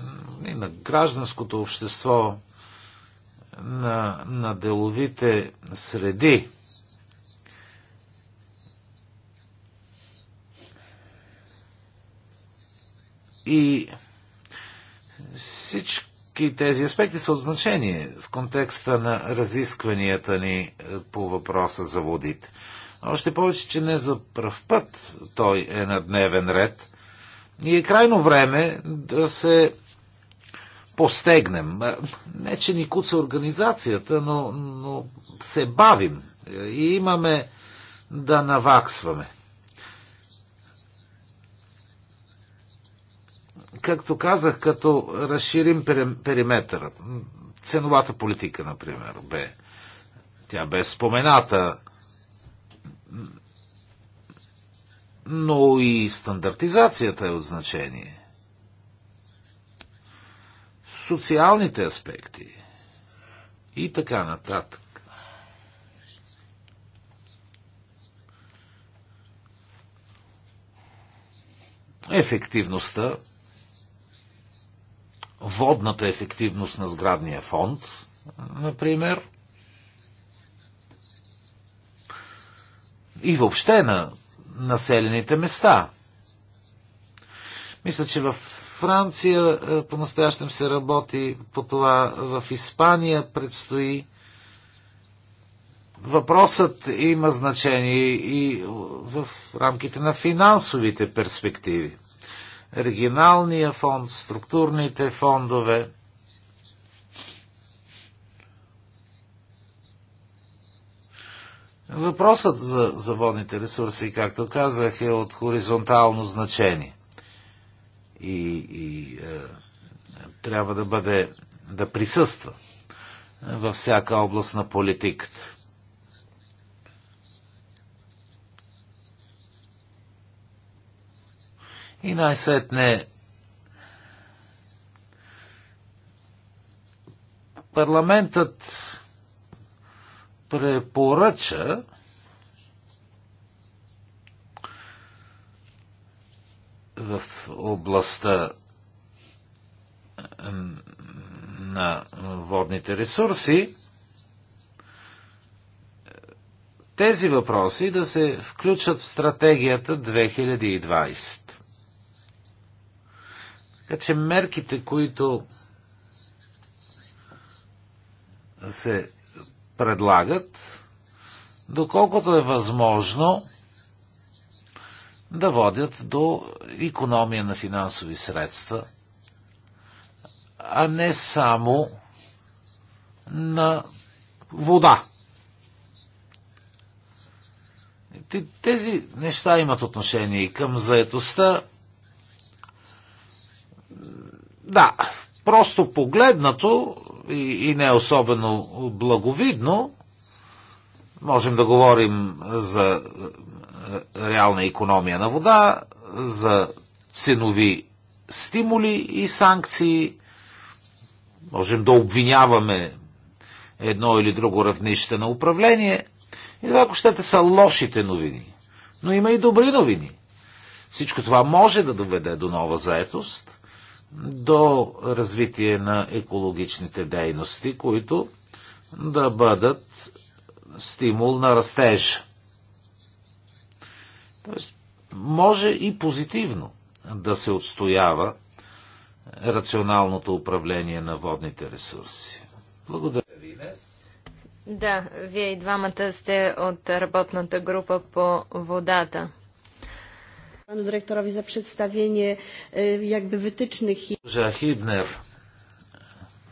и на гражданското общество, на, на деловите среди – И всички тези аспекти са от значение в контекста на разискванията ни е, по въпроса за водите. Още повече, че не за пръв път той е на дневен ред. И е крайно време да се постегнем. Е, не, че ни куца организацията, но, но се бавим е, и имаме да наваксваме. както казах, като разширим периметъра. Ценовата политика, например, бе. Тя бе спомената. Но и стандартизацията е от значение. Социалните аспекти и така нататък. ефективността водната ефективност на сградния фонд, например, и въобще на населените места. Мисля, че в Франция е, по-настоящем се работи по това, в Испания предстои. Въпросът има значение и в рамките на финансовите перспективи регионалния фонд, структурните фондове. Въпросът за, за водните ресурси, както казах, е от хоризонтално значение. И, и е, трябва да бъде, да присъства във всяка област на политиката. И най-сетне парламентът препоръча в областта на водните ресурси, тези въпроси да се включат в стратегията 2020. Така че мерките, които се предлагат, доколкото е възможно, да водят до економия на финансови средства, а не само на вода. Тези неща имат отношение и към заетостта, да, просто погледнато и, и не особено благовидно, можем да говорим за е, реална економия на вода, за ценови стимули и санкции. Можем да обвиняваме едно или друго равнище на управление. И това, ако щете, са лошите новини. Но има и добри новини. Всичко това може да доведе до нова заетост, до развитие на екологичните дейности, които да бъдат стимул на растеж. Тоест, може и позитивно да се отстоява рационалното управление на водните ресурси. Благодаря ви, Инес. Да, вие и двамата сте от работната група по водата. Пану директорови за представение якби витичних. Жа Хибнер.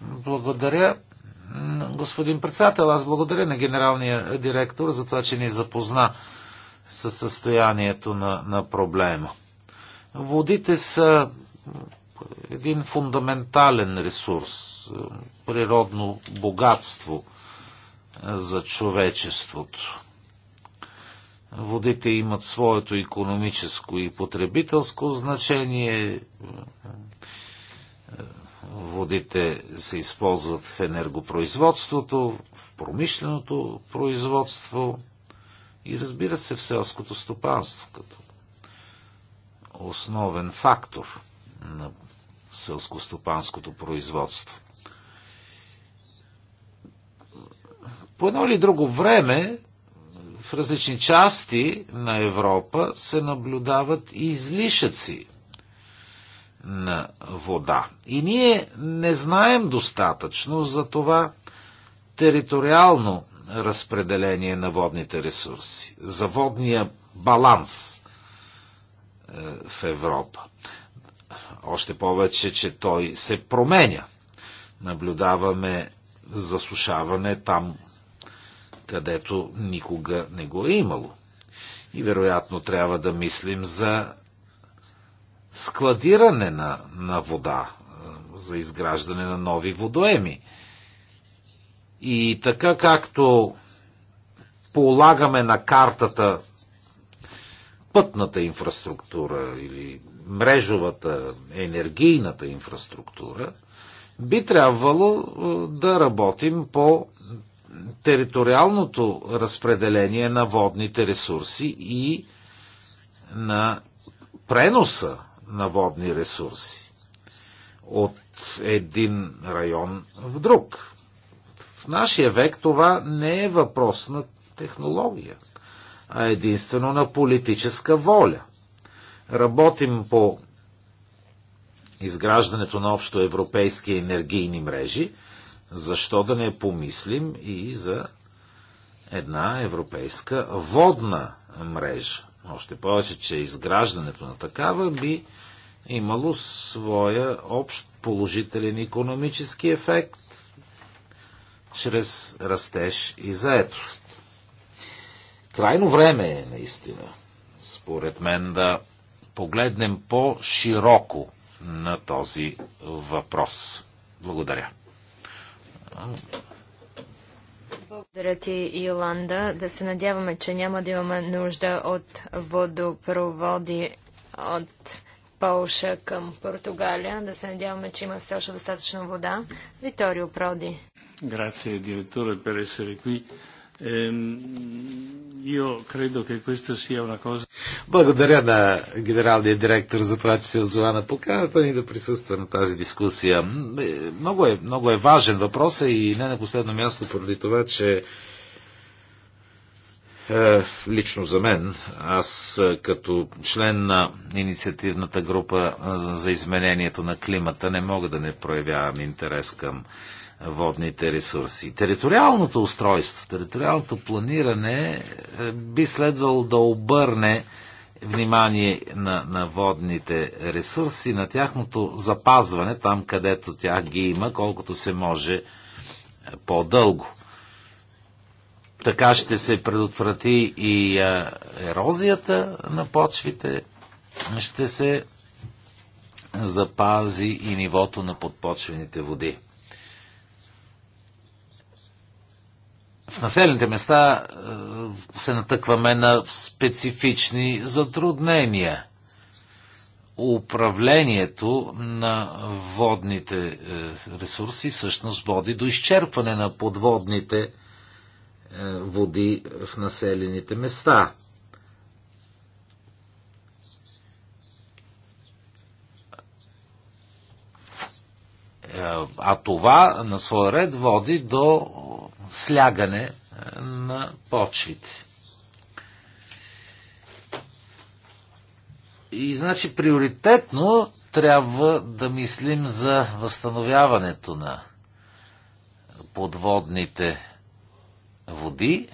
Благодаря. Господин председател, аз благодаря на генералния директор за това, че ни запозна със състоянието на, на проблема. Водите са един фундаментален ресурс, природно богатство е, за човечеството. Водите имат своето економическо и потребителско значение. Водите се използват в енергопроизводството, в промишленото производство и разбира се в селското стопанство като основен фактор на селско-стопанското производство. По едно или друго време в различни части на Европа се наблюдават излишъци на вода. И ние не знаем достатъчно за това териториално разпределение на водните ресурси, за водния баланс е, в Европа. Още повече, че той се променя. Наблюдаваме засушаване там, където никога не го е имало. И вероятно трябва да мислим за складиране на, на вода, е, за изграждане на нови водоеми. И така както полагаме на картата пътната инфраструктура или мрежовата, енергийната инфраструктура, би трябвало е, да работим по териториалното разпределение на водните ресурси и на преноса на водни ресурси от един район в друг. В нашия век това не е въпрос на технология, а единствено на политическа воля. Работим по изграждането на общо европейски енергийни мрежи, защо да не помислим и за една европейска водна мрежа? Още повече, че изграждането на такава би имало своя общ положителен економически ефект чрез растеж и заетост. Крайно време е, наистина, според мен, да погледнем по-широко на този въпрос. Благодаря. Благодаря ти, Йоланда. Да се надяваме, че няма да имаме нужда от водопроводи от Полша към Португалия. Да се надяваме, че има все още достатъчно вода. Виторио Проди. Грация, директора, per е Ehm, io credo che questa sia una cosa... Благодаря на генералния директор за това, че се озова на поканата и да присъства на тази дискусия. Е, много е, много е важен въпрос и не на последно място поради това, че е, лично за мен, аз е, като член на инициативната група е, за изменението на климата не мога да не проявявам интерес към водните ресурси. Териториалното устройство, териториалното планиране е, би следвало да обърне внимание на, на водните ресурси, на тяхното запазване там, където тях ги има, колкото се може е, по-дълго. Така ще се предотврати и е, ерозията на почвите, ще се запази и нивото на подпочвените води. в населените места е, се натъкваме на специфични затруднения. Управлението на водните е, ресурси всъщност води до изчерпване на подводните е, води в населените места. А това на своя ред води до слягане е, на почвите. И значи приоритетно трябва да мислим за възстановяването на подводните води.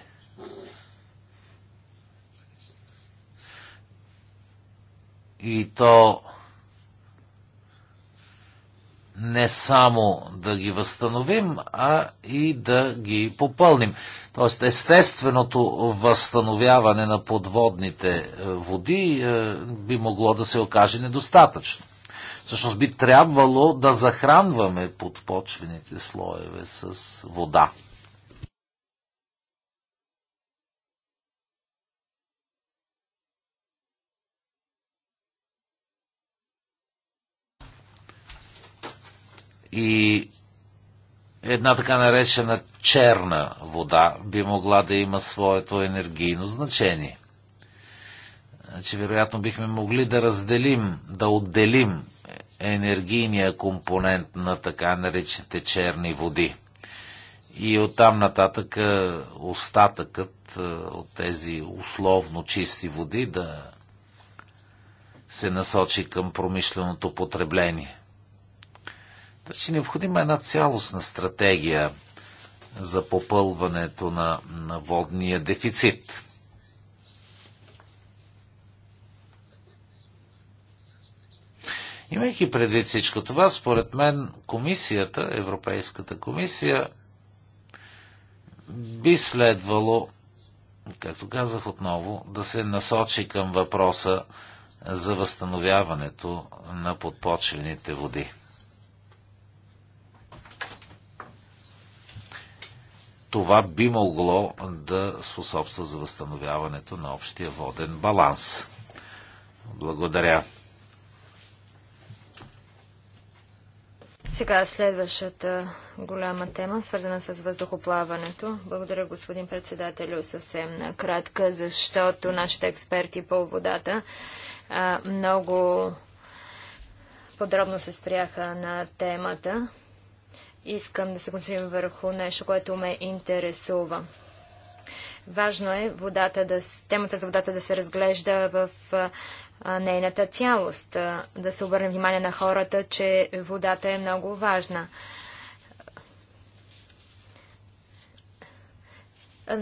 И то не само да ги възстановим, а и да ги попълним. Тоест естественото възстановяване на подводните е, води е, би могло да се окаже недостатъчно. Всъщност би трябвало да захранваме подпочвените слоеве с вода. И една така наречена черна вода би могла да има своето енергийно значение. Значи, вероятно бихме могли да разделим, да отделим енергийния компонент на така наречените черни води. И оттам нататък е, остатъкът е, от тези условно чисти води да се насочи към промишленото потребление. Значи необходима е една цялостна стратегия за попълването на, на водния дефицит. Имайки предвид всичко това, според мен комисията, Европейската комисия, би следвало, както казах отново, да се насочи към въпроса за възстановяването на подпочвените води. това би могло да способства за възстановяването на общия воден баланс. Благодаря. Сега следващата голяма тема, свързана с въздухоплаването. Благодаря, господин председателю, съвсем кратка, защото нашите експерти по водата много подробно се спряха на темата искам да се концентрирам върху нещо, което ме интересува. Важно е водата да, темата за водата да се разглежда в а, нейната цялост, да се обърне внимание на хората, че водата е много важна.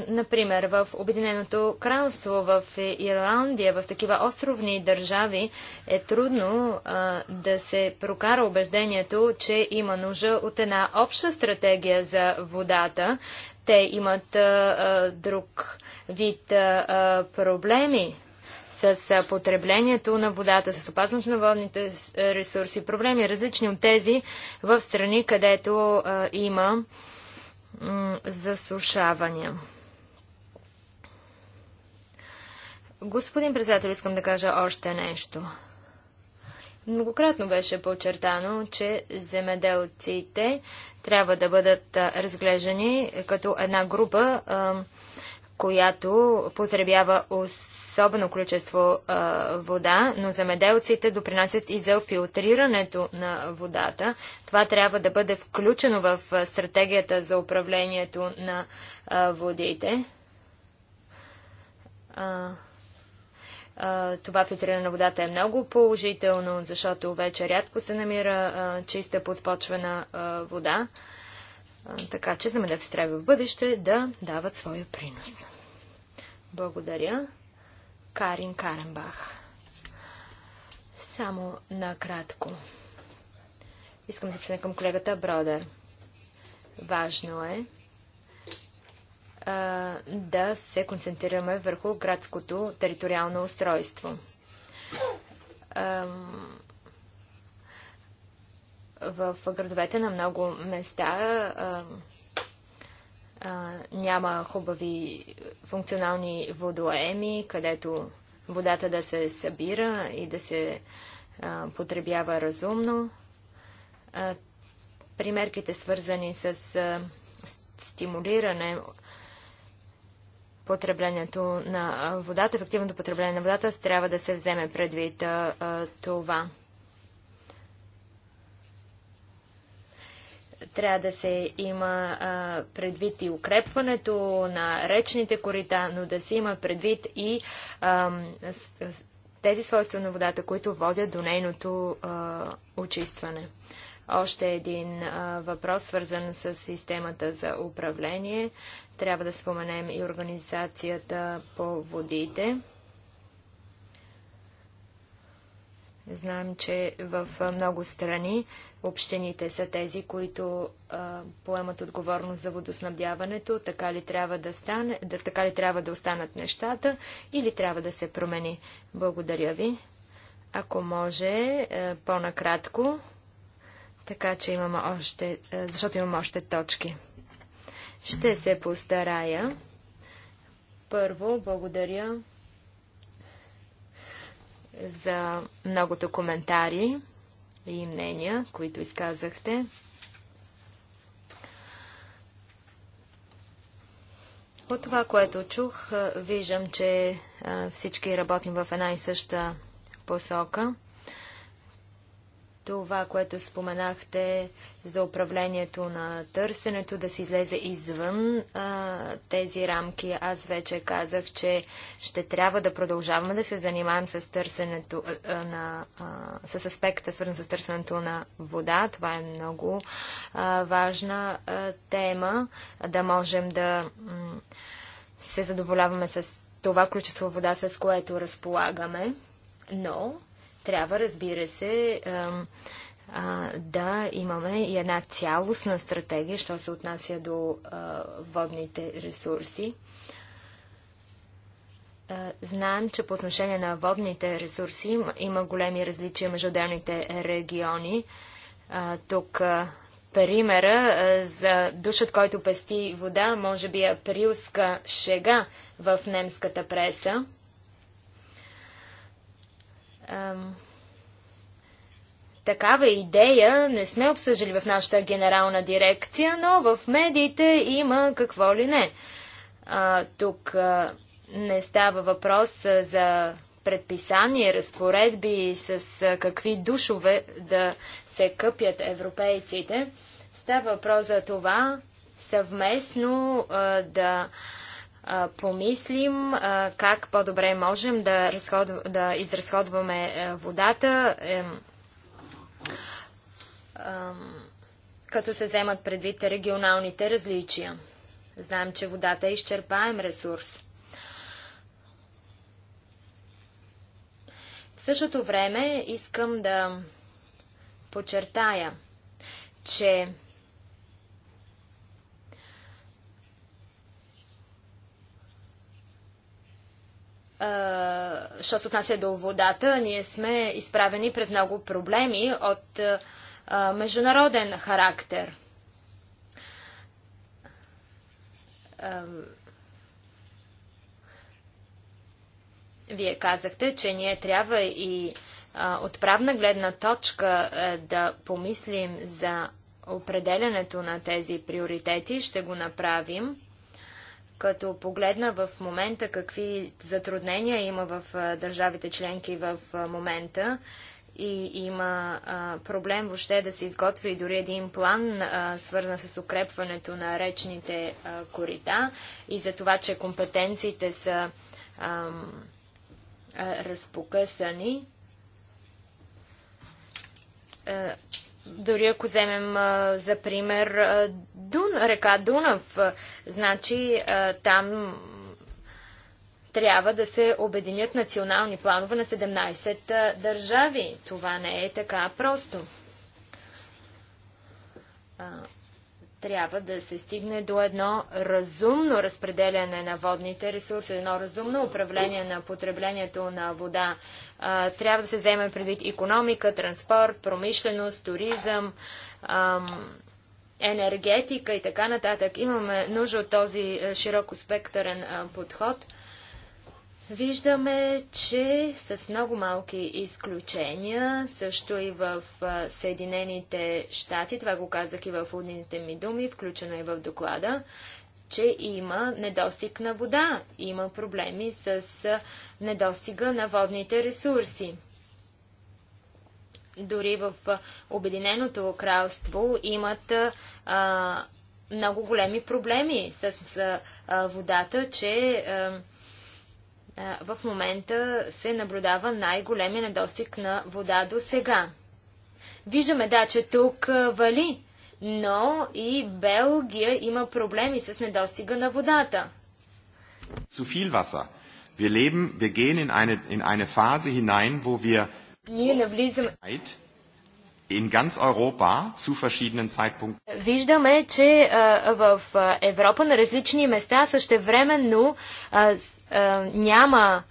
Например, в Обединеното кралство, в Ирландия, в такива островни държави е трудно а, да се прокара убеждението, че има нужда от една обща стратегия за водата. Те имат а, друг вид а, проблеми с потреблението на водата, с опазването на водните ресурси. Проблеми различни от тези в страни, където а, има засушавания. Господин председател, искам да кажа още нещо. Многократно беше подчертано, че земеделците трябва да бъдат разглеждани като една група, която потребява особено количество вода, но земеделците допринасят и за филтрирането на водата. Това трябва да бъде включено в стратегията за управлението на водите. Това филтриране на водата е много положително, защото вече рядко се намира чиста подпочвена вода. така че за земеделци трябва в бъдеще да дават своя принос. Благодаря. Карин Каренбах. Само накратко. Искам да се към колегата Бродер. Важно е да се концентрираме върху градското териториално устройство. В градовете на много места няма хубави функционални водоеми, където водата да се събира и да се потребява разумно. Примерките, свързани с стимулиране потреблението на водата, ефективното потребление на водата, трябва да се вземе предвид а, това. Трябва да се има а, предвид и укрепването на речните корита, но да се има предвид и а, тези свойства на водата, които водят до нейното очистване. Още един а, въпрос, свързан с системата за управление. Трябва да споменем и организацията по водите. Знаем, че в много страни общините са тези, които а, поемат отговорност за водоснабдяването. Така ли, трябва да стане, да, така ли трябва да останат нещата или трябва да се промени? Благодаря ви. Ако може, е, по-накратко. Така че имаме още, е, защото имам още точки. Ще се постарая. Първо, благодаря за многото коментари и мнения, които изказахте. От това, което чух, е, виждам, че е, всички работим в една и съща посока това, което споменахте за управлението на търсенето, да се излезе извън а, тези рамки. Аз вече казах, че ще трябва да продължаваме да се занимаем с търсенето а, на, а, с аспекта, свързан с търсенето на вода. Това е много а, важна а, тема. Да можем да се задоволяваме с това количество вода, с което разполагаме. Но трябва, разбира се, да имаме и една цялостна стратегия, що се отнася до водните ресурси. Знаем, че по отношение на водните ресурси има големи различия между отделните региони. Тук примера за душът, който пести вода, може би е априлска шега в немската преса. Ам, такава идея не сме обсъждали в нашата генерална дирекция, но в медиите има какво ли не. А, тук а, не става въпрос а, за предписания, разпоредби с а, какви душове да се къпят европейците. Става въпрос за това съвместно а, да а, помислим как по-добре можем да, разходв... да изразходваме е, водата, като се вземат предвид регионалните различия. Знаем, че водата е изчерпаем ресурс. В същото време искам да подчертая, че що се отнася до водата, ние сме изправени пред много проблеми от международен характер. вие казахте, че ние трябва и от правна гледна точка да помислим за определенето на тези приоритети. Ще го направим. Като погледна в момента какви затруднения има в държавите членки в момента, и има проблем въобще да се изготви дори един план, свързан с укрепването на речните корита и за това, че компетенциите са разпокъсани. Дори ако вземем за пример Дун, река Дунав, значи там трябва да се обединят национални планове на 17 държави. Това не е така просто. трябва да се стигне до едно разумно разпределяне на водните ресурси, едно разумно управление на потреблението на вода. трябва да се вземе предвид економика, транспорт, промишленост, туризъм, енергетика и така нататък. Имаме нужда от този широко спектърен подход – Виждаме, че с много малки изключения, също и в Съединените щати, това го казах и в удните ми думи, включено и в доклада, че има недостиг на вода, има проблеми с недостига на водните ресурси. Дори в Обединеното кралство имат а, много големи проблеми с а, водата, че а, в момента се наблюдава най-големия недостиг на вода до сега. Виждаме, да, че тук вали, но и Белгия има проблеми с недостига на водата. Wir leben, wir gehen in eine, in eine Phase hinein, wo wir in ganz Europa zu verschiedenen Zeitpunkten. Виждаме, че а, в Европа на различни места също същевременно а, е, няма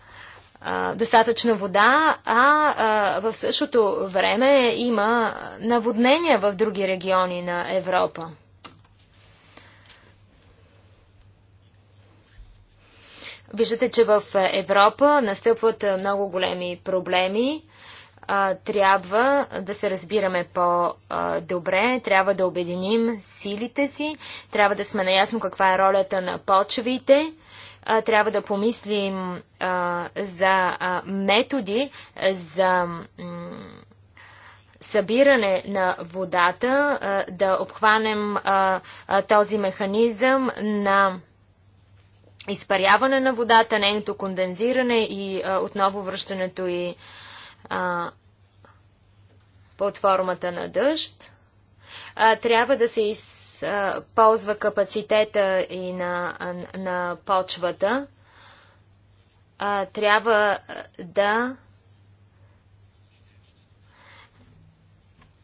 е, достатъчно вода, а е, в същото време има наводнения в други региони на Европа. Виждате, че в Европа настъпват много големи проблеми. Трябва да се разбираме по-добре, трябва да обединим силите си, трябва да сме наясно каква е ролята на почвите трябва да помислим за методи за събиране на водата, да обхванем този механизъм на изпаряване на водата, нейното кондензиране и отново връщането и под формата на дъжд. Трябва да се из ползва капацитета и на, на почвата, а, трябва да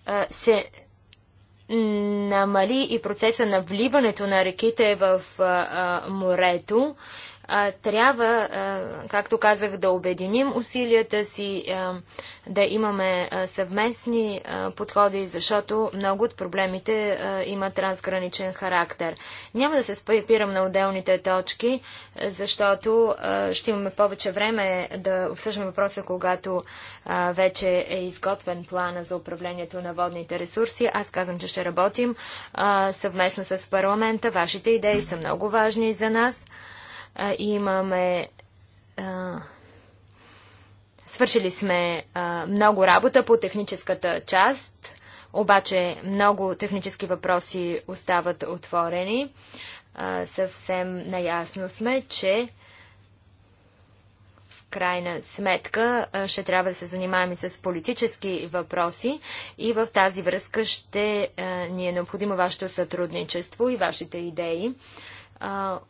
а, се намали и процеса на вливането на реките в а, морето трябва, както казах, да обединим усилията си, да имаме съвместни подходи, защото много от проблемите имат трансграничен характер. Няма да се спирам на отделните точки, защото ще имаме повече време да обсъждаме въпроса, когато вече е изготвен плана за управлението на водните ресурси. Аз казвам, че ще работим съвместно с парламента. Вашите идеи са много важни за нас а, имаме. А, свършили сме а, много работа по техническата част, обаче много технически въпроси остават отворени. А, съвсем наясно сме, че крайна сметка ще трябва да се занимаваме с политически въпроси и в тази връзка ще ни е необходимо вашето сътрудничество и вашите идеи.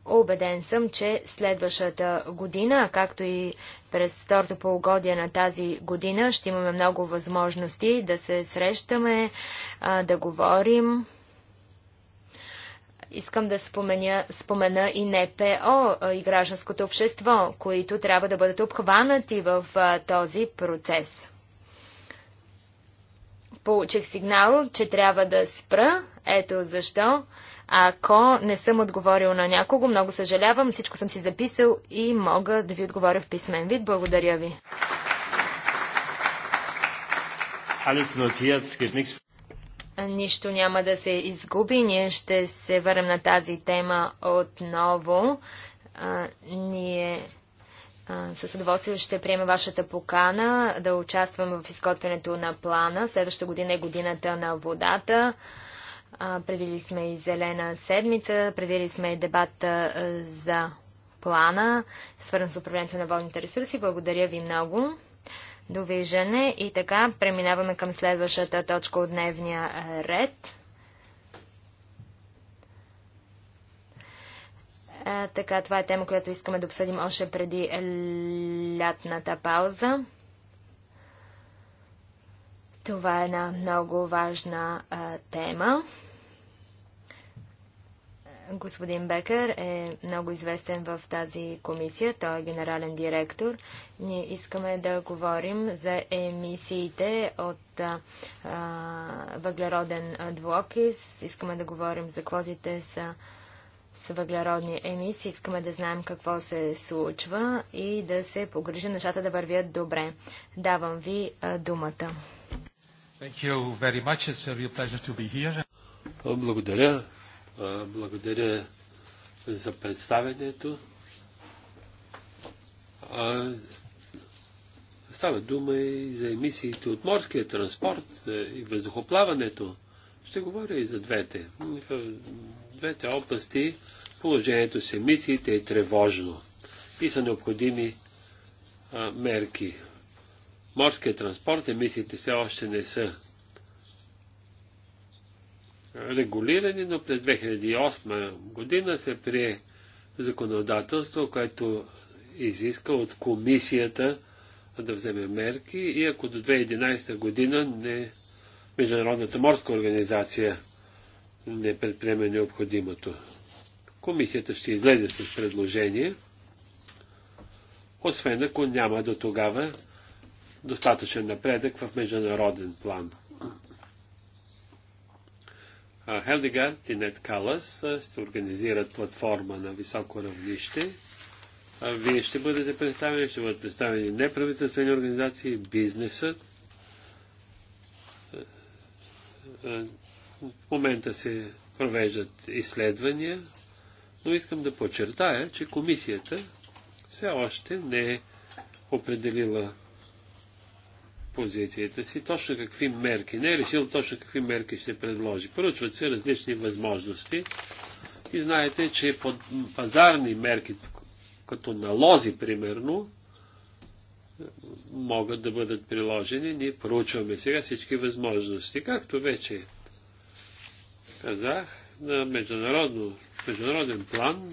Обеден съм, че следващата година, както и през второто полугодие на тази година, ще имаме много възможности да се срещаме, а, да говорим. Искам да споменя, спомена и НПО и гражданското общество, които трябва да бъдат обхванати в а, този процес. Получих сигнал, че трябва да спра. Ето защо ако не съм отговорил на някого, много съжалявам, всичко съм си записал и мога да ви отговоря в писмен вид. Благодаря ви. Нищо няма да се изгуби. Ние ще се върнем на тази тема отново. А, ние а, с удоволствие ще приемем вашата покана да участваме в изготвянето на плана. Следващата година е годината на водата. Предели сме и зелена седмица, предили сме и дебата за плана, свързан с управлението на водните ресурси. Благодаря ви много. Довиждане. И така, преминаваме към следващата точка от дневния ред. А, така, това е тема, която искаме да обсъдим още преди лятната пауза. Това е една много важна а, тема. Господин Бекер е много известен в тази комисия. Той е генерален директор. Ние искаме да говорим за емисиите от а, въглероден двуокис. Искаме да говорим за квотите с, с въглеродни емисии. Искаме да знаем какво се случва и да се погрижи нещата да вървят добре. Давам ви а, думата. Благодаря. Благодаря за представенето. Става дума и за емисиите от морския транспорт е, и въздухоплаването. Ще говоря и за двете. Е, двете области положението с емисиите е тревожно и са необходими е, мерки. Морският транспорт емисиите все още не са регулирани, но през 2008 година се прие законодателство, което изиска от комисията да вземе мерки и ако до 2011 година не, Международната морска организация не предприеме необходимото. Комисията ще излезе с предложение, освен ако няма до тогава достатъчен напредък в международен план. Хелдегард и Нет Калас ще организират платформа на високо равнище. Вие ще бъдете представени, ще бъдат представени неправителствени организации, бизнесът. В момента се провеждат изследвания, но искам да подчертая, че комисията все още не е определила позицията си точно какви мерки. Не е решил точно какви мерки ще предложи. Поръчват се различни възможности и знаете, че под пазарни мерки, като налози, примерно, могат да бъдат приложени. Ние проучваме сега всички възможности. Както вече казах, на международно, международен план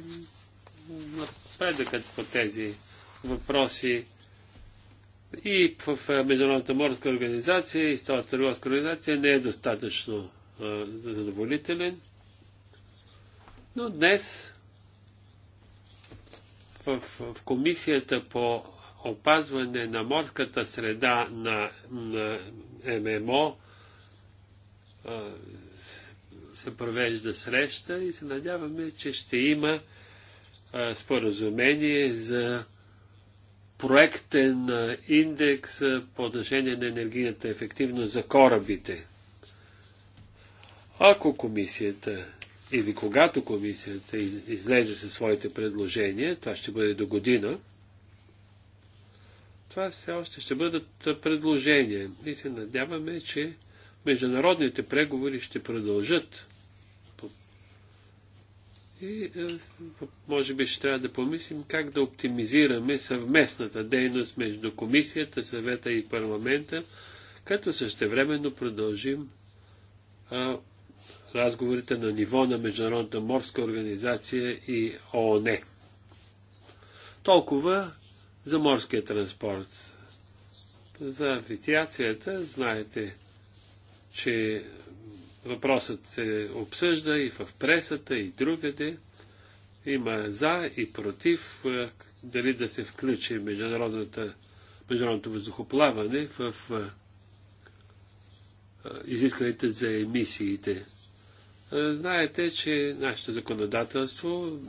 напредъкът по тези въпроси и в Международната морска организация и Столата търговска организация не е достатъчно а, задоволителен. Но днес в, в комисията по опазване на морската среда на, на ММО а, се провежда среща и се надяваме, че ще има а, споразумение за проектен индекс по отношение на енергийната ефективност за корабите. Ако комисията или когато комисията излезе със своите предложения, това ще бъде до година, това все още ще бъдат предложения. И се надяваме, че международните преговори ще продължат и е, може би ще трябва да помислим как да оптимизираме съвместната дейност между комисията, съвета и парламента, като същевременно продължим а, разговорите на ниво на Международната морска организация и ООН. Толкова за морския транспорт. За авиацията знаете, че Въпросът се обсъжда и в пресата, и другаде. Има за и против дали да се включи международното въздухоплаване в изискваните за емисиите. Знаете, че нашето законодателство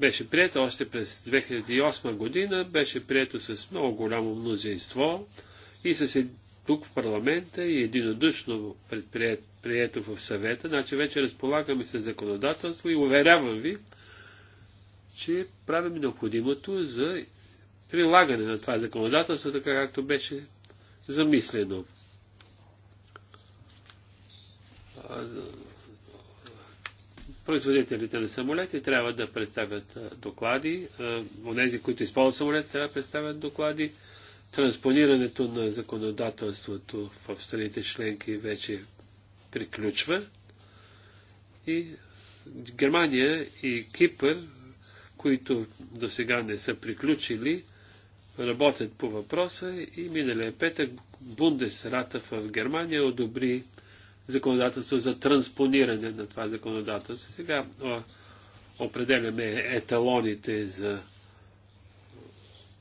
беше прието още през 2008 година, беше прието с много голямо мнозинство и с тук в парламента и единодушно предприето прието в съвета, значи вече разполагаме с законодателство и уверявам ви, че правим необходимото за прилагане на това законодателство, така както беше замислено. Производителите на самолети трябва да представят доклади, онези, които използват самолети, трябва да представят доклади, Транспонирането на законодателството в страните членки вече приключва и Германия и Кипър, които до сега не са приключили, работят по въпроса и миналия петък Бундесрата в Германия одобри законодателство за транспониране на това законодателство. Сега определяме еталоните за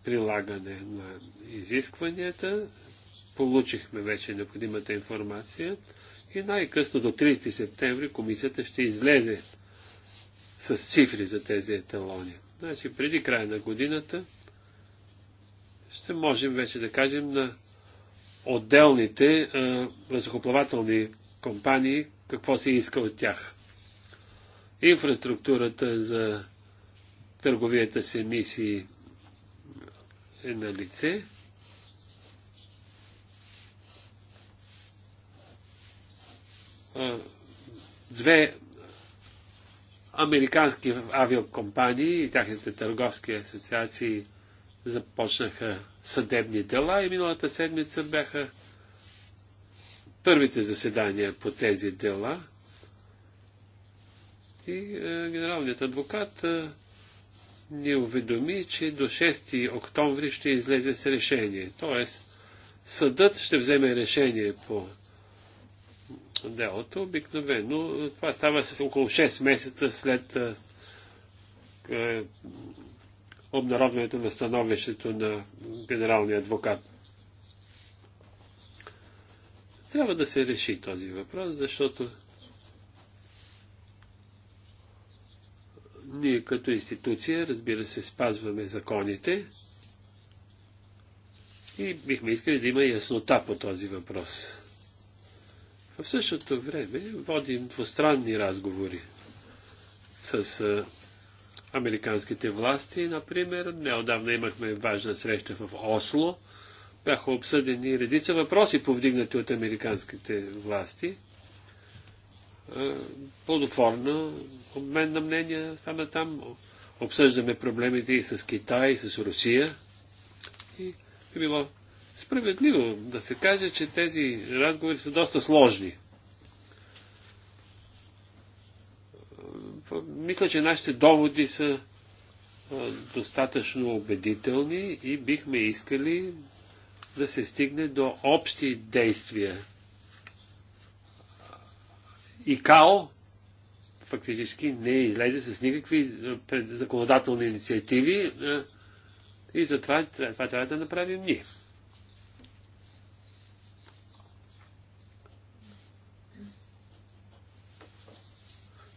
прилагане на изискванията, получихме вече необходимата информация и най-късно до 30 септември комисията ще излезе с цифри за тези еталони. Значи преди края на годината ще можем вече да кажем на отделните въздухоплавателни компании какво се иска от тях. Инфраструктурата за търговията с емисии е на лице. Е, две американски авиокомпании и тяхните търговски асоциации започнаха съдебни дела и миналата седмица бяха първите заседания по тези дела. И е, генералният адвокат е, ни уведоми, че до 6 октомври ще излезе с решение. Тоест, съдът ще вземе решение по започна делото. Обикновено е, това става около 6 месеца след е, е, обнародването на становището на генералния адвокат. Трябва да се реши този въпрос, защото ние като институция, разбира се, спазваме законите и бихме искали да има яснота по този въпрос. В същото време водим двустранни разговори с американските власти. Например, неодавна имахме важна среща в Осло. Бяха обсъдени редица въпроси, повдигнати от американските власти. Плодотворно обмен на мнения стана там. Обсъждаме проблемите и с Китай, и с Русия. И би било Справедливо да се каже, че тези разговори са доста сложни. Мисля, че нашите доводи са достатъчно убедителни и бихме искали да се стигне до общи действия. ИКАО фактически не излезе с никакви законодателни инициативи и затова това трябва да направим ние.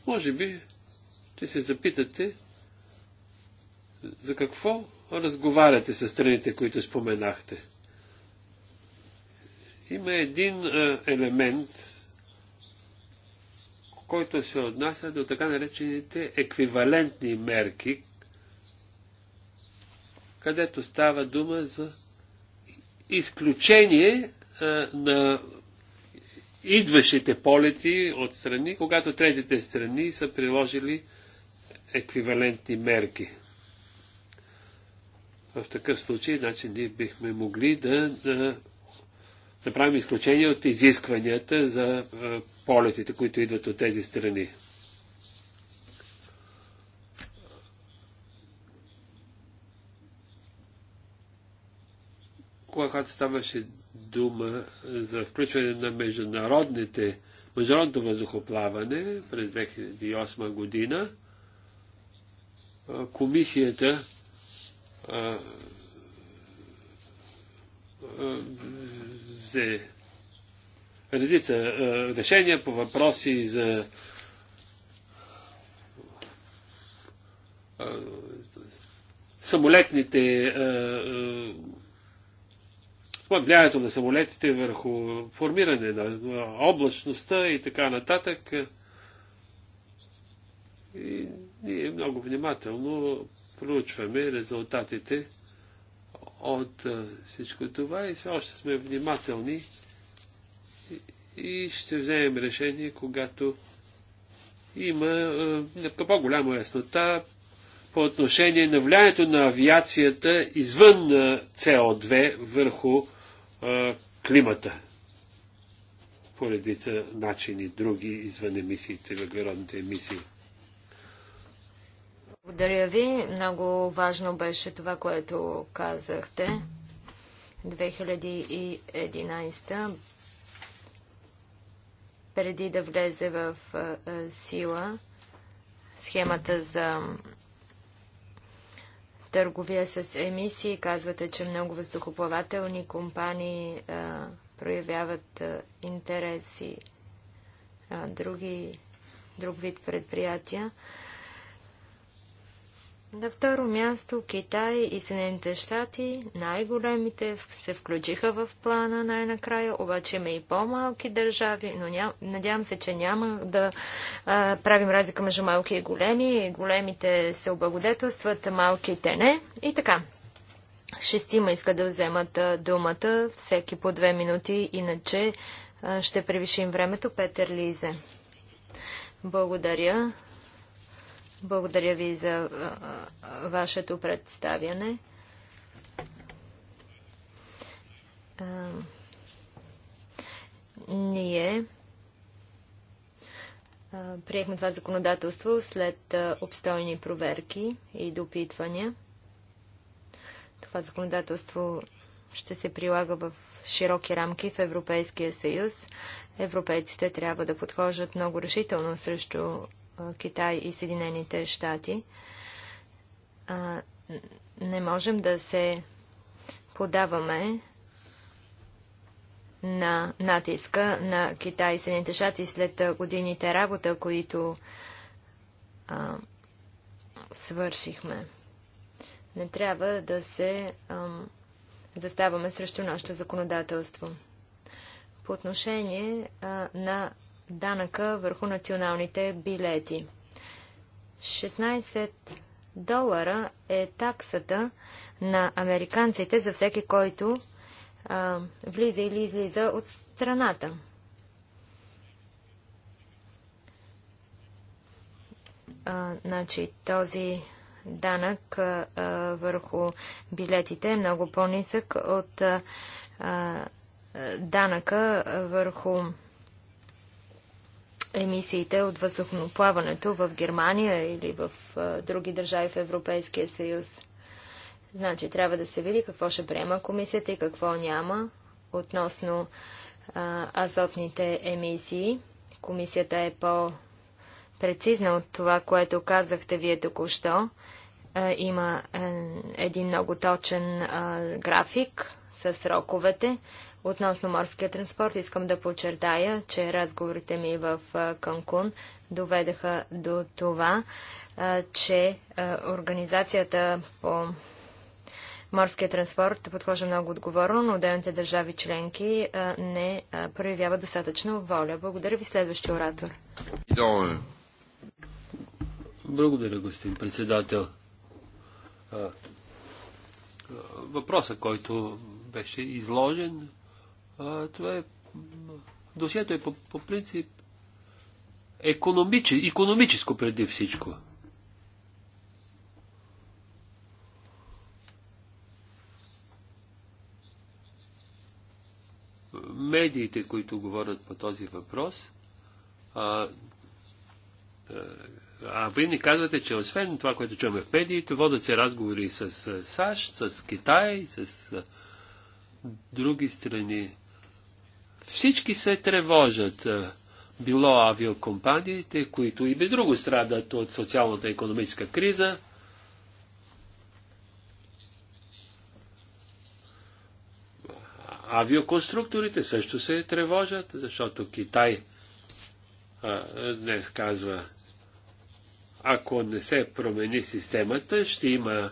Може би ще се запитате за какво разговаряте с страните, които споменахте. Има един а, елемент, който се отнася до така наречените еквивалентни мерки, където става дума за изключение а, на идващите полети от страни, когато третите страни са приложили еквивалентни мерки. В такъв случай, значи, ние бихме могли да, да направим да изключение от изискванията за а, полетите, които идват от тези страни. Когато ставаше дума за включване на международните, международното въздухоплаване през 2008 година. Комисията взе редица решения по въпроси за самолетните влиянието на самолетите върху формиране на облачността и така нататък. И ние много внимателно проучваме резултатите от всичко това и все още сме внимателни и ще вземем решение, когато има по-голяма яснота по отношение на влиянието на авиацията извън CO2 върху климата по редица начини, други извън емисиите, въглеродните емисии. Благодаря ви. Много важно беше това, което казахте. 2011 преди да влезе в сила схемата за търговия с емисии. Казвате, че много въздухоплавателни компании а, проявяват а, интереси, а, други, друг вид предприятия. На второ място Китай и Съединените щати, най-големите, се включиха в плана най-накрая, обаче има и по-малки държави, но ням, надявам се, че няма да а, правим разлика между малки и големи. Големите се облагодетелстват, малките не. И така. Шестима иска да вземат думата, всеки по две минути, иначе а, ще превишим времето. Петър Лизе. Благодаря. Благодаря ви за вашето представяне. Ние приехме това законодателство след обстойни проверки и допитвания. Това законодателство ще се прилага в широки рамки в Европейския съюз. Европейците трябва да подхождат много решително срещу Китай и Съединените щати. Не можем да се подаваме на натиска на Китай и Съединените щати след годините работа, които свършихме. Не трябва да се ам, заставаме срещу нашето законодателство. По отношение а, на данъка върху националните билети. 16 долара е таксата на американците за всеки, който а, влиза или излиза от страната. А, значи, този данък а, върху билетите е много по-нисък от а, данъка върху емисиите от въздухоплаването в Германия или в други държави в Европейския съюз. Значи трябва да се види какво ще приема комисията и какво няма относно а, азотните емисии. Комисията е по-прецизна от това, което казахте вие току-що. Има е, един много точен а, график с сроковете. Относно морския транспорт искам да подчертая, че разговорите ми в Канкун доведаха до това, че организацията по морския транспорт подхожда много отговорно, но отделните държави членки не проявяват достатъчно воля. Благодаря ви, следващия оратор. Благодаря, господин председател. Въпросът, който беше изложен, това е, досието е по, по принцип економическо, економическо преди всичко. Медиите, които говорят по този въпрос, а, а вие ни казвате, че освен това, което чуваме в медиите, водят се разговори с САЩ, с Китай, с други страни всички се тревожат. Е, било авиокомпаниите, които и без друго страдат от социалната и економическа криза, авиоконструкторите също се тревожат, защото Китай а, е, днес казва, ако не се промени системата, ще има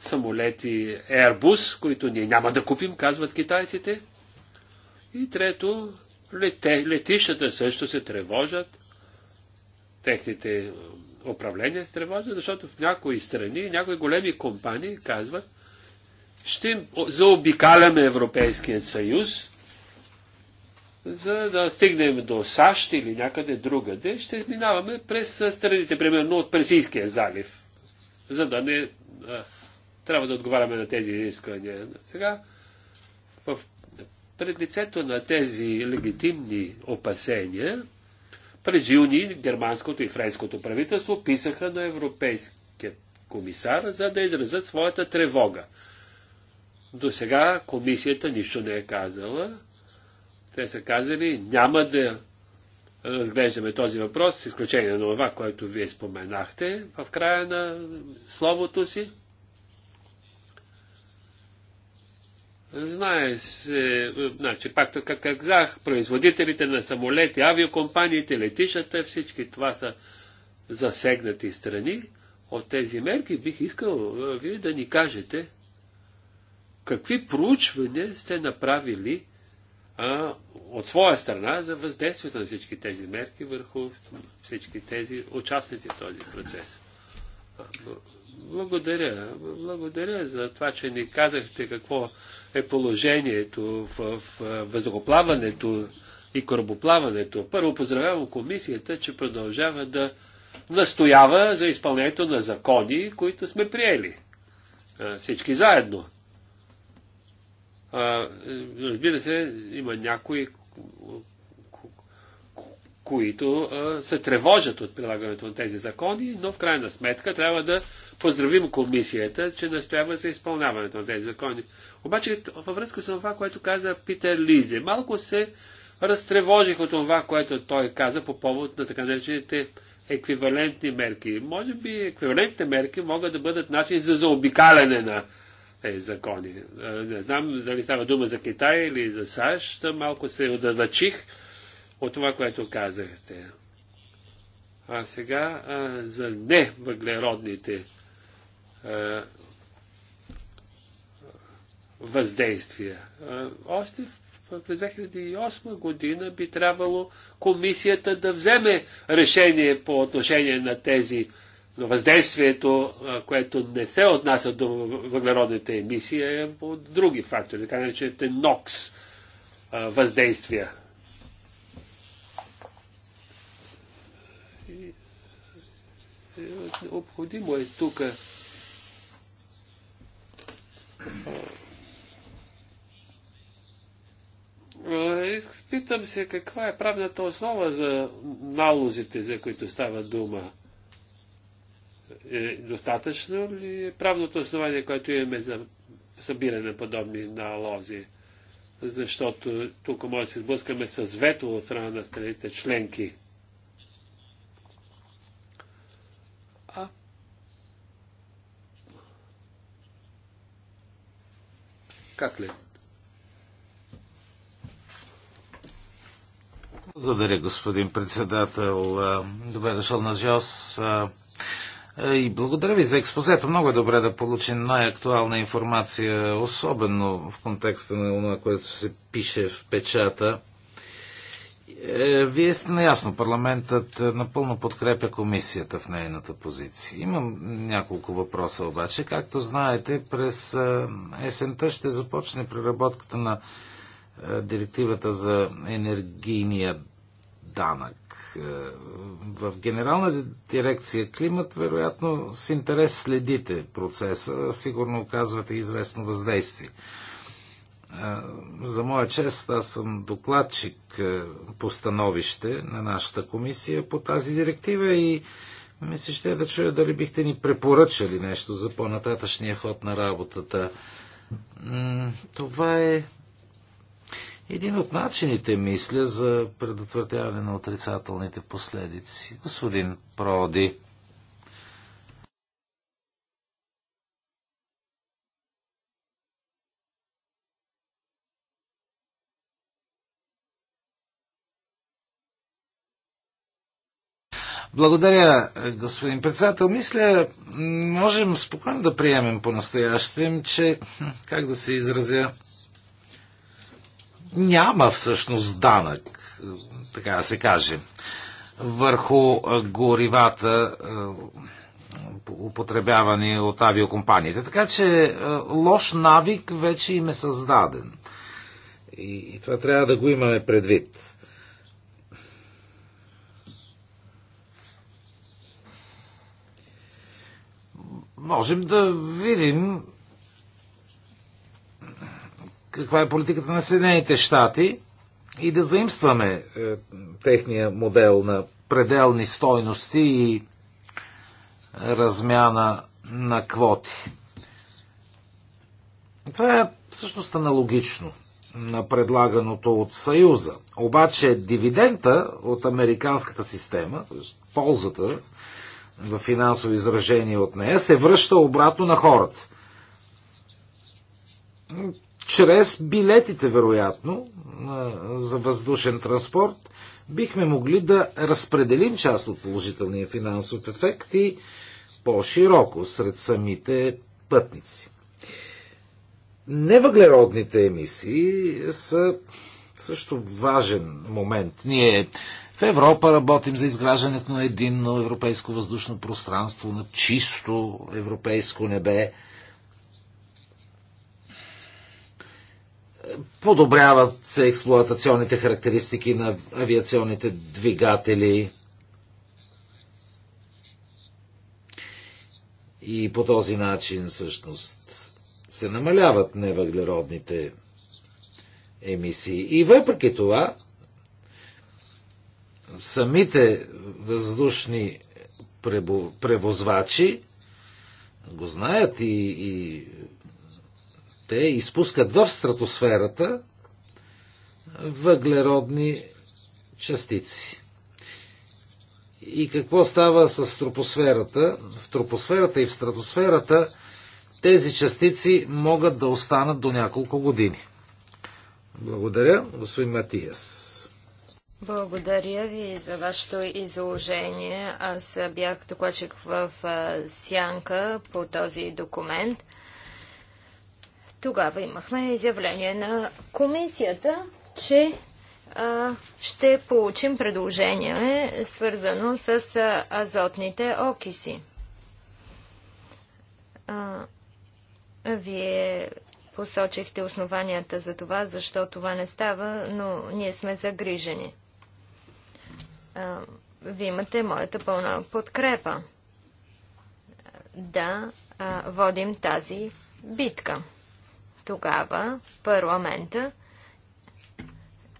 самолети Airbus, които ние няма да купим, казват китайците. И трето, лете, летищата също се тревожат, техните е, управления се тревожат, защото в някои страни, някои големи компании казват, ще заобикаляме Европейският съюз, за да стигнем до САЩ или някъде другаде, ще минаваме през страните, примерно от Персийския залив, за да не а, трябва да отговаряме на тези изисквания. Сега в пред лицето на тези легитимни опасения, през юни германското и френското правителство писаха на европейския комисар, за да изразят своята тревога. До сега комисията нищо не е казала. Те са казали, няма да разглеждаме този въпрос, с изключение на това, което вие споменахте в края на словото си. Знае се, значи, пак така казах, производителите на самолети, авиокомпаниите, летишата, всички това са засегнати страни от тези мерки. Бих искал вие да ни кажете какви проучвания сте направили а, от своя страна за въздействието на всички тези мерки върху всички тези участници в този процес. Благодаря. Благодаря за това, че ни казахте какво е положението в, въздухоплаването и корабоплаването. Първо поздравявам комисията, че продължава да настоява за изпълнението на закони, които сме приели. Всички заедно. Е, разбира се, има някои които а, се тревожат от прилагането на тези закони, но в крайна сметка трябва да поздравим комисията, че настоява за изпълняването на тези закони. Обаче във връзка с това, което каза Питер Лизе, малко се разтревожих от това, което той каза по повод на така наречените еквивалентни мерки. Може би еквивалентните мерки могат да бъдат начин за заобикаляне на тези закони. Не знам дали става дума за Китай или за САЩ, малко се отдалечих от това, което казахте. А сега а, за невъглеродните а, въздействия. А, още през 2008 година би трябвало комисията да вземе решение по отношение на тези на въздействието, което не се отнася до въглеродните емисии, е по други фактори, така наречените НОКС въздействия. Необходимо е тук Питам се каква е правната основа за налозите, за които става дума. Е, достатъчно ли е правното основание, което имаме за събиране на подобни налози? Защото тук може да се сблъскаме с вето от страна на страните членки. Как ли? Благодаря, господин председател. Добре дошъл на ЖОС. И благодаря ви за експозето. Много е добре да получим най-актуална информация, особено в контекста на това, което се пише в печата. Е, вие сте наясно, парламентът е, напълно подкрепя комисията в нейната позиция. Имам няколко въпроса обаче. Както знаете, през е, есента ще започне преработката на директивата за енергийния данък. В Генерална дирекция климат, вероятно, с интерес следите процеса, сигурно оказвате известно въздействие. За моя чест, аз съм докладчик по становище на нашата комисия по тази директива и мисля, ще е да чуя дали бихте ни препоръчали нещо за по-нататъчния ход на работата. Това е един от начините, мисля, за предотвратяване на отрицателните последици. Господин Проди, Благодаря, господин председател. Мисля, можем спокойно да приемем по-настоящем, че, как да се изразя, няма всъщност данък, така да се каже, върху горивата, е, употребявани от авиокомпаниите. Така че е, лош навик вече им е създаден. И, и това трябва да го имаме предвид. можем да видим каква е политиката на Съединените щати и да заимстваме е, техния модел на пределни стойности и размяна на квоти. Това е всъщност аналогично на предлаганото от Съюза. Обаче дивидента от американската система, т.е. ползата в финансови изражения от нея, се връща обратно на хората. Чрез билетите, вероятно, за въздушен транспорт, бихме могли да разпределим част от положителния финансов ефект и по-широко сред самите пътници. Невъглеродните емисии са също важен момент. Ние в Европа работим за изграждането на единно европейско въздушно пространство, на чисто европейско небе. Подобряват се експлуатационните характеристики на авиационните двигатели. И по този начин всъщност се намаляват невъглеродните емисии. И въпреки това, самите въздушни превозвачи го знаят и, и те изпускат в стратосферата въглеродни частици. И какво става с тропосферата? В тропосферата и в стратосферата тези частици могат да останат до няколко години. Благодаря, господин Матиас. Благодаря ви за вашето изложение. Аз бях докладчик в Сянка по този документ. Тогава имахме изявление на комисията, че а, ще получим предложение, свързано с а, азотните окиси. А, вие посочихте основанията за това, защо това не става, но ние сме загрижени вие имате моята пълна подкрепа да водим тази битка. Тогава парламента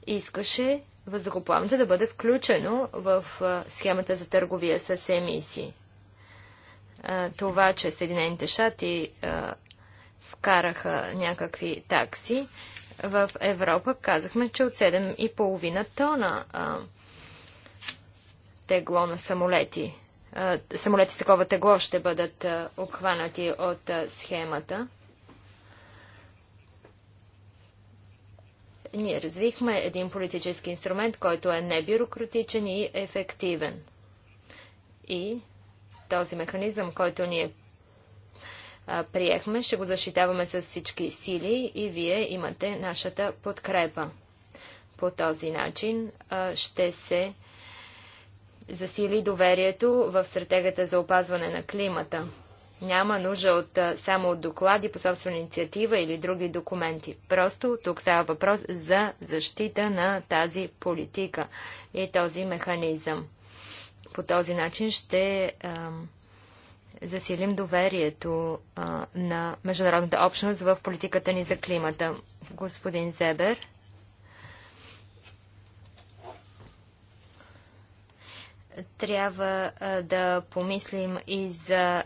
искаше въздухоплаването да бъде включено в схемата за търговия с емисии. Това, че Съединените щати вкараха някакви такси в Европа, казахме, че от 7,5 тона тегло на самолети. Самолети с такова тегло ще бъдат обхванати от схемата. Ние развихме един политически инструмент, който е небюрократичен и ефективен. И този механизъм, който ние приехме, ще го защитаваме с всички сили и вие имате нашата подкрепа. По този начин ще се засили доверието в стратегията за опазване на климата. Няма нужда от, само от доклади по собствена инициатива или други документи. Просто тук става въпрос за защита на тази политика и този механизъм. По този начин ще а, засилим доверието а, на международната общност в политиката ни за климата. Господин Зебер. трябва да помислим и за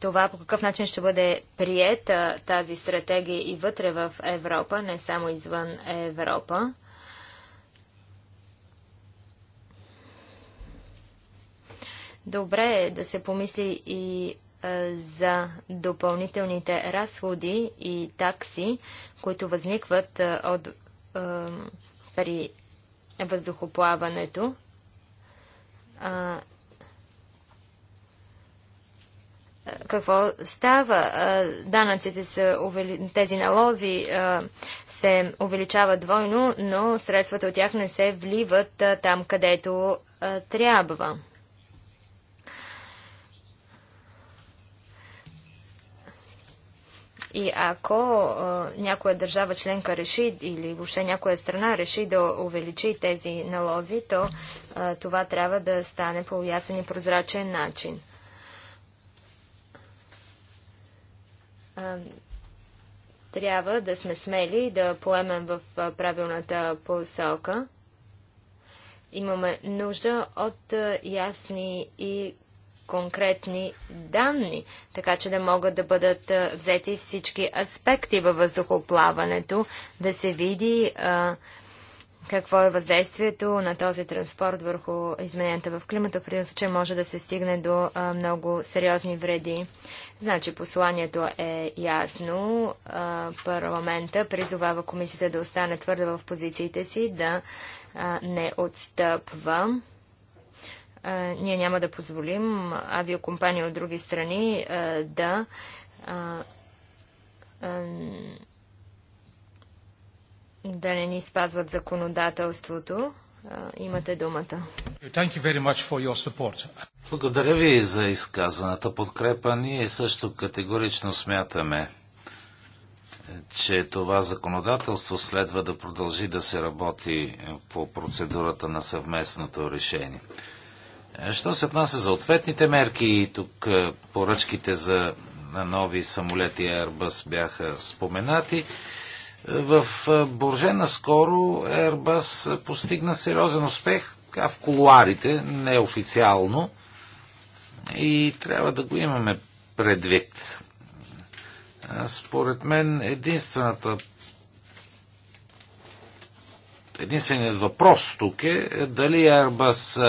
това по какъв начин ще бъде приета тази стратегия и вътре в Европа, не само извън Европа. Добре е да се помисли и за допълнителните разходи и такси, които възникват от, е, при въздухоплаването какво става? Данъците са, тези налози се увеличават двойно, но средствата от тях не се вливат там, където трябва. И ако някоя държава членка реши или въобще някоя страна реши да увеличи тези налози, то това трябва да стане по ясен и прозрачен начин. трябва да сме смели да поемем в правилната посока. Имаме нужда от ясни и конкретни данни, така че да могат да бъдат взети всички аспекти във въздухоплаването, да се види какво е въздействието на този транспорт върху измененията в климата. В един случай може да се стигне до много сериозни вреди. Значи посланието е ясно. парламента призовава комисията да остане твърда в позициите си, да не отстъпва ние няма да позволим авиокомпании от други страни да да не ни спазват законодателството. Имате думата. Благодаря ви за изказаната подкрепа. Ние също категорично смятаме, че това законодателство следва да продължи да се работи по процедурата на съвместното решение. Е, що се отнася за ответните мерки и тук е, поръчките за нови самолети Airbus бяха споменати. Е, в Борже наскоро Airbus постигна сериозен успех така, в колуарите, неофициално. И трябва да го имаме предвид. Според мен единствената единственият въпрос тук е дали Airbus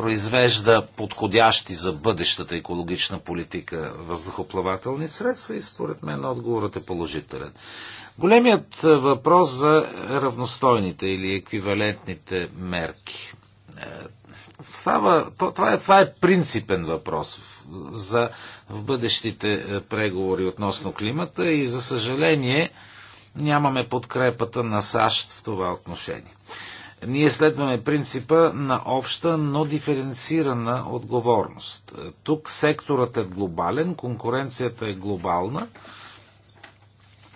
произвежда подходящи за бъдещата екологична политика въздухоплавателни средства и според мен отговорът е положителен. Големият е, въпрос за равностойните или еквивалентните мерки. Е, става, това, е, това е принципен въпрос за в бъдещите е, преговори относно климата и за съжаление нямаме подкрепата на САЩ в това отношение ние следваме принципа на обща, но диференцирана отговорност. Тук секторът е глобален, конкуренцията е глобална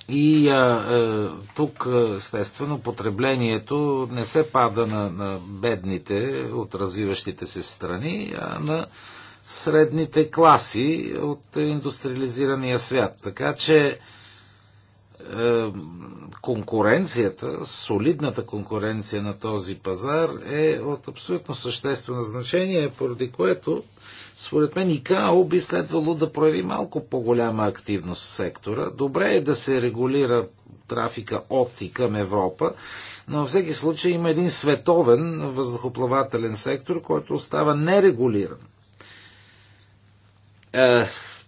и а, е, тук, естествено, потреблението не се пада на, на бедните от развиващите се страни, а на средните класи от индустриализирания свят. Така че е, конкуренцията, солидната конкуренция на този пазар е от абсолютно съществено значение, поради което според мен ИКАО би следвало да прояви малко по-голяма активност в сектора. Добре е да се регулира трафика от и към Европа, но във всеки случай има един световен въздухоплавателен сектор, който остава нерегулиран е,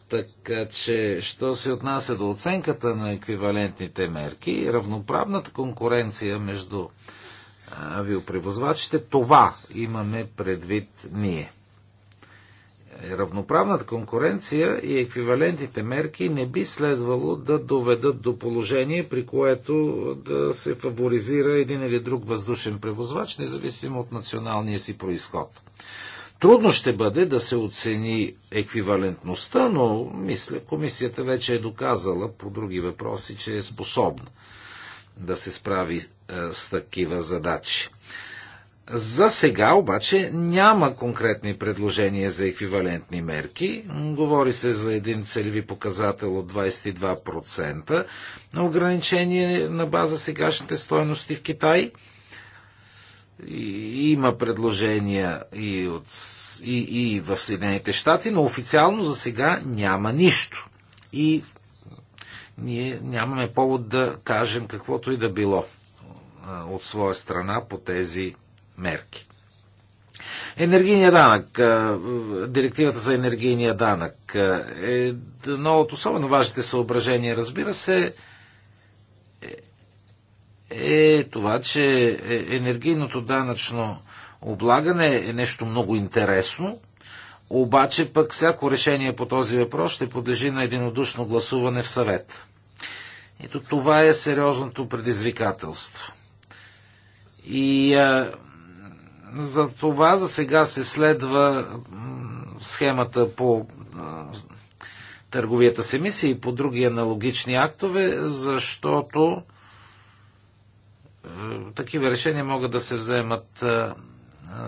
така че, що се отнася до оценката на еквивалентните мерки, равноправната конкуренция между авиопревозвачите, това имаме предвид ние. Е, равноправната конкуренция и еквивалентните мерки не би следвало да доведат до положение, при което да се фаворизира един или друг въздушен превозвач, независимо от националния си происход. Трудно ще бъде да се оцени еквивалентността, но мисля, комисията вече е доказала по други въпроси, че е способна да се справи е, с такива задачи. За сега обаче няма конкретни предложения за еквивалентни мерки. Говори се за един целеви показател от 22% на ограничение на база сегашните стойности в Китай – и, има предложения и, от, и, и в Съединените щати, но официално за сега няма нищо. И ние нямаме повод да кажем каквото и да било от своя страна по тези мерки. Енергийния данък, директивата за енергийния данък е едно от особено важните съображения, разбира се, е това, че е, енергийното данъчно облагане е нещо много интересно, обаче пък всяко решение по този въпрос ще подлежи на единодушно гласуване в съвет. Ето това е сериозното предизвикателство. И а, за това за сега се следва схемата по а, търговията с емисии и по други аналогични актове, защото такива решения могат да се вземат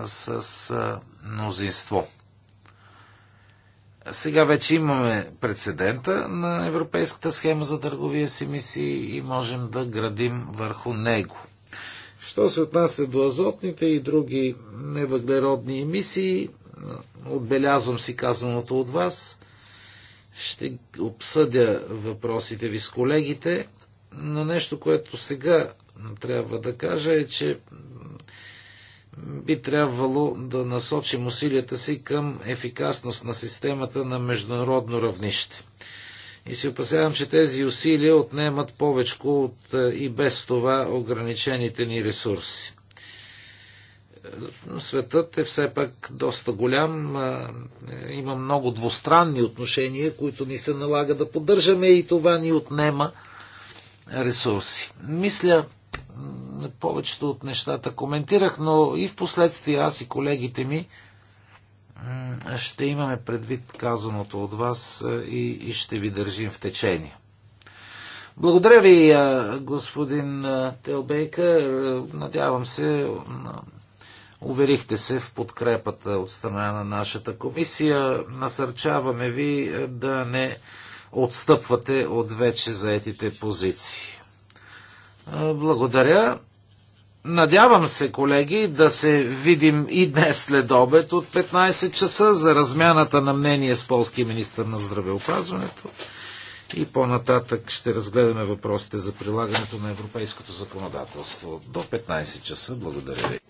с мнозинство. Сега вече имаме прецедента на европейската схема за търговия с емисии и можем да градим върху него. Що се отнася до азотните и други невъглеродни емисии, отбелязвам си казаното от вас. Ще обсъдя въпросите ви с колегите, но нещо, което сега трябва да кажа, е, че би трябвало да насочим усилията си към ефикасност на системата на международно равнище. И се опасявам, че тези усилия отнемат повече от е, и без това ограничените ни ресурси. Светът е все пак доста голям, е, има много двустранни отношения, които ни се налага да поддържаме и това ни отнема ресурси. Мисля, повечето от нещата коментирах, но и в последствие аз и колегите ми ще имаме предвид казаното от вас е, и, и ще ви държим в течение. Благодаря ви, е, господин е, Телбейка. Надявам се, уверихте се в подкрепата от страна на нашата комисия. Насърчаваме ви да не отстъпвате от вече заетите позиции. Благодаря. Надявам се, колеги, да се видим и днес след обед от 15 часа за размяната на мнение с полския министр на здравеопазването и по-нататък ще разгледаме въпросите за прилагането на европейското законодателство. До 15 часа. Благодаря ви.